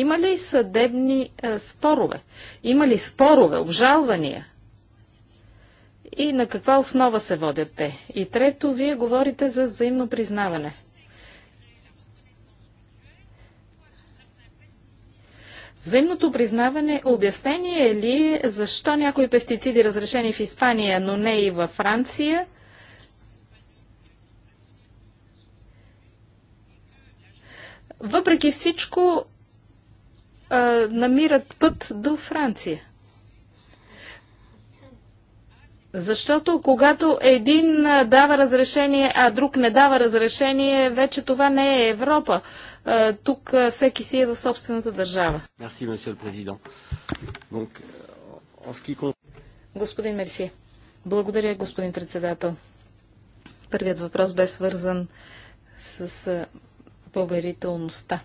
има ли съдебни а, е, спорове? Има ли спорове, обжалвания? И на каква основа се водят те? И трето, вие говорите за взаимно признаване. Взаимното признаване обяснение е ли защо някои пестициди разрешени в Испания, но не и във Франция, въпреки всичко намират път до Франция. Защото когато един дава разрешение, а друг не дава разрешение, вече това не е Европа. Тук всеки си е в собствената държава. Мерси, месье президент. Господин Мерси, благодаря, господин председател. Първият въпрос бе свързан с поверителността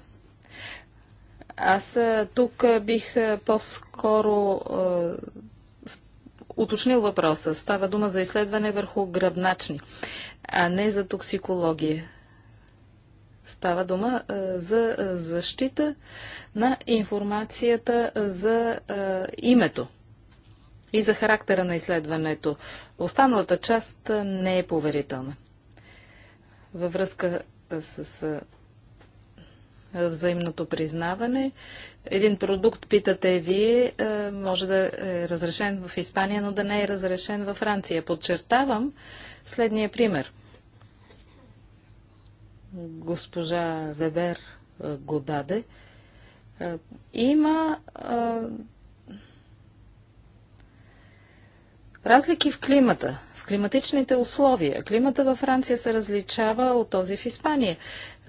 аз тук бих по-скоро уточнил въпроса. Става дума за изследване върху гръбначни, а не за токсикология. Става дума за защита на информацията за името и за характера на изследването. Останалата част не е поверителна. Във връзка с взаимното признаване. Един продукт, питате вие, е, може да е разрешен в Испания, но да не е разрешен във Франция. Подчертавам следния пример. Госпожа Вебер е, го даде. Е, има разлики в климата климатичните условия. Климата във Франция се различава от този в Испания.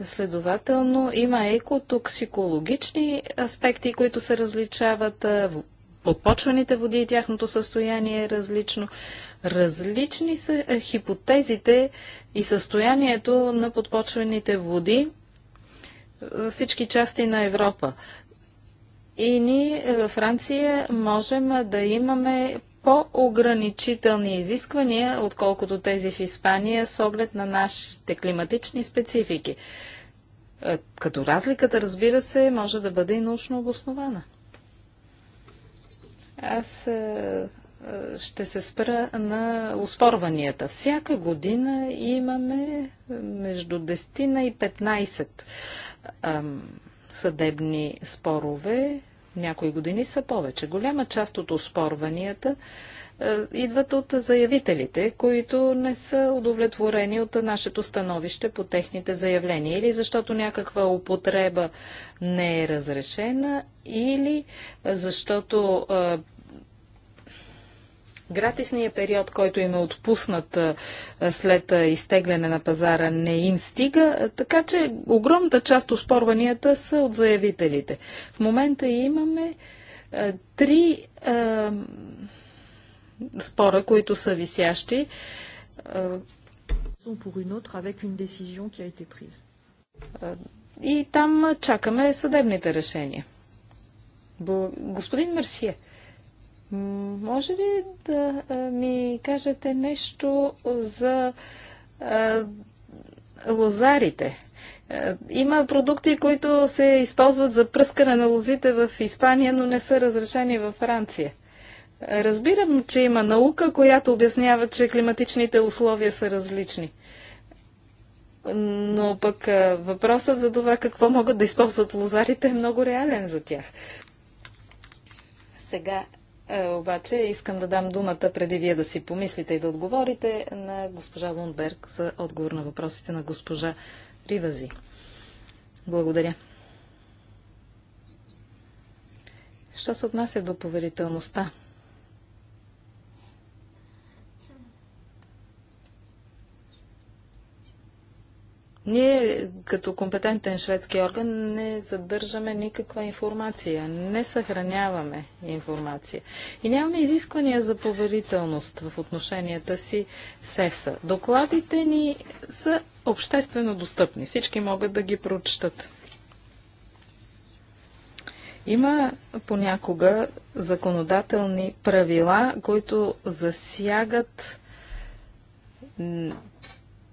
Следователно има екотоксикологични аспекти, които се различават. Подпочваните води и тяхното състояние е различно. Различни са хипотезите и състоянието на подпочвените води във всички части на Европа. И ние във Франция можем да имаме по-ограничителни изисквания, отколкото тези в Испания, с оглед на нашите климатични специфики. Е, като разликата, разбира се, може да бъде и научно обоснована. Аз е, е, ще се спра на успорванията. Всяка година имаме между 10 и 15 съдебни спорове някои години са повече. Голяма част от оспорванията е, идват от заявителите, които не са удовлетворени от нашето становище по техните заявления, или защото някаква употреба не е разрешена, или защото е, Гратисният период, който им е отпуснат след изтегляне на пазара, не им стига, така че огромната част от спорванията са от заявителите. В момента имаме три а, спора, които са висящи. И там чакаме съдебните решения. Господин Мерсие, може ли да ми кажете нещо за а, лозарите? Има продукти, които се използват за пръскане на лозите в Испания, но не са разрешени във Франция. Разбирам, че има наука, която обяснява, че климатичните условия са различни. Но пък въпросът за това какво могат да използват лозарите е много реален за тях. Сега е, обаче искам да дам думата преди вие да си помислите и да отговорите на госпожа Лунберг за отговор на въпросите на госпожа Ривази. Благодаря. Що се отнася до поверителността Ние като компетентен шведски орган не задържаме никаква информация, не съхраняваме информация и нямаме изисквания за поверителност в отношенията си с ЕСА. Докладите ни са обществено достъпни, всички могат да ги прочитат. Има понякога законодателни правила, които засягат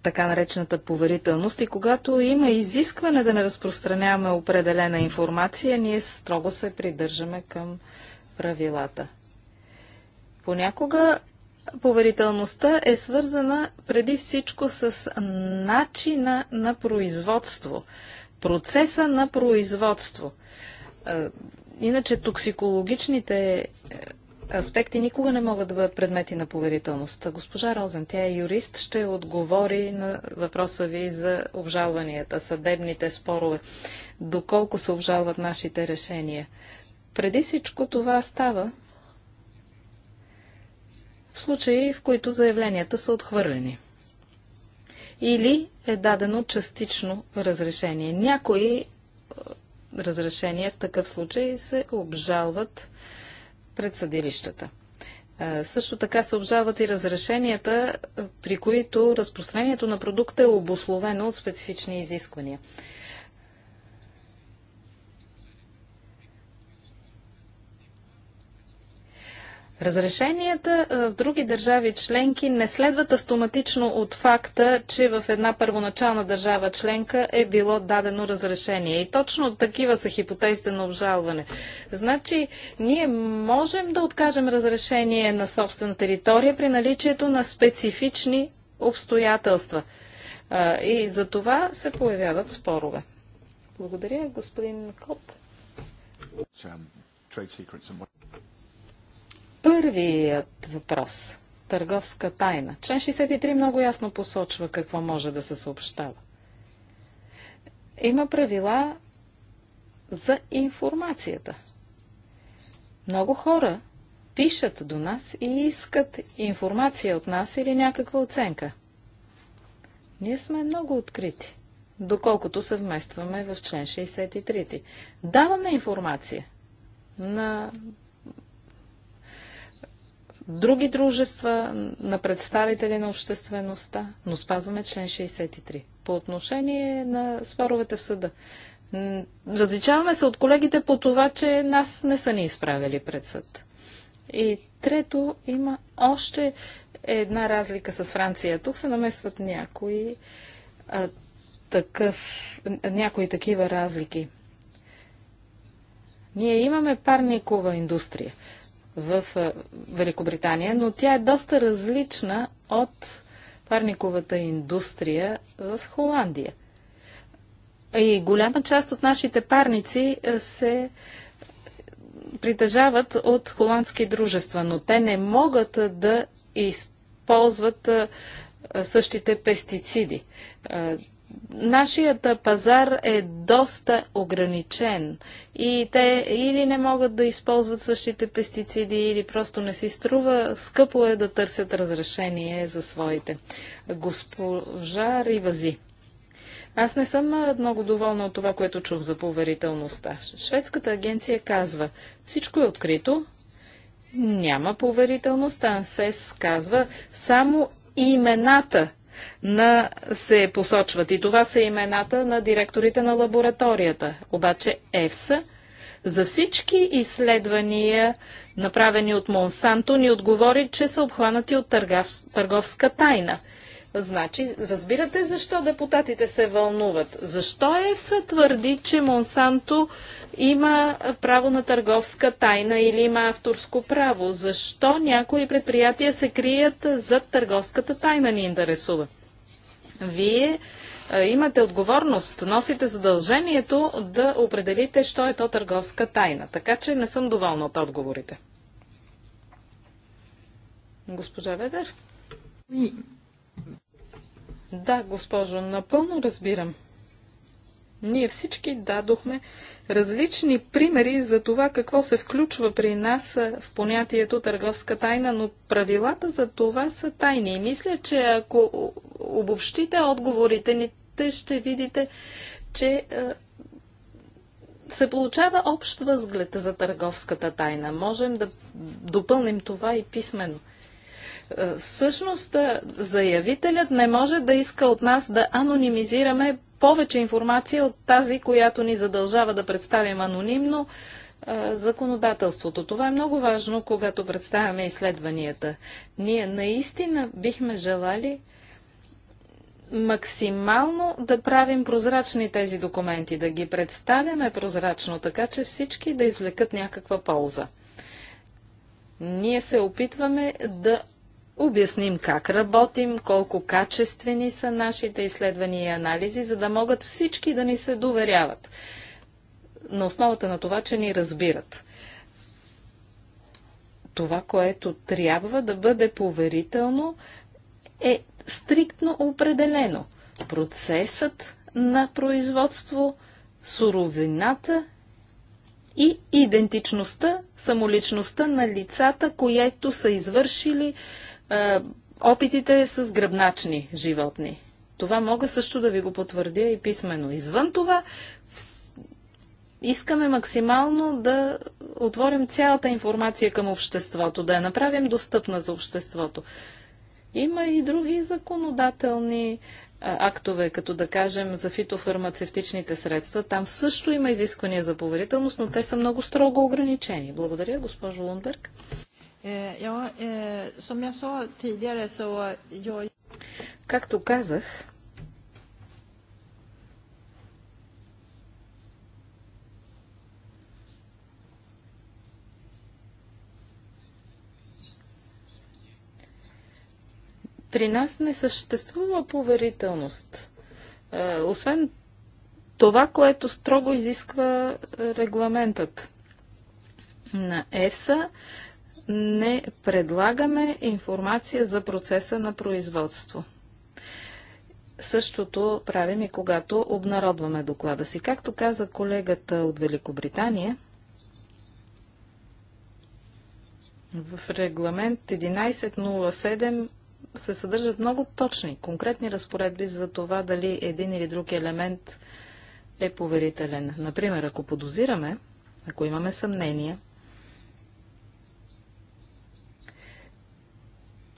така наречената поверителност и когато има изискване да не разпространяваме определена информация, ние строго се придържаме към правилата. Понякога поверителността е свързана преди всичко с начина на производство, процеса на производство. Иначе токсикологичните аспекти никога не могат да бъдат предмети на поверителност. Госпожа Розен, тя е юрист, ще отговори на въпроса ви за обжалванията, съдебните спорове, доколко се обжалват нашите решения. Преди всичко това става в случаи, в които заявленията са отхвърлени или е дадено частично разрешение. Някои е, разрешения в такъв случай се обжалват пред съдилищата. Също така се обжават и разрешенията, при които разпространението на продукта е обословено от специфични изисквания. Разрешенията в други държави членки не следват автоматично от факта, че в една първоначална държава членка е било дадено разрешение. И точно такива са хипотезите на обжалване. Значи, ние можем да откажем разрешение на собствена територия при наличието на специфични обстоятелства. И за това се появяват спорове. Благодаря, господин Кот. Първият въпрос. Търговска тайна. Член 63 много ясно посочва какво може да се съобщава. Има правила за информацията. Много хора пишат до нас и искат информация от нас или някаква оценка. Ние сме много открити, доколкото се вместваме в член 63. Даваме информация на други дружества, на представители на обществеността, но спазваме член 63. По отношение на споровете в съда. Различаваме се от колегите по това, че нас не са ни изправили пред съд. И трето, има още една разлика с Франция. Тук се намесват някои, а, такъв, някои такива разлики. Ние имаме парникова индустрия в е, Великобритания, но тя е доста различна от парниковата индустрия в Холандия. И голяма част от нашите парници е, се притежават от холандски дружества, но те не могат е, да използват същите пестициди нашият пазар е доста ограничен и те или не могат да използват същите пестициди, или просто не си струва. Скъпо е да търсят разрешение за своите. Госпожа Ривази. Аз не съм много доволна от това, което чух за поверителността. Шведската агенция казва, всичко е открито, няма поверителността. АНСЕС казва, само имената на, се посочват. И това са имената на директорите на лабораторията. Обаче ЕФСА за всички изследвания, направени от Монсанто, ни отговори, че са обхванати от търгов, търговска тайна – Значи, разбирате защо депутатите се вълнуват. Защо е се твърди, че Монсанто има право на търговска тайна или има авторско право? Защо някои предприятия се крият зад търговската тайна, ни интересува? Вие е, имате отговорност, носите задължението да определите, що е то търговска тайна. Така че не съм доволна от отговорите. Госпожа Ведер? Да, госпожо, напълно разбирам. Ние всички дадохме различни примери за това какво се включва при нас в понятието търговска тайна, но правилата за това са тайни. И мисля, че ако обобщите отговорите ни, те ще видите, че се получава общ възглед за търговската тайна. Можем да допълним това и писменно. Е, всъщност, е, заявителят не може да иска от нас да анонимизираме повече информация от тази, която ни задължава да представим анонимно е, законодателството. Това е много важно, когато представяме изследванията. Ние наистина бихме желали максимално да правим прозрачни тези документи, да ги представяме прозрачно, така че всички да извлекат някаква полза. Ние се опитваме да обясним как работим, колко качествени са нашите изследвания и анализи, за да могат всички да ни се доверяват. На основата на това, че ни разбират. Това, което трябва да бъде поверително, е стриктно определено. Процесът на производство, суровината и идентичността, самоличността на лицата, които са извършили опитите с гръбначни животни. Това мога също да ви го потвърдя и писменно. Извън това, искаме максимално да отворим цялата информация към обществото, да я направим достъпна за обществото. Има и други законодателни актове, като да кажем за фитофармацевтичните средства. Там също има изисквания за поверителност, но те са много строго ограничени. Благодаря, госпожо Лунберг. Eh, ja, eh, som jag sa Както казах, при нас не съществува поверителност. Е, освен това, което строго изисква регламентът на ЕСА не предлагаме информация за процеса на производство. Същото правим и когато обнародваме доклада си. Както каза колегата от Великобритания, в регламент 1107 се съдържат много точни, конкретни разпоредби за това дали един или друг елемент е поверителен. Например, ако подозираме, ако имаме съмнение,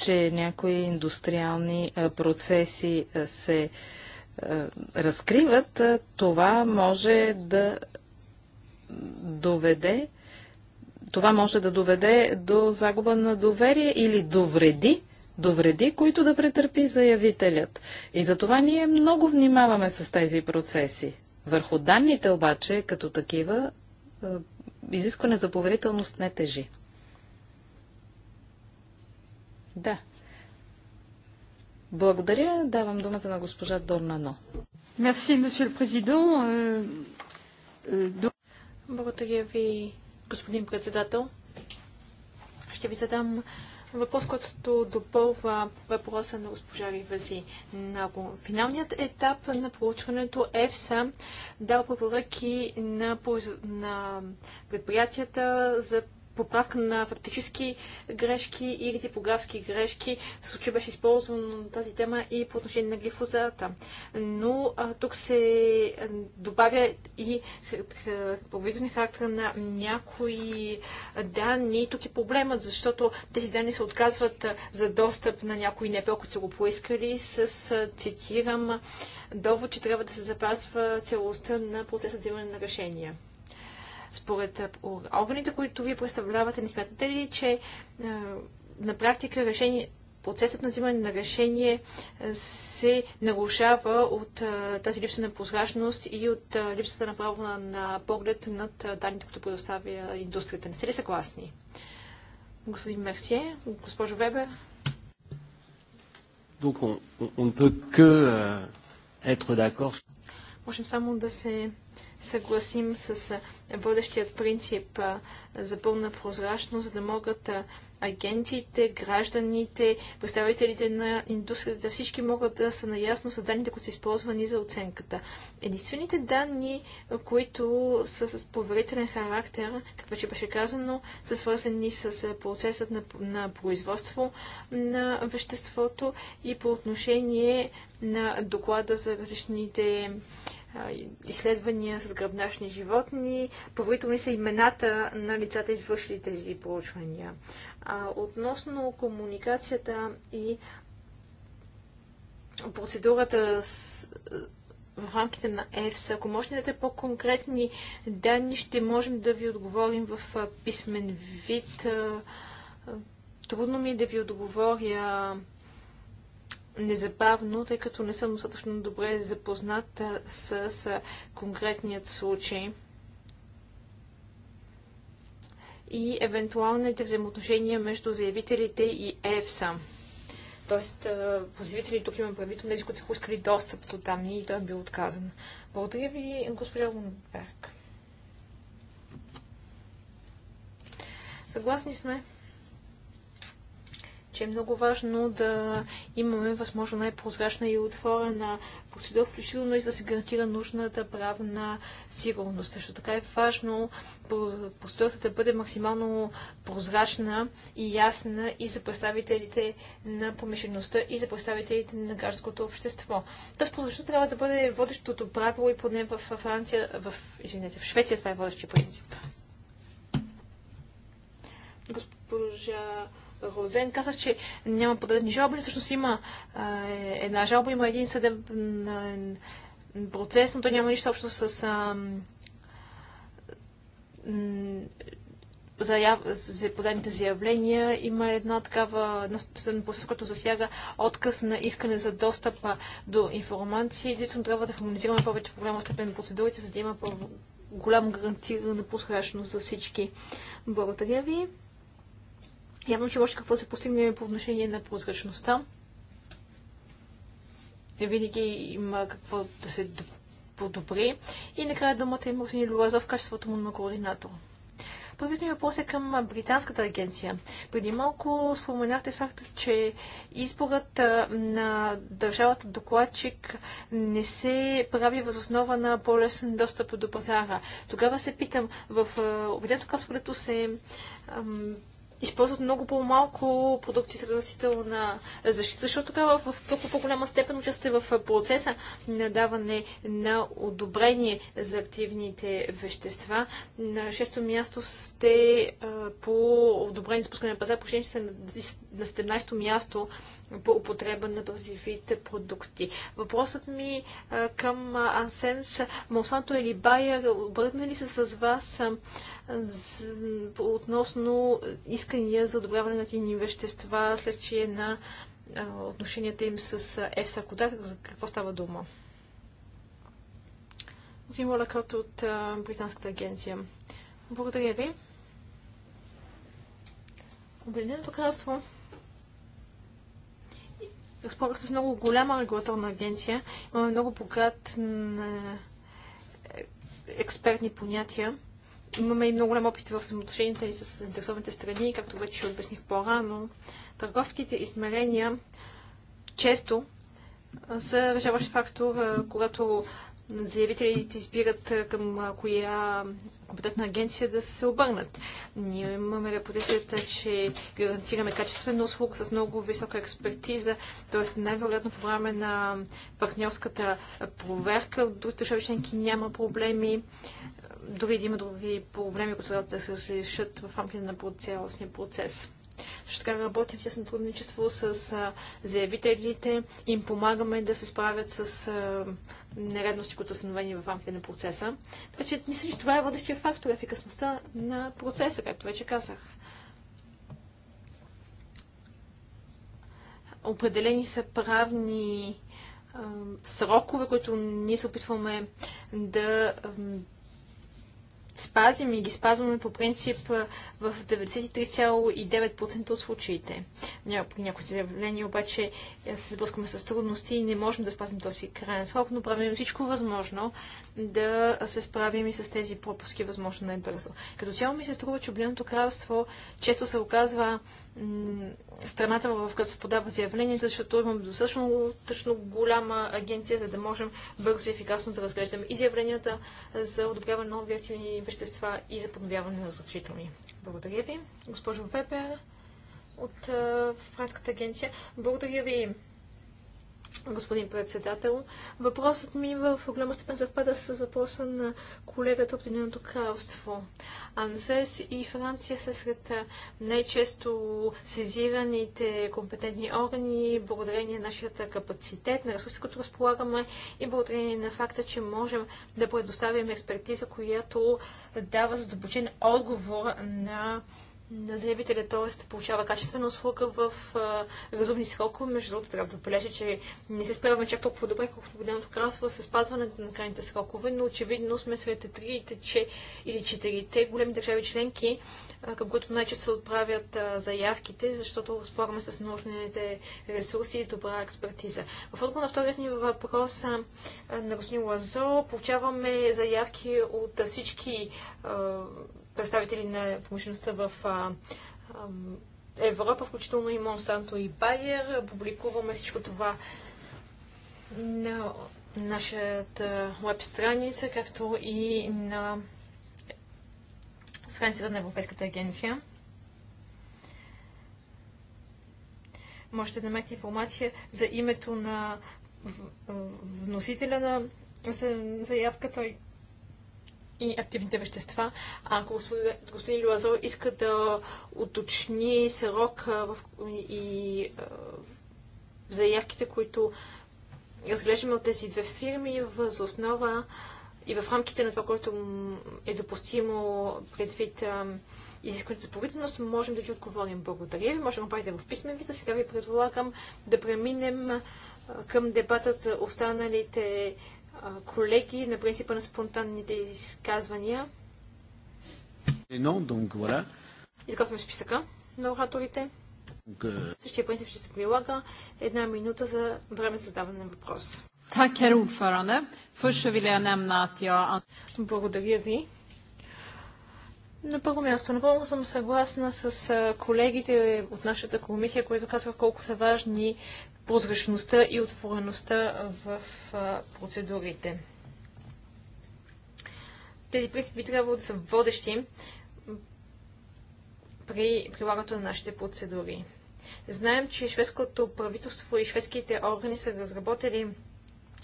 че някои индустриални процеси се разкриват, това може да доведе това може да доведе до загуба на доверие или до вреди, до вреди, които да претърпи заявителят. И за това ние много внимаваме с тези процеси. Върху данните обаче, като такива, изискване за поверителност не тежи. Да. Благодаря. Давам думата на госпожа Дорнано. Мерси, месье президент. Благодаря ви, господин председател. Ще ви задам въпрос, който допълва въпроса на госпожа Ривази. На финалният етап на проучването ЕФСА дал препоръки на, на предприятията за поправка на фактически грешки или типографски грешки. В случай беше използвана тази тема и по отношение на глифозата. Но а, тук се добавя и повидване характер на някои данни. Тук е проблемът, защото тези данни се отказват за достъп на някои НПО, които са го поискали, с, цитирам, довод, че трябва да се запазва целостта на процеса взимане на решения. Според органите, които вие представлявате, не смятате ли, че на практика решение, процесът на взимане на решение се нарушава от тази липса на прозрачност и от липсата на право на, на поглед над данните, които предоставя индустрията. Не сте ли съгласни? Господин Мерсие, госпожо Вебер. Donc on, on, peut que euh, être d'accord. Можем само да се съгласим с водещият принцип за пълна прозрачност, за да могат агенциите, гражданите, представителите на индустрията, всички могат да са наясно с данните, които са използвани за оценката. Единствените данни, които са с поверителен характер, както вече беше казано, са свързани с процесът на, на производство на веществото и по отношение на доклада за различните изследвания с гръбначни животни. Поверителни са имената на лицата, извършили тези проучвания. А, относно комуникацията и процедурата с, в рамките на ЕФСА, ако може да дадете по-конкретни данни, ще можем да ви отговорим в писмен вид. Трудно ми е да ви отговоря незабавно, тъй като не съм достатъчно добре запозната с, с конкретният случай и евентуалните взаимоотношения между заявителите и ЕФСА. Тоест, заявители тук имам предвид тези, които са поискали достъп до данни и той е бил отказан. Благодаря ви, госпожа Лунберг. Съгласни сме че е много важно да имаме възможно най-прозрачна и отворена процедура, включително и да се гарантира нужната правна сигурност. Също така е важно процедурата да бъде максимално прозрачна и ясна и за представителите на промишлеността и за представителите на гражданското общество. Тоест, прозрачността трябва да бъде водещото правило и поне в Франция, в, извинете, в Швеция това е водещия принцип. Госпожа Розен. Казах, че няма подадени жалби, всъщност има е, една жалба, има един съдебен процес, но то няма нищо общо с за подадените заявления. Има една такава, просто която засяга отказ на искане за достъп до информация. Единствено трябва да хармонизираме повече в голяма степен процедурите, за да има по-голям гарантирана подходящност за всички. Благодаря ви. Явно, че още какво се постигне по отношение на прозрачността. Не винаги има какво да се подобри. И накрая думата има Русини Луазов в качеството му на координатор. Първият ми въпрос е към Британската агенция. Преди малко споменахте факта, че изборът на държавата докладчик не се прави възоснова на по-лесен достъп до пазара. Тогава се питам, в обидето, кралство, където се използват много по-малко продукти за на защита, защото тогава в толкова по-голяма степен участвате в процеса на даване на одобрение за активните вещества. На шесто място сте по одобрение за пускане на пазар, по че на 17-то място по употреба на този вид продукти. Въпросът ми а, към Ансенс, Монсанто или Байер, обърнали се с вас а, с, относно искания за одобряване на активни вещества следствие на а, отношенията им с ЕФСА? Ако за какво става дума? Взима Волакот от Британската агенция. Благодаря ви. Обединеното кралство разполага с много голяма регулаторна агенция. Имаме много богат на експертни понятия. Имаме и много голям опит в взаимоотношенията ни с заинтересованите страни, както вече обясних по-рано. Търговските измерения често са решаващ фактор, когато заявителите избират към коя компетентна агенция да се обърнат. Ние имаме репутацията, че гарантираме качествена услуга с много висока експертиза, т.е. най-вероятно по време на партньорската проверка от другите държави няма проблеми. Дори да има други проблеми, които трябва да се решат в рамките на цялостния процес. Също така работим в тясно трудничество с заявителите, им помагаме да се справят с нередности, които са установени в рамките на процеса. Така че мисля, че това е водещия фактор, ефикасността на процеса, както вече казах. Определени са правни срокове, които ние се опитваме да спазим и ги спазваме по принцип в 93,9% от случаите. При някои заявления обаче е, се сблъскваме с трудности и не можем да спазим този крайен срок, но правим всичко възможно да се справим и с тези пропуски възможно най-бързо. Като цяло ми се струва, че Обединеното кралство често се оказва страната, в която се подава заявленията, защото имаме достатъчно, достатъчно голяма агенция, за да можем бързо и ефикасно да разглеждаме и заявленията за одобряване на нови активни вещества и за подновяване на разрушителни. Благодаря ви. Госпожо Вепер от Франската агенция, благодаря ви господин председател. Въпросът ми в голяма степен запада с въпроса на колегата от Обединеното кралство. АНСЕС и Франция са сред най-често сезираните компетентни органи, благодарение на нашата капацитет, на ресурси, които разполагаме и благодарение на факта, че можем да предоставим експертиза, която дава задобучен отговор на на заявителя, т.е. получава качествена услуга в а, разумни срокове. Между другото, трябва да отбележа, че не се справяме чак толкова добре, колкото Обединеното кралство с спазването на крайните срокове, но очевидно сме сред трите че, или четирите големи държави членки, към които най-често се отправят а, заявките, защото разполагаме с нужните ресурси и добра експертиза. В отговор на вторият ни въпрос а, на господин Лазо, получаваме заявки от всички представители на промишлеността в Европа, включително и Монсанто и Байер. Публикуваме всичко това на нашата веб страница, както и на страницата на Европейската агенция. Можете да намерите информация за името на вносителя на заявката и активните вещества. Ако господин Лазо иска да уточни срок и заявките, които разглеждаме от тези две фирми, въз основа и в рамките на това, което е допустимо предвид изискването за поведеност, можем да ви отговорим. Благодаря ви. Можем да направите в писмен вид. Сега ви предлагам да преминем към дебата за останалите колеги на принципа на спонтанните изказвания. Изготвяме списъка на ораторите. Euh, Същия принцип ще се прилага една минута за време за задаване на въпрос. Благодаря ви. На първо място, напълно съм съгласна с колегите от нашата комисия, които казват колко са важни прозрачността и отвореността в процедурите. Тези принципи трябва да са водещи при прилагането на нашите процедури. Знаем, че шведското правителство и шведските органи са разработили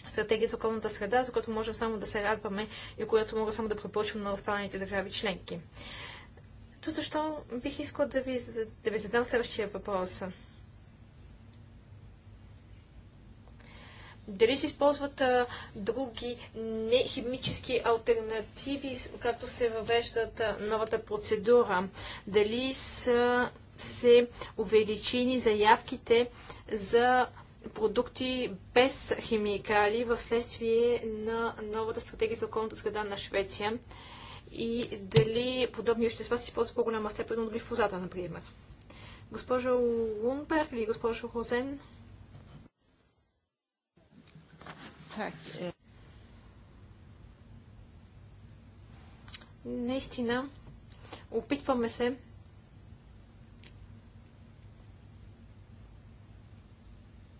стратегия за околната среда, за която можем само да се радваме и която мога само да препоръчвам на останалите държави членки. То защо бих искал да ви, да ви задам следващия въпрос. дали се използват а, други нехимически альтернативи, както се въвеждат а, новата процедура, дали са се увеличени заявките за продукти без химикали в следствие на новата стратегия за околната среда на Швеция и дали подобни вещества се използват по-голяма степен от глифозата, например. Госпожо Лунберг или госпожо Хозен, Tack. Е. Наистина, опитваме се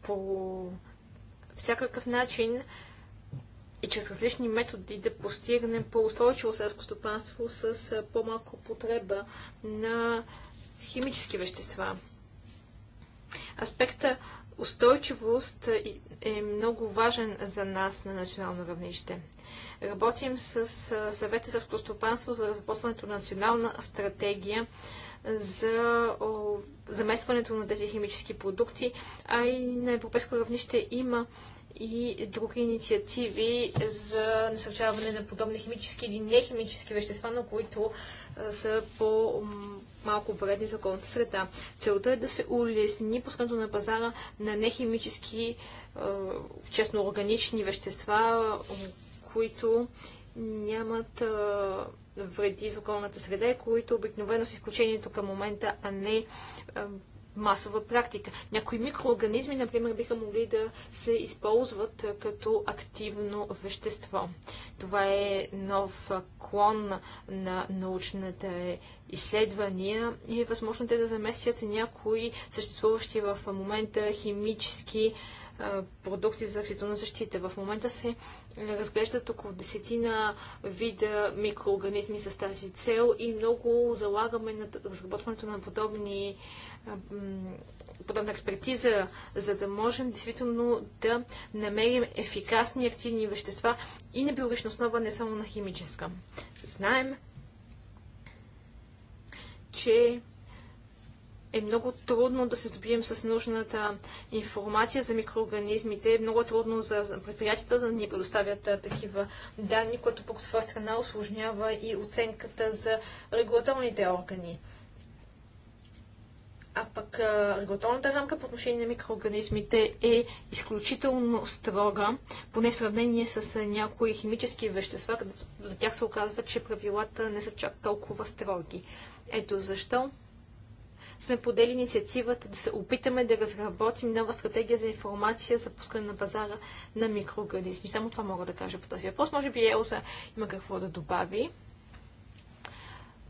по всякакъв начин и чрез различни методи да постигнем по-устойчиво селско стопанство с е, по-малко потреба на химически вещества. Аспекта устойчивост е много важен за нас на национално равнище. Работим с съвета за стопанство за разработването на национална стратегия за замесването на тези химически продукти, а и на европейско равнище има и други инициативи за насърчаване на подобни химически или нехимически вещества, но които са по малко вредни за околната среда. Целта е да се улесни пускането на пазара на нехимически, е, честно органични вещества, които нямат е, вреди за околната среда, които обикновено са изключението към момента, а не е, масова практика. Някои микроорганизми, например, биха могли да се използват като активно вещество. Това е нов клон на научната изследвания и е възможно те да заместят някои съществуващи в момента химически продукти за растителна защита. В момента се разглеждат около десетина вида микроорганизми с тази цел и много залагаме на разработването на подобни подобна експертиза, за да можем действително да намерим ефикасни активни вещества и на биологична основа, не само на химическа. Знаем, че е много трудно да се здобием с нужната информация за микроорганизмите. Е много трудно за предприятията да ни предоставят такива данни, което пък своя страна осложнява и оценката за регулаторните органи. А пък регулаторната рамка по отношение на микроорганизмите е изключително строга, поне в сравнение с някои химически вещества, като за тях се оказва, че правилата не са чак толкова строги. Ето защо сме подели инициативата да се опитаме да разработим нова стратегия за информация за пускане на пазара на микроорганизми. Само това мога да кажа по този въпрос. Може би Елза има какво да добави.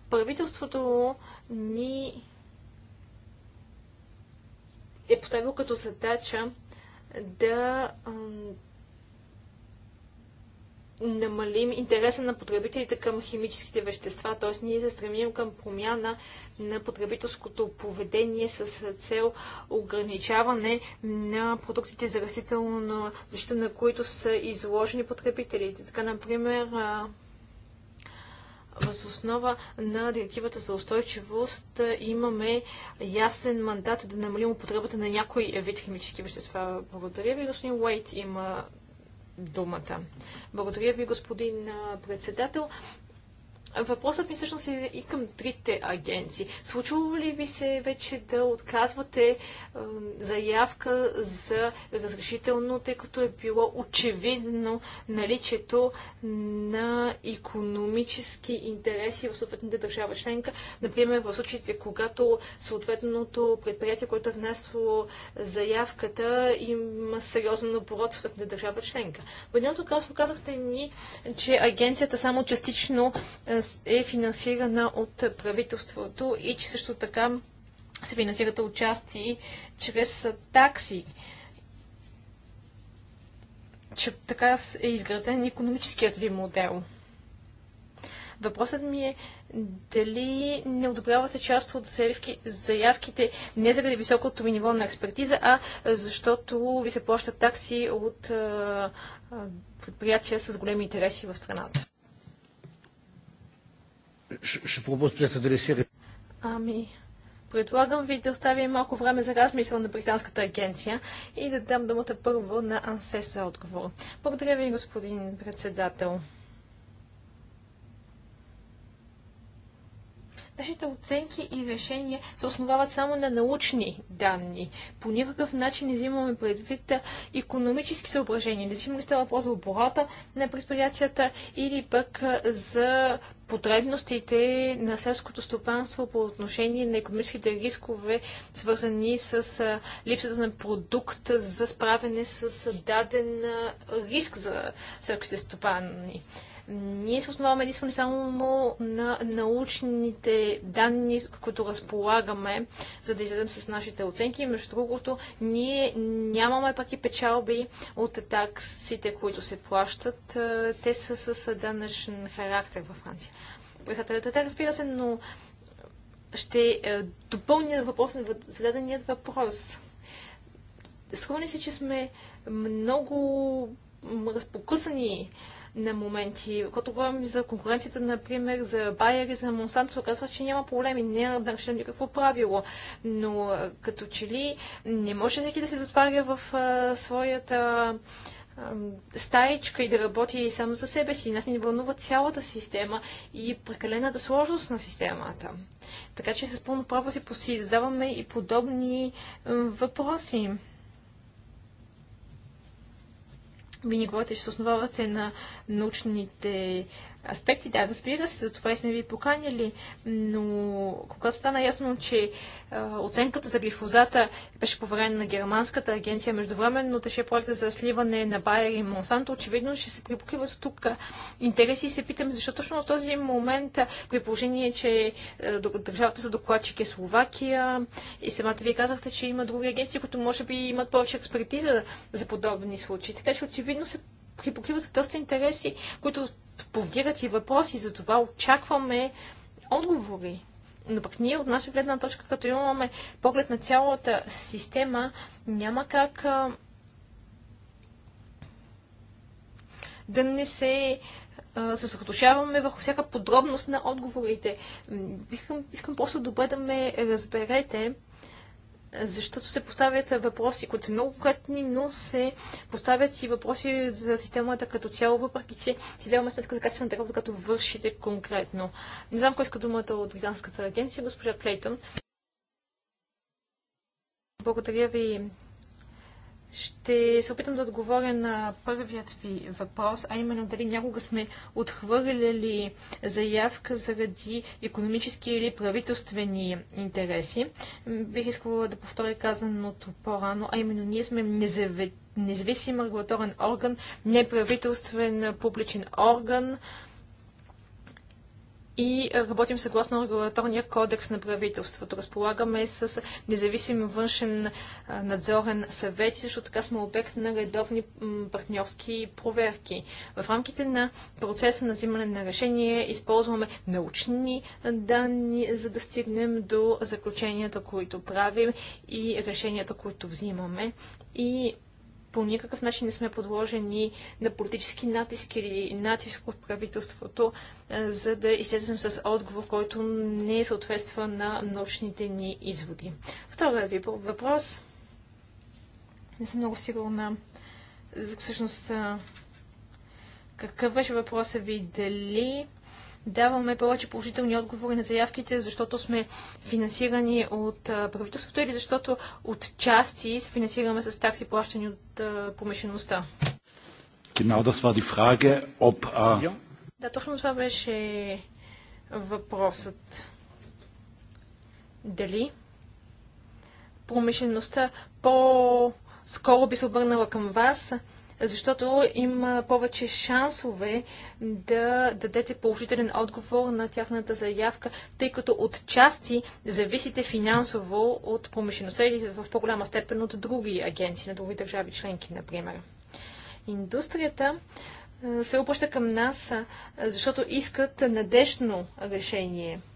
Правителството ни е поставило като задача да намалим интереса на потребителите към химическите вещества, т.е. ние се стремим към промяна на потребителското поведение с цел ограничаване на продуктите за растителна защита, на които са изложени потребителите. Така, например, въз основа на директивата за устойчивост имаме ясен мандат да намалим употребата на някой вид химически вещества. Благодаря ви, господин Уейт има думата. Благодаря ви, господин председател. Въпросът ми всъщност е и към трите агенции. Случвало ли ви се вече да отказвате е, заявка за разрешително, тъй като е било очевидно наличието на економически интереси в съответната държава членка? Например, в случаите, когато съответното предприятие, което е внесло заявката, има сериозен оборот в съответната държава членка. В едното казва казахте ни, че агенцията само частично е, е финансирана от правителството и че също така се финансират отчасти чрез такси. Че така е изграден економическият ви модел. Въпросът ми е дали не одобрявате част от заявките не заради високото ви ниво на експертиза, а защото ви се плащат такси от предприятия с големи интереси в страната. Ами, предлагам ви да оставим малко време за размисъл на Британската агенция и да дам думата първо на Ансес за отговор. Благодаря ви, господин председател. Нашите оценки и решения се основават само на научни данни. По никакъв начин не взимаме предвид економически съображения. Не ли става въпрос за оборота на предприятията или пък за потребностите на селското стопанство по отношение на економическите рискове, свързани с липсата на продукт за справяне с даден риск за селските стопани. Ние се основаваме единствено само на научните данни, които разполагаме, за да излезем с нашите оценки. Между другото, ние нямаме пак и печалби от таксите, които се плащат. Е, те са с данъчен характер във Франция. Председателят, разбира се, но ще е, допълня въпрос на зададеният въпрос. Схвани се, че сме много разпокъсани на моменти. Когато говорим за конкуренцията, например, за Байер и за Монсанто, се оказва, че няма проблеми. Не е нарушено никакво правило. Но като че ли не може всеки да се затваря в а, своята стаечка и да работи само за себе си. Нас ни вълнува цялата система и прекалената сложност на системата. Така че с пълно право си задаваме и подобни въпроси. вие ще се основавате на научните аспекти. Да, разбира се, за това и сме ви поканили, но когато стана ясно, че а, оценката за глифозата беше поверена на германската агенция, междувременно теше проекта за сливане на Байер и Монсанто, очевидно ще се припокриват тук интереси и се питам защо точно в този момент, при положение, че а, държавата за докладчик е Словакия и самата вие казахте, че има други агенции, които може би имат повече експертиза за подобни случаи. Така че очевидно се и покриват доста интереси, които повдигат и въпроси, за това очакваме отговори. Но пък ние от наша гледна точка, като имаме поглед на цялата система, няма как да не се съсредоточаваме върху всяка подробност на отговорите. Искам, искам просто добре да ме разберете защото се поставят въпроси, които са много конкретни, но се поставят и въпроси за системата като цяло, въпреки че си даваме сметка за качествената работа, като вършите конкретно. Не знам кой иска думата от Британската агенция, госпожа Клейтон. Благодаря ви, ще се опитам да отговоря на първият ви въпрос, а именно дали някога сме отхвърляли заявка заради економически или правителствени интереси. Бих искала да повторя казаното по-рано, а именно ние сме независим регулаторен орган, неправителствен публичен орган, и е, работим съгласно регулаторния кодекс на правителството. Разполагаме с независим външен е, надзорен съвет и също така сме обект на редовни партньорски проверки. В рамките на процеса на взимане на решение използваме научни данни, за да стигнем до заключенията, които правим и решенията, които взимаме. И по никакъв начин не сме подложени на политически натиск или натиск от правителството, за да излезем с отговор, който не е съответства на научните ни изводи. Вторият ви въпрос. Не съм много сигурна всъщност какъв беше въпросът ви дали даваме повече положителни отговори на заявките, защото сме финансирани от правителството или защото от части се финансираме с такси плащани от промишлеността. Genau das war die Frage, ob, Да, точно това беше въпросът. Дали промишлеността по-скоро би се обърнала към вас, защото има повече шансове да дадете положителен отговор на тяхната заявка, тъй като от части зависите финансово от промишлеността или в по-голяма степен от други агенции на други държави членки, например. Индустрията се обръща към нас, защото искат надежно решение –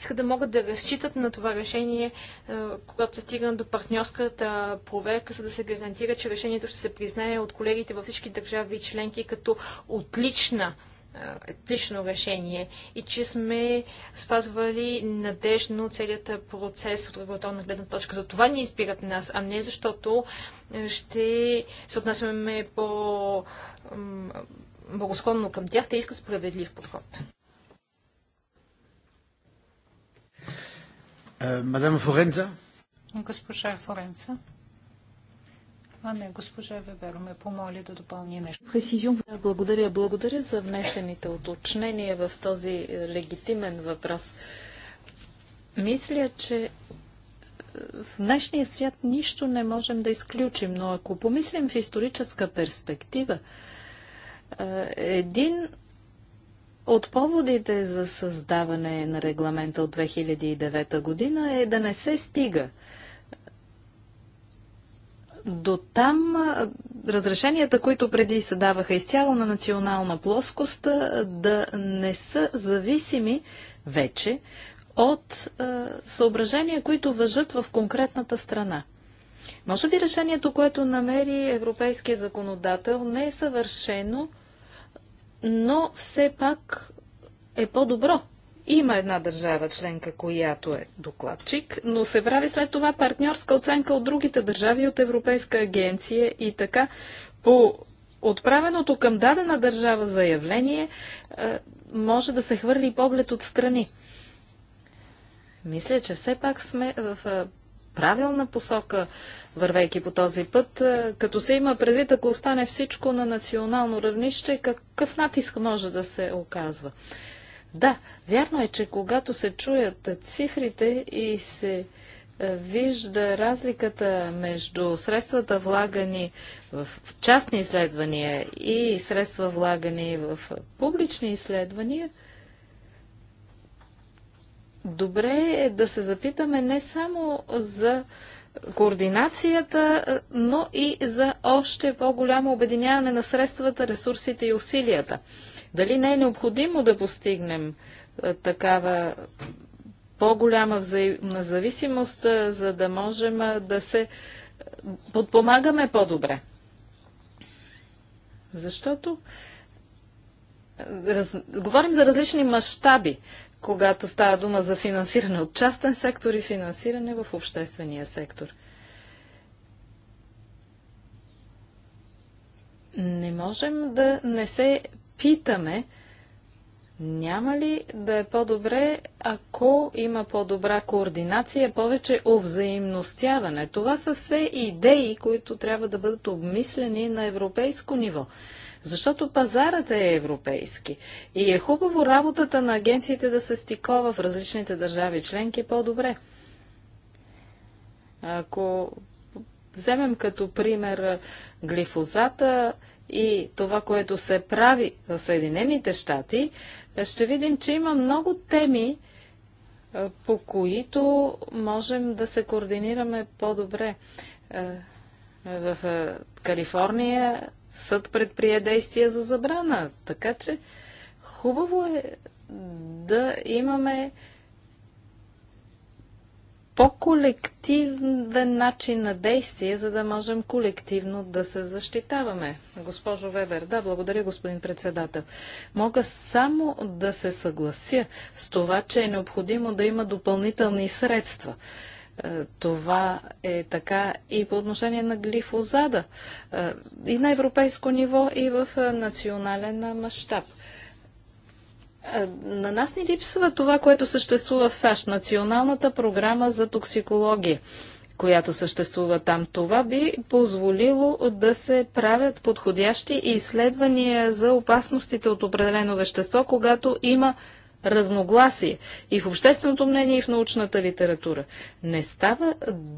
искат да могат да разчитат на това решение, е, когато се стигна до партньорската проверка, за да се гарантира, че решението ще се признае от колегите във всички държави и членки като отлична е, лично решение и че сме спазвали надежно целият процес от регулаторна гледна точка. За това ни избират нас, а не защото е, ще се отнасяме по благосклонно към тях. Те искат справедлив подход. Е, мадам Форенца? Госпожа Форенца. А не, госпожа Веберо, ме помоли да допълни нещо. Благодаря, благодаря за внесените уточнения в този легитимен въпрос. Мисля, че е, в днешния свят нищо не можем да изключим, но ако помислим в историческа перспектива, е, един от поводите за създаване на регламента от 2009 година е да не се стига до там разрешенията, които преди се даваха изцяло на национална плоскост, да не са зависими вече от съображения, които въжат в конкретната страна. Може би решението, което намери европейския законодател, не е съвършено но все пак е по-добро. Има една държава членка, която е докладчик, но се прави след това партньорска оценка от другите държави от Европейска агенция и така по отправеното към дадена държава заявление може да се хвърли поглед от страни. Мисля, че все пак сме в правилна посока, вървейки по този път, е, като се има предвид, ако остане всичко на национално равнище, какъв натиск може да се оказва. Да, вярно е, че когато се чуят цифрите и се е, вижда разликата между средствата влагани в частни изследвания и средства влагани в публични изследвания – добре е да се запитаме не само за координацията, но и за още по-голямо обединяване на средствата, ресурсите и усилията. Дали не е необходимо да постигнем е, такава по-голяма взаимна зависимост, е, за да можем е, да се подпомагаме по-добре? Защото раз... говорим за различни мащаби когато става дума за финансиране от частен сектор и финансиране в обществения сектор. Не можем да не се питаме, няма ли да е по-добре, ако има по-добра координация, повече овзаимностяване? Това са все идеи, които трябва да бъдат обмислени на европейско ниво. Защото пазарът е европейски. И е хубаво работата на агенциите да се стикова в различните държави членки е по-добре. Ако вземем като пример глифозата и това, което се прави в Съединените щати, ще видим, че има много теми, по които можем да се координираме по-добре. В Калифорния съд предприе действия за забрана. Така че хубаво е да имаме по-колективен начин на действие, за да можем колективно да се защитаваме. Госпожо Вебер, да, благодаря, господин председател. Мога само да се съглася с това, че е необходимо да има допълнителни средства. Е, това е така и по отношение на глифозада. Е, и на европейско ниво, и в е, национален мащаб. На нас ни липсва това, което съществува в САЩ. Националната програма за токсикология която съществува там. Това би позволило да се правят подходящи изследвания за опасностите от определено вещество, когато има разногласие и в общественото мнение, и в научната литература. Не става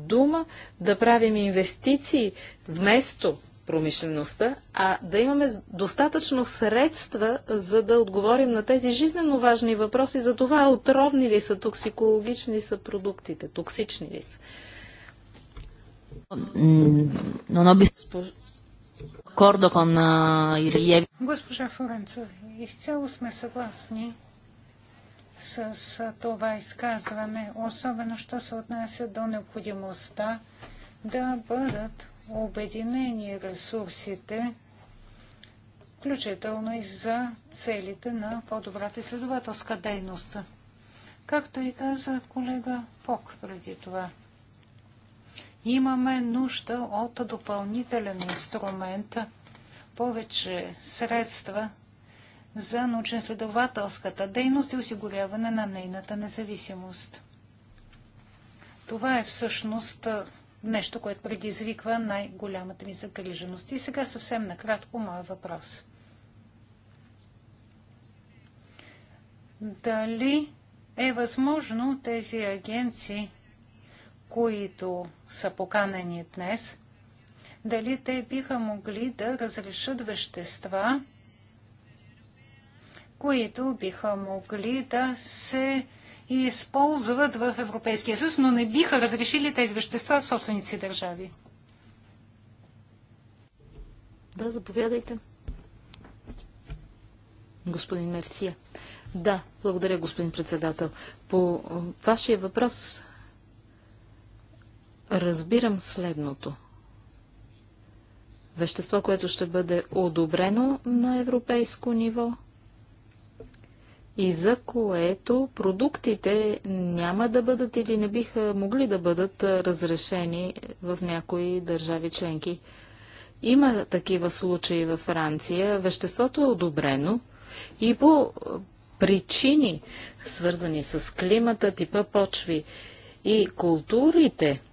дума да правим инвестиции вместо промишлеността, а да имаме достатъчно средства, за да отговорим на тези жизненно важни въпроси за това отровни ли са, токсикологични ли са продуктите, токсични ли са. Но, но би... Госпожа Форенцо, изцяло сме съгласни с това изказване, особено що се отнася до необходимостта да бъдат обединени ресурсите, включително и за целите на по-добрата изследователска дейност. Както и каза колега Пок преди това, имаме нужда от допълнителен инструмент, повече средства за научно-следователската дейност и осигуряване на нейната независимост. Това е всъщност нещо, което предизвиква най-голямата ми загриженост. И сега съвсем накратко моя въпрос. Дали е възможно тези агенции, които са поканени днес, дали те биха могли да разрешат вещества, които биха могли да се използват в Европейския съюз, но не биха разрешили тези вещества в собствените си държави. Да, заповядайте. Господин Мерсия. Да, благодаря, господин председател. По вашия въпрос разбирам следното. Вещество, което ще бъде одобрено на европейско ниво, и за което продуктите няма да бъдат или не биха могли да бъдат разрешени в някои държави членки. Има такива случаи във Франция. Веществото е одобрено и по причини, свързани с климата, типа почви и културите –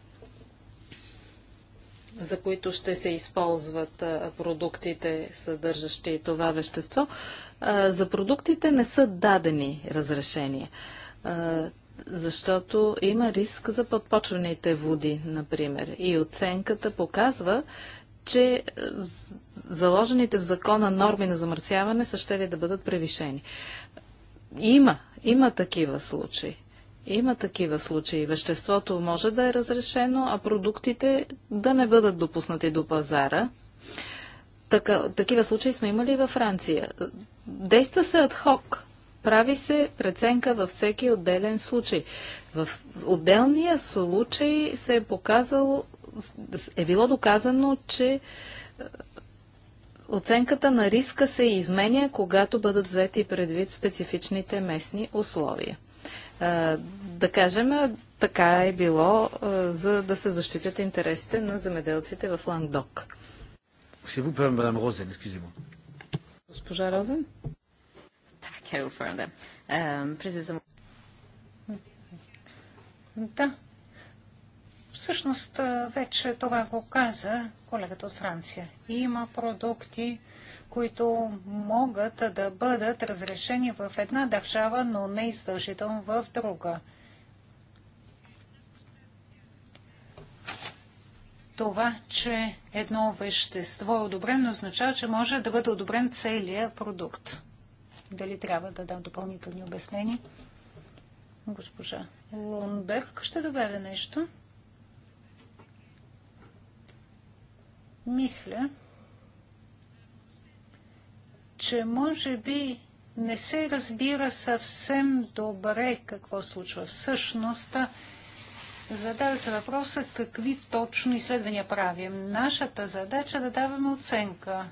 за които ще се използват продуктите, съдържащи това вещество, за продуктите не са дадени разрешения. защото има риск за подпочвените води, например. И оценката показва, че заложените в закона норми на замърсяване са ще ли да бъдат превишени. Има, има такива случаи. Има такива случаи. Веществото може да е разрешено, а продуктите да не бъдат допуснати до пазара. Така, такива случаи сме имали и във Франция. Действа се адхок. Прави се преценка във всеки отделен случай. В отделния случай се е показало, е било доказано, че е, оценката на риска се изменя, когато бъдат взети предвид специфичните местни условия. Да кажем, така е било, за да се защитят интересите на земеделците в Ландок. Госпожа Розен? Е, е, да. Всъщност е, вече това го каза колегата от Франция. Има продукти, които могат да бъдат разрешени в една държава, но не издължително в друга. Това, че едно вещество е одобрено, означава, че може да бъде одобрен целият продукт. Дали трябва да дам допълнителни обяснения? Госпожа Лунберг ще добавя нещо. Мисля, че може би не се разбира съвсем добре какво случва всъщност. Задава се въпроса какви точно изследвания правим. Нашата задача е да даваме оценка.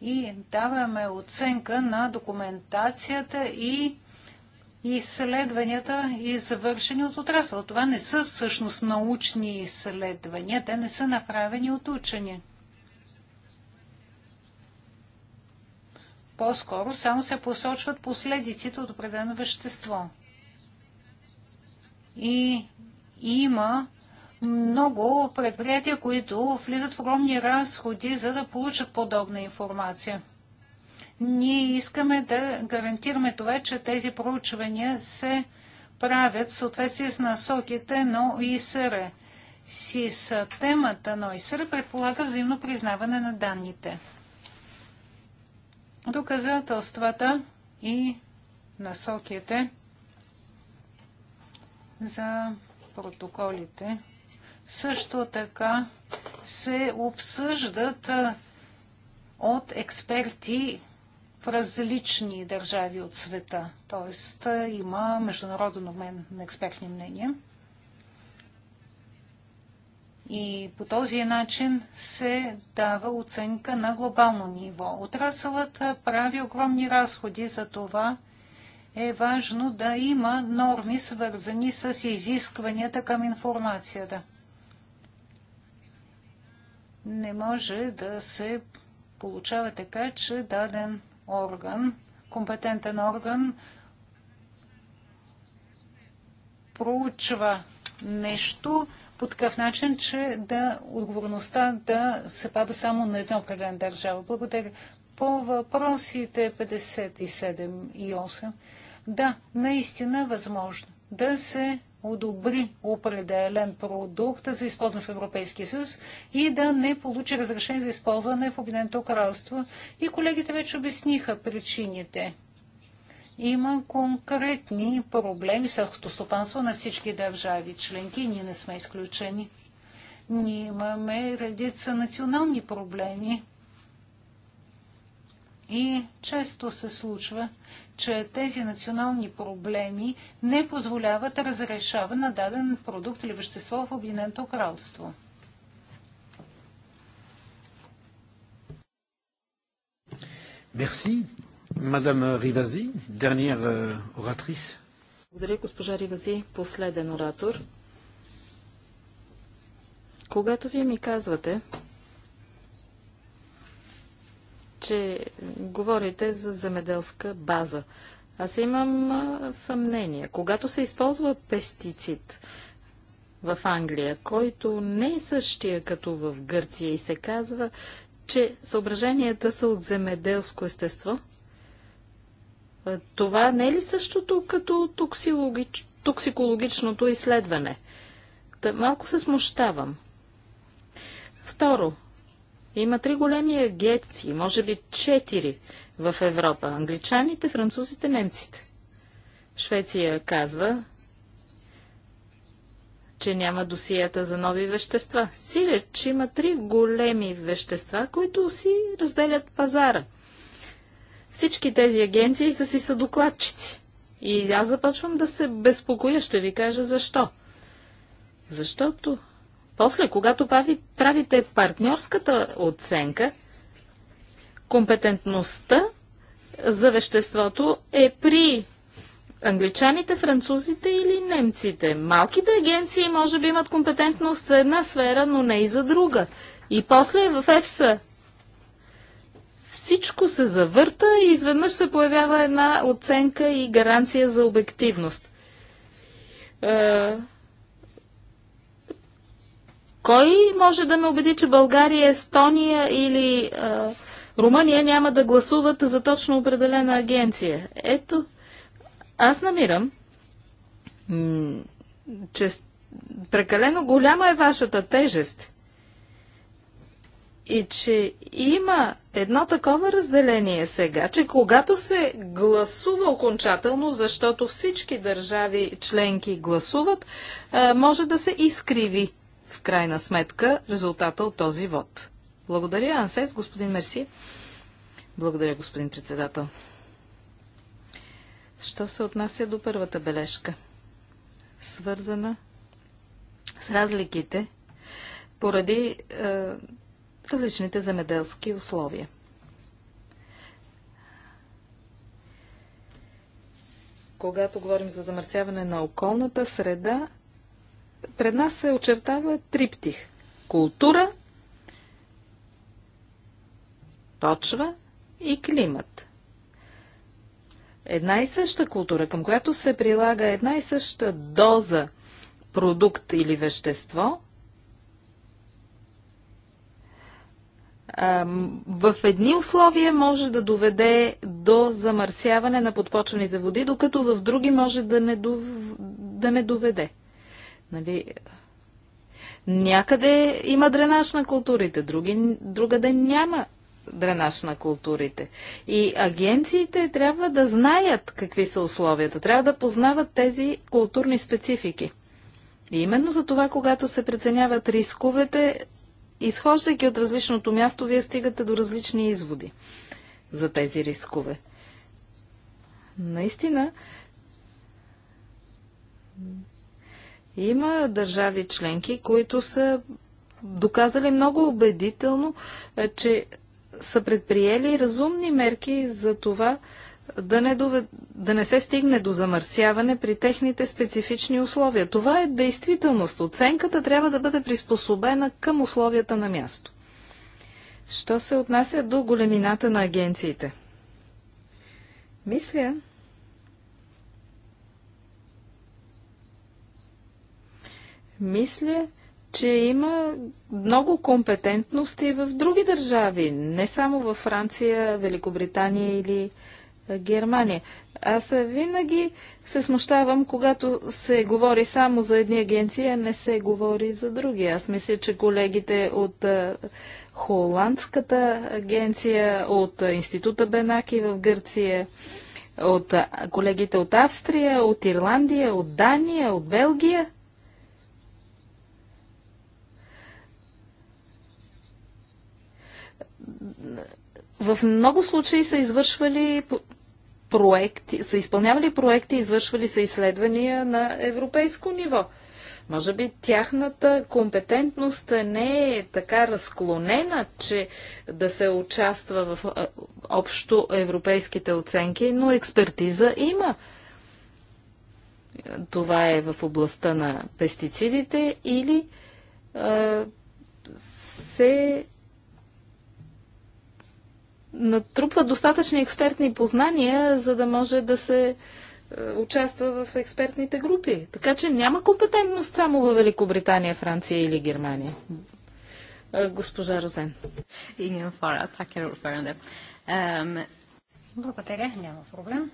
И даваме оценка на документацията и изследванията, извършени от отрасъл. Това не са всъщност научни изследвания, те не са направени от учени. По-скоро само се посочват последиците от определено вещество. И има много предприятия, които влизат в огромни разходи, за да получат подобна информация. Ние искаме да гарантираме това, че тези проучвания се правят в съответствие с насоките на Си СИС темата на ОИСР предполага взаимно признаване на данните доказателствата и насоките за протоколите. Също така се обсъждат от експерти в различни държави от света. Тоест има международен обмен на експертни мнения. И по този начин се дава оценка на глобално ниво. Отрасълът прави огромни разходи, за това е важно да има норми, свързани с изискванията към информацията. Не може да се получава така, че даден орган, компетентен орган, проучва нещо, по такъв начин, че да отговорността да се пада само на една определен държава. Благодаря. По въпросите 57 и 8, да, наистина възможно да се одобри определен продукт за използване в Европейския съюз и да не получи разрешение за използване в Обединеното кралство. И колегите вече обясниха причините – има конкретни проблеми в селското стопанство на всички държави членки. Ние не сме изключени. Ние имаме редица национални проблеми. И често се случва, че тези национални проблеми не позволяват разрешаване на даден продукт или вещество в Обединеното кралство. Мерси. Мадам Ривази, дерниер оратрис. Euh, Благодаря, госпожа Ривази, последен оратор. Когато вие ми казвате, че говорите за земеделска база, аз имам съмнение. Когато се използва пестицид в Англия, който не е същия като в Гърция и се казва, че съображенията са от земеделско естество, е, това не е ли същото като токсилогич... токсикологичното изследване? Та, малко се смущавам. Второ, има три големи агенции, може би четири в Европа. Англичаните, французите, немците. Швеция казва, че няма досията за нови вещества. Сиреч има три големи вещества, които си разделят пазара – всички тези агенции са си са докладчици. И аз започвам да се безпокоя, ще ви кажа защо. Защото после, когато правите партньорската оценка, компетентността за веществото е при англичаните, французите или немците. Малките агенции може би имат компетентност за една сфера, но не и за друга. И после в ЕФСА всичко се завърта и изведнъж се появява една оценка и гаранция за обективност. Е, кой може да ме убеди, че България, Естония или е, Румъния няма да гласуват за точно определена агенция? Ето, аз намирам, че прекалено голяма е вашата тежест – и че има едно такова разделение сега, че когато се гласува окончателно, защото всички държави членки гласуват, може да се изкриви в крайна сметка резултата от този вод. Благодаря, Ансес, господин Мерси. Благодаря, господин председател. Що се отнася до първата бележка, свързана с разликите поради е, различните земеделски условия. Когато говорим за замърсяване на околната среда, пред нас се очертава триптих. Култура, почва и климат. Една и съща култура, към която се прилага една и съща доза продукт или вещество, в едни условия може да доведе до замърсяване на подпочвените води, докато в други може да не, дов... да не доведе. Нали? Някъде има дренаж на културите, други, другаде няма дренаж на културите. И агенциите трябва да знаят какви са условията, трябва да познават тези културни специфики. И именно за това, когато се преценяват рисковете, изхождайки от различното място, вие стигате до различни изводи за тези рискове. Наистина, има държави членки, които са доказали много убедително, е, че са предприели разумни мерки за това да не, довед... да не се стигне до замърсяване при техните специфични условия. Това е действителност. Оценката трябва да бъде приспособена към условията на място. Що се отнася до големината на агенциите? Мисля, мисля, че има много компетентности в други държави, не само във Франция, Великобритания или Германия. Аз винаги се смущавам, когато се говори само за едни агенции, а не се говори за други. Аз мисля, че колегите от Холандската агенция, от Института Бенаки в Гърция, от колегите от Австрия, от Ирландия, от Дания, от Белгия. В много случаи са извършвали проекти, са изпълнявали проекти, извършвали са изследвания на европейско ниво. Може би тяхната компетентност не е така разклонена, че да се участва в общо европейските оценки, но експертиза има. Това е в областта на пестицидите или се натрупват достатъчни експертни познания, за да може да се е, участва в експертните групи. Така че няма компетентност само в Великобритания, Франция или Германия. Е, госпожа Розен. Ehm, Благодаря, няма проблем.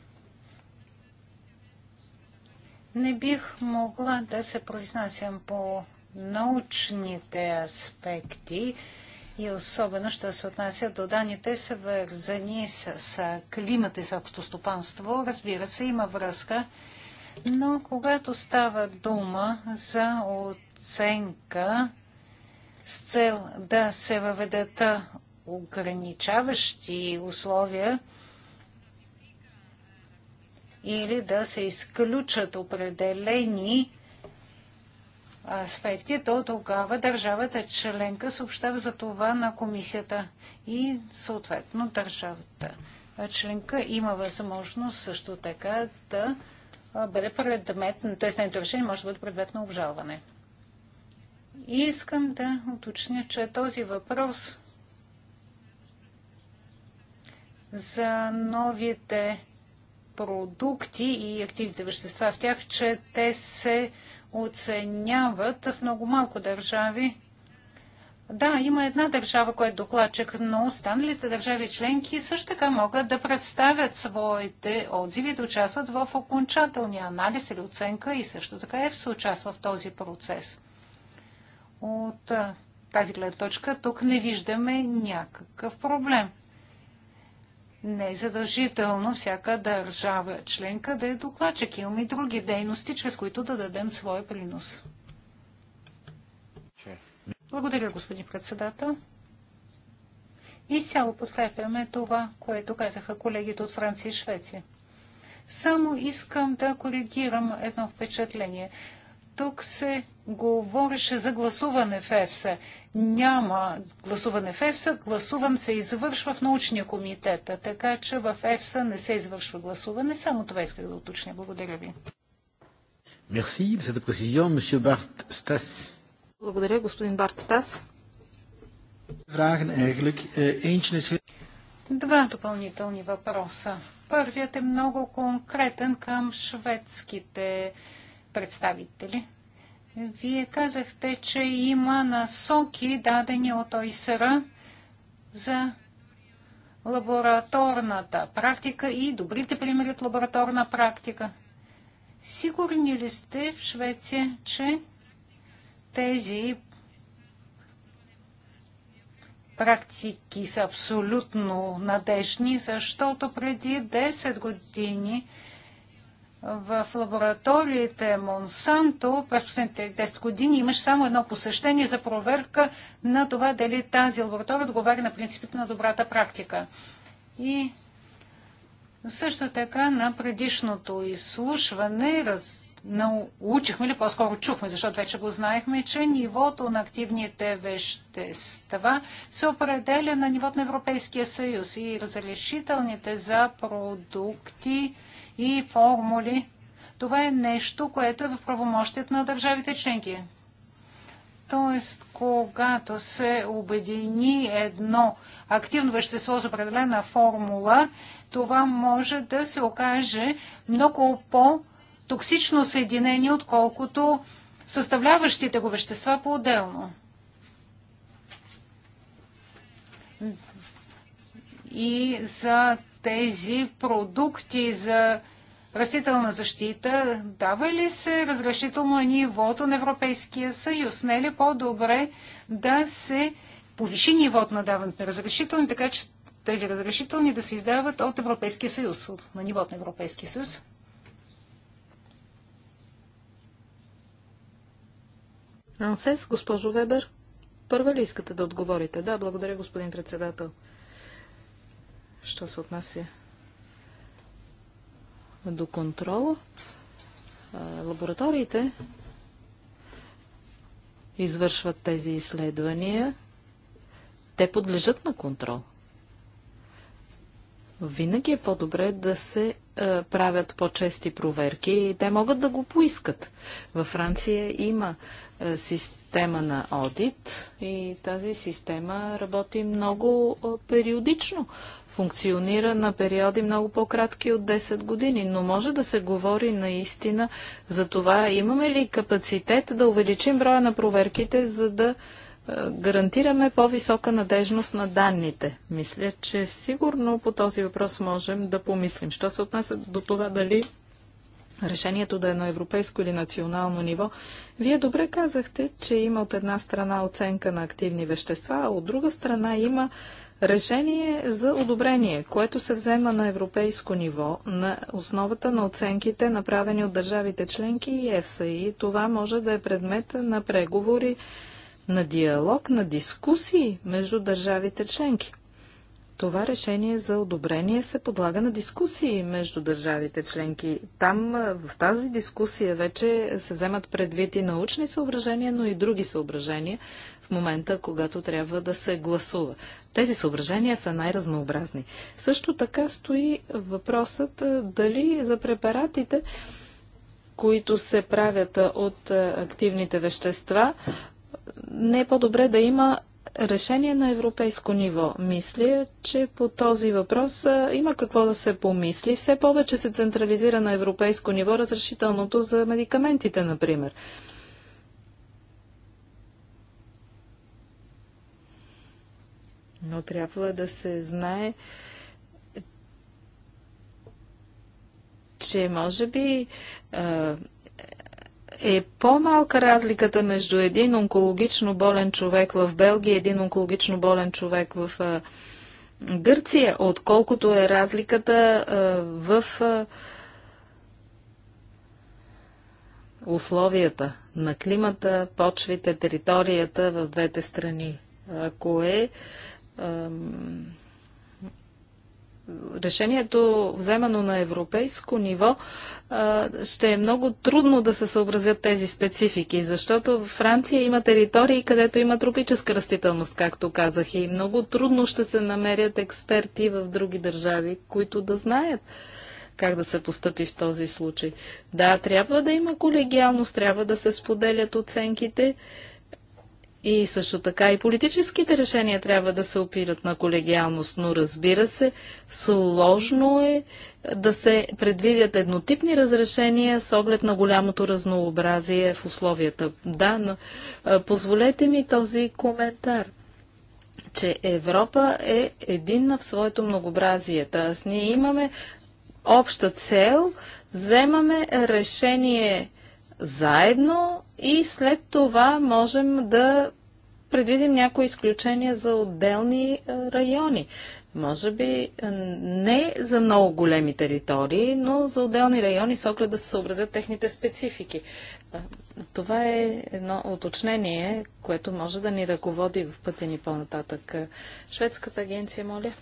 Не бих могла да се произнасям по научните аспекти, и особено що се отнася до данните, свързани с, с климата и селското стопанство. Разбира се, има връзка, но когато става дума за оценка с цел да се въведат ограничаващи условия или да се изключат определени аспекти, то тогава държавата членка съобщава за това на комисията и съответно държавата членка има възможност също така да бъде предмет, т.е. нейното решение може да бъде предмет на обжалване. И искам да уточня, че този въпрос за новите продукти и активните вещества в тях, че те се оценяват в много малко държави. Да, има една държава, която е докладчик, но останалите държави членки също така могат да представят своите отзиви, да участват в окончателния анализ или оценка и също така е се участва в този процес. От тази гледна точка тук не виждаме някакъв проблем не е задължително всяка държава членка да е докладчик. Имаме и други дейности, чрез които да дадем своя принос. Благодаря, господин председател. Изцяло подкрепяме това, което казаха колегите от Франция и Швеция. Само искам да коригирам едно впечатление. Тук се говореше за гласуване в ЕФСА няма гласуване в ЕФСА, гласуван се извършва в научния комитет, така че в ЕФСА не се извършва гласуване. Само това исках да уточня. Благодаря ви. за Барт Стас. Благодаря, господин Барт Стас. Eh, Два допълнителни въпроса. Първият е много конкретен към шведските представители. Вие казахте, че има насоки, дадени от ОИСР за лабораторната практика и добрите примери от лабораторна практика. Сигурни ли сте в Швеция, че тези практики са абсолютно надежни, защото преди 10 години в лабораториите Монсанто през последните 10 години имаш само едно посещение за проверка на това дали тази лаборатория отговаря на принципите на добрата практика. И също така на предишното изслушване раз... научихме или по-скоро чухме, защото вече го знаехме, че нивото на активните вещества се определя на нивото на Европейския съюз и разрешителните за продукти и формули. Това е нещо, което е в правомощият на държавите членки. Тоест, когато се обедини едно активно вещество с определена формула, това може да се окаже много по-токсично съединение, отколкото съставляващите го вещества по-отделно. И за тези продукти за растителна защита, дава ли се разрешително нивото на Европейския съюз? Не е ли по-добре да се повиши нивото на даването на разрешителни, така че тези разрешителни да се издават от Европейския съюз, на нивото на Европейския съюз? Ансес, госпожо Вебер, първа ли искате да отговорите? Да, благодаря, господин председател що се отнася до контрол, лабораториите извършват тези изследвания. Те подлежат на контрол. Винаги е по-добре да се е, правят по-чести проверки и те могат да го поискат. Във Франция има е, система на одит и тази система работи много е, периодично функционира на периоди много по-кратки от 10 години, но може да се говори наистина за това, имаме ли капацитет да увеличим броя на проверките, за да е, гарантираме по-висока надежност на данните. Мисля, че сигурно по този въпрос можем да помислим. Що се отнася до това дали решението да е на европейско или национално ниво. Вие добре казахте, че има от една страна оценка на активни вещества, а от друга страна има решение за одобрение, което се взема на европейско ниво, на основата на оценките, направени от държавите членки и ЕСА, И това може да е предмет на преговори, на диалог, на дискусии между държавите членки. Това решение за одобрение се подлага на дискусии между държавите членки. Там в тази дискусия вече се вземат предвид и научни съображения, но и други съображения в момента, когато трябва да се гласува. Тези съображения са най-разнообразни. Също така стои въпросът дали за препаратите, които се правят от активните вещества, не е по-добре да има решение на европейско ниво. Мисля, че по този въпрос има какво да се помисли. Все повече се централизира на европейско ниво разрешителното за медикаментите, например. но трябва да се знае, че може би е по-малка разликата между един онкологично болен човек в Белгия и един онкологично болен човек в Гърция, отколкото е разликата в условията на климата, почвите, територията в двете страни. Ако е решението, вземано на европейско ниво, ще е много трудно да се съобразят тези специфики, защото Франция има територии, където има тропическа растителност, както казах, и много трудно ще се намерят експерти в други държави, които да знаят как да се постъпи в този случай. Да, трябва да има колегиалност, трябва да се споделят оценките. И също така и политическите решения трябва да се опират на колегиалност, но разбира се, сложно е да се предвидят еднотипни разрешения с оглед на голямото разнообразие в условията. Да, но позволете ми този коментар че Европа е единна в своето многообразие. Тоест, ние имаме обща цел, вземаме решение заедно и след това можем да предвидим някои изключения за отделни е, райони. Може би е, не за много големи територии, но за отделни райони с оглед да се съобразят техните специфики. Е, това е едно уточнение, което може да ни ръководи в пътя ни по-нататък. Шведската агенция, моля.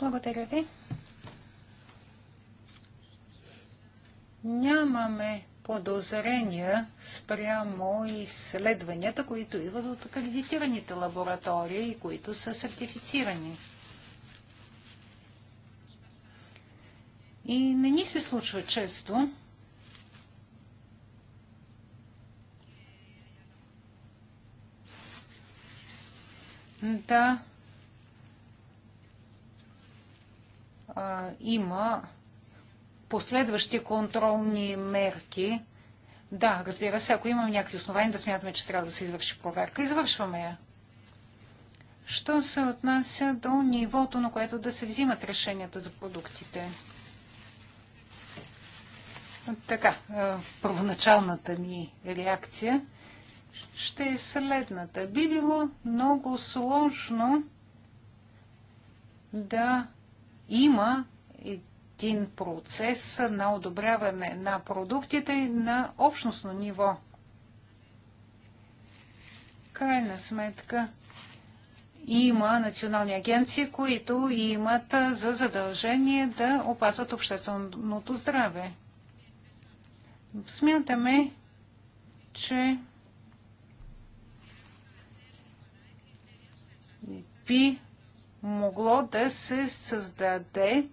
Благодаря ви. нямаме подозрения спрямо изследванията, които идват от акредитираните лаборатории и които са сертифицирани. И не ни се случва често да а, има последващи контролни мерки. Да, разбира се, ако имаме някакви основания да смятаме, че трябва да се извърши проверка, извършваме я. Що се отнася до нивото, на което да се взимат решенията за продуктите? Така, е, първоначалната ми реакция ще е следната. Би било много сложно да има един процес на одобряване на продуктите на общностно ниво. Крайна сметка има национални агенции, които имат за задължение да опазват общественото здраве. Смятаме, че би могло да се създаде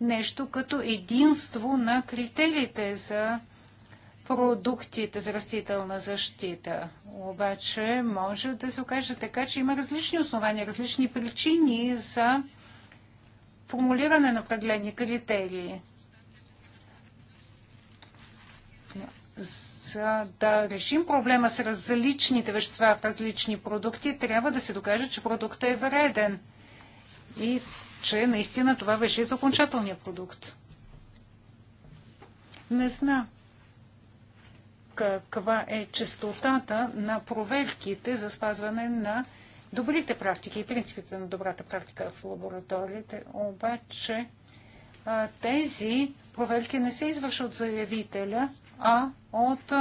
нещо като единство на критериите за продуктите за растителна защита. Обаче може да се окаже така, че има различни основания, различни причини за формулиране на определени критерии. За да решим проблема с различните вещества в различни продукти, трябва да се докаже, че продуктът е вреден. И че наистина това беше за окончателния продукт. Не знам каква е частотата на проверките за спазване на добрите практики и принципите на добрата практика в лабораториите, обаче тези проверки не се извършват от заявителя, а от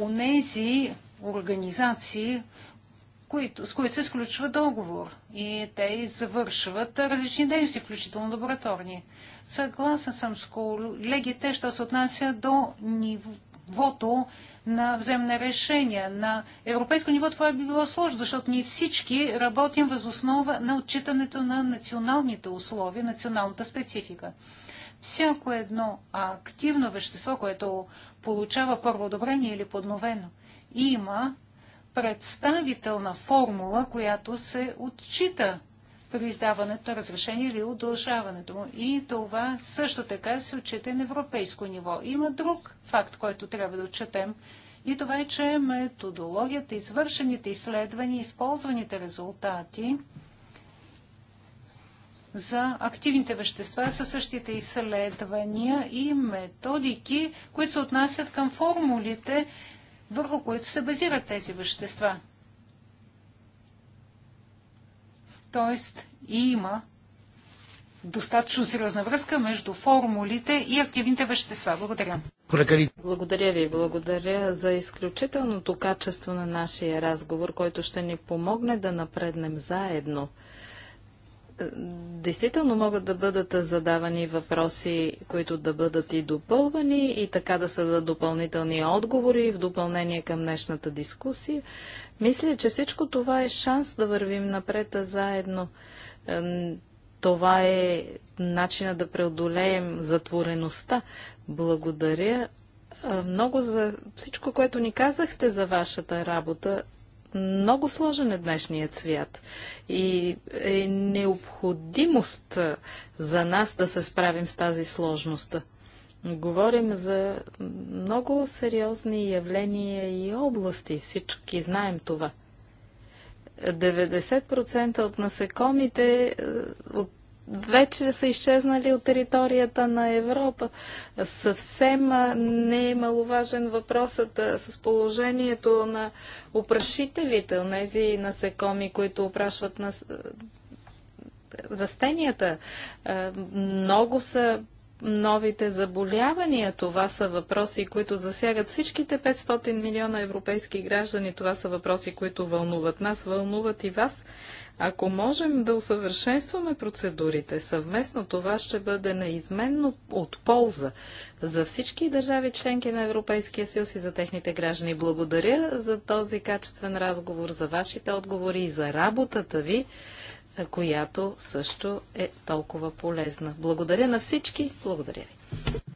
унези организации, които, с които се сключва договор и те извършват различни дейности, включително лабораторни. Съгласен съм с колегите, що се отнася до нивото на вземане решения. На европейско ниво това е би било сложно, защото ние всички работим възоснова на отчитането на националните условия, националната специфика. Всяко едно активно вещество, което получава първо одобрение или подновено, има представителна формула, която се отчита при издаването на разрешение или удължаването му. И това също така се отчита на европейско ниво. Има друг факт, който трябва да отчетем. И това е, че методологията, извършените изследвания, използваните резултати за активните вещества са същите изследвания и методики, които се отнасят към формулите върху които се базират тези вещества. Тоест има достатъчно сериозна връзка между формулите и активните вещества. Благодаря. Благодаря ви. Благодаря за изключителното качество на нашия разговор, който ще ни помогне да напреднем заедно действително могат да бъдат задавани въпроси, които да бъдат и допълвани и така да са дадат допълнителни отговори в допълнение към днешната дискусия. Мисля, че всичко това е шанс да вървим напред заедно. Това е начина да преодолеем затвореността. Благодаря е, много за всичко, което ни казахте за вашата работа. Много сложен е днешният свят и е необходимост за нас да се справим с тази сложност. Говорим за много сериозни явления и области. Всички знаем това. 90% от насекомите от вече са изчезнали от територията на Европа. Съвсем не е маловажен въпросът с положението на опрашителите, тези насекоми, които опрашват на растенията. Много са новите заболявания. Това са въпроси, които засягат всичките 500 милиона европейски граждани. Това са въпроси, които вълнуват нас, вълнуват и вас. Ако можем да усъвършенстваме процедурите съвместно, това ще бъде неизменно от полза за всички държави членки на Европейския съюз и за техните граждани. Благодаря за този качествен разговор, за вашите отговори и за работата ви, която също е толкова полезна. Благодаря на всички. Благодаря ви.